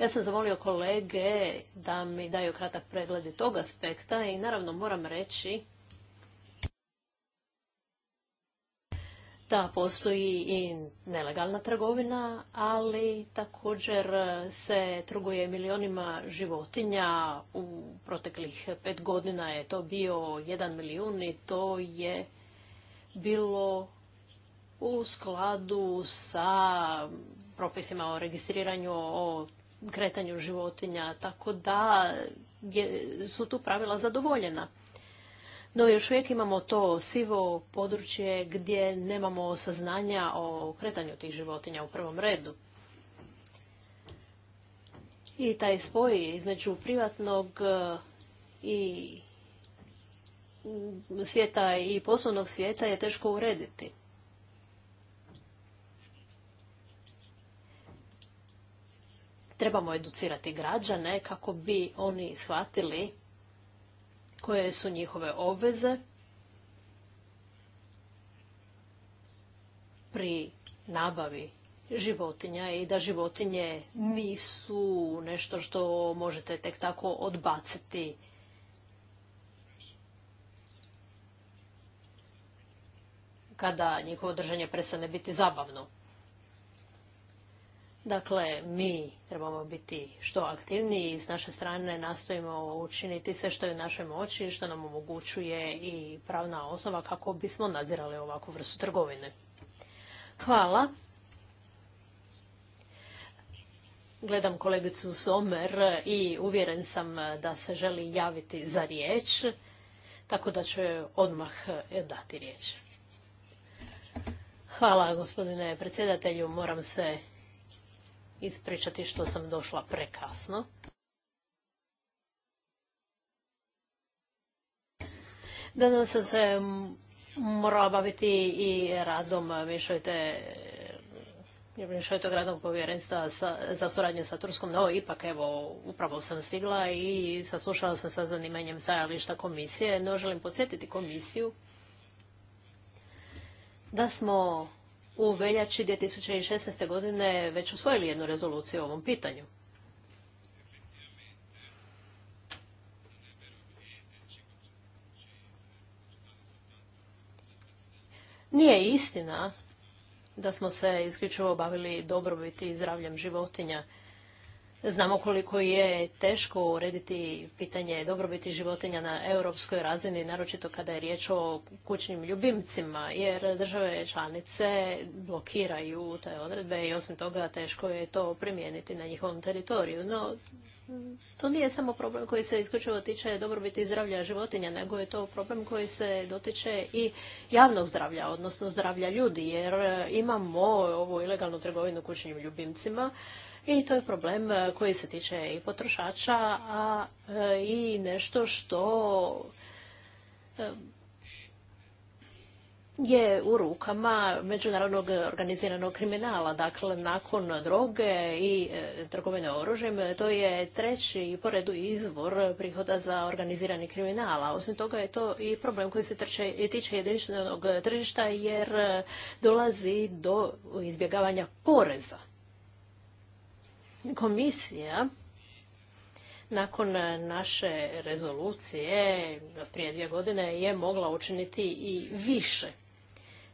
Ja sam zamolio kolege da mi daju kratak pregled tog aspekta i naravno moram reći Da, postoji i nelegalna trgovina, ali također se trguje milionima životinja. U proteklih pet godina je to bio jedan milijun i to je bilo u skladu sa propisima o registriranju, o kretanju životinja, tako da su tu pravila zadovoljena. No još uvijek imamo to sivo područje gdje nemamo saznanja o kretanju tih životinja u prvom redu. I taj spoj između privatnog e, i svijeta i poslovnog svijeta je teško urediti. Trebamo educirati građane kako bi oni shvatili koje su njihove obveze pri nabavi životinja i da životinje nisu nešto što možete tek tako odbaciti. kada njihovo držanje prestane biti zabavno. Dakle, mi trebamo biti što aktivniji i s naše strane nastojimo učiniti sve što je u našoj moći, što nam omogućuje i pravna osnova kako bismo nadzirali ovakvu vrstu trgovine. Hvala. Gledam kolegicu Somer i uvjeren sam da se želi javiti za riječ, tako da ću odmah dati riječ. Hvala gospodine predsjedatelju, moram se ispričati što sam došla prekasno. Danas sam se morala baviti i radom Mišojte Mišojtog gradnog povjerenstva za suradnju sa Turskom, no ipak evo upravo sam stigla i saslušala sam sa zanimanjem stajališta komisije, no želim podsjetiti komisiju da smo u veljači 2016. godine već usvojili jednu rezoluciju o ovom pitanju. Nije istina da smo se isključivo bavili dobrobiti i zdravljem životinja. Znamo koliko je teško urediti pitanje dobrobiti životinja na europskoj razini, naročito kada je riječ o kućnim ljubimcima, jer države članice blokiraju te odredbe i osim toga teško je to primijeniti na njihovom teritoriju. No, to nije samo problem koji se isključivo tiče dobrobiti i zdravlja životinja, nego je to problem koji se dotiče i javnog zdravlja, odnosno zdravlja ljudi, jer imamo ovu ilegalnu trgovinu kućnim ljubimcima i to je problem e, koji se tiče i potrošača, a e, i nešto što e, je u rukama međunarodnog organiziranog kriminala. Dakle, nakon droge i trgovine oružjem, to je treći po izvor prihoda za organizirani kriminal. A osim toga je to i problem koji se tiče jedinstvenog tržišta jer dolazi do izbjegavanja poreza. Komisija nakon naše rezolucije prije dvije godine je mogla učiniti i više.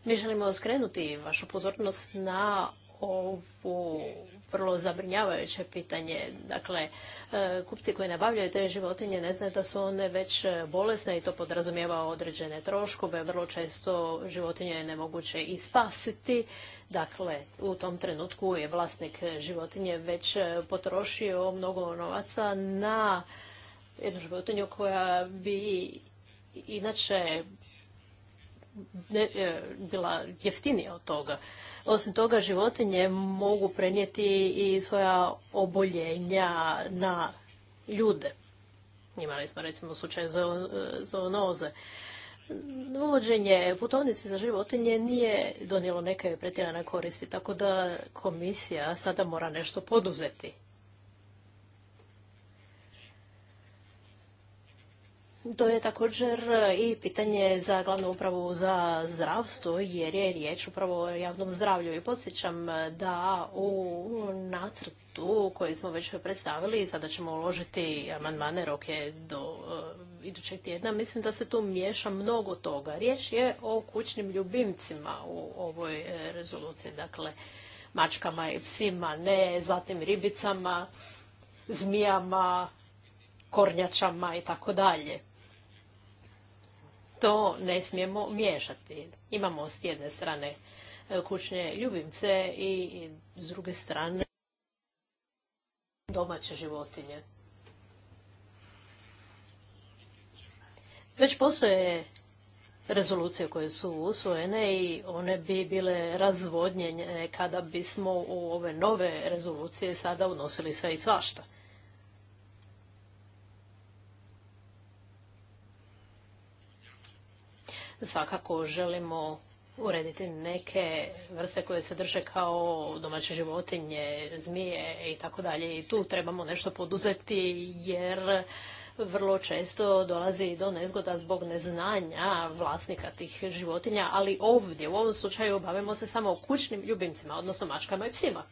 Mi želimo skrenuti vašu pozornost na ovu vrlo zabrinjavajuće pitanje. Dakle, e, kupci koji nabavljaju te životinje ne znaju da su one već bolesne i to podrazumijeva određene troškove. Vrlo često životinje je nemoguće i spasiti. Dakle, u tom trenutku je vlasnik životinje već e, potrošio mnogo novaca na jednu životinju koja bi inače e, bila jeftinija od toga. Osim toga, životinje mogu prenijeti i svoja oboljenja na ljude. Imali smo recimo slučaj e, zoonoze uvođenje putovnice za životinje nije donijelo neke pretjerane koristi, tako da komisija sada mora nešto poduzeti. To je također e, i pitanje za glavnu upravu za zdravstvo, jer je riječ upravo o javnom zdravlju. I podsjećam e, da u nacrtu koji smo već predstavili, sada ćemo uložiti amandmane roke do e, idućeg tjedna, mislim da se tu miješa mnogo toga. Riječ je o kućnim ljubimcima u ovoj rezoluciji, dakle mačkama i psima, ne zatim ribicama, zmijama, kornjačama i tako dalje to ne smijemo miješati. Imamo s jedne strane e, kućne ljubimce i s druge strane domaće životinje. Već postoje rezolucije koje su usvojene i one bi bile razvodnjenje kada bismo u ove nove rezolucije sada unosili sve i svašta. svakako želimo urediti neke vrste koje se drže kao domaće životinje, zmije i tako dalje. I tu trebamo nešto poduzeti jer vrlo često dolazi do nezgoda zbog neznanja vlasnika tih životinja, ali ovdje u ovom slučaju bavimo se samo kućnim ljubimcima, odnosno mačkama i psima.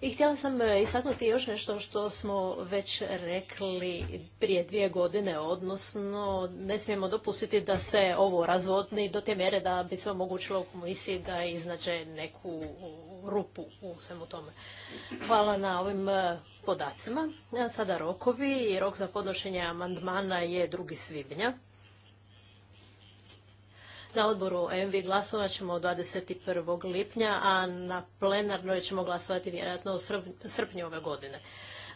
I htjela sam e, istaknuti još nešto što smo već rekli prije dvije godine, odnosno ne smijemo dopustiti da se ovo razvodni do te mjere da bi se omogućilo komisiji da iznađe neku rupu u svemu tome. Hvala na ovim e, podacima. Sada rokovi. i Rok za podnošenje amandmana je 2. svibnja. Na odboru ENVI glasovat ćemo 21. lipnja, a na plenarnoj ćemo glasovati vjerojatno u srpnju ove godine.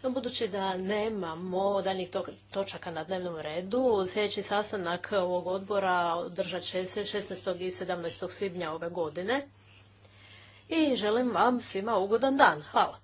Budući da nemamo daljnjih točaka na dnevnom redu, sljedeći sastanak ovog odbora održat će se 16. i 17. svibnja ove godine. I želim vam svima ugodan dan. Hvala.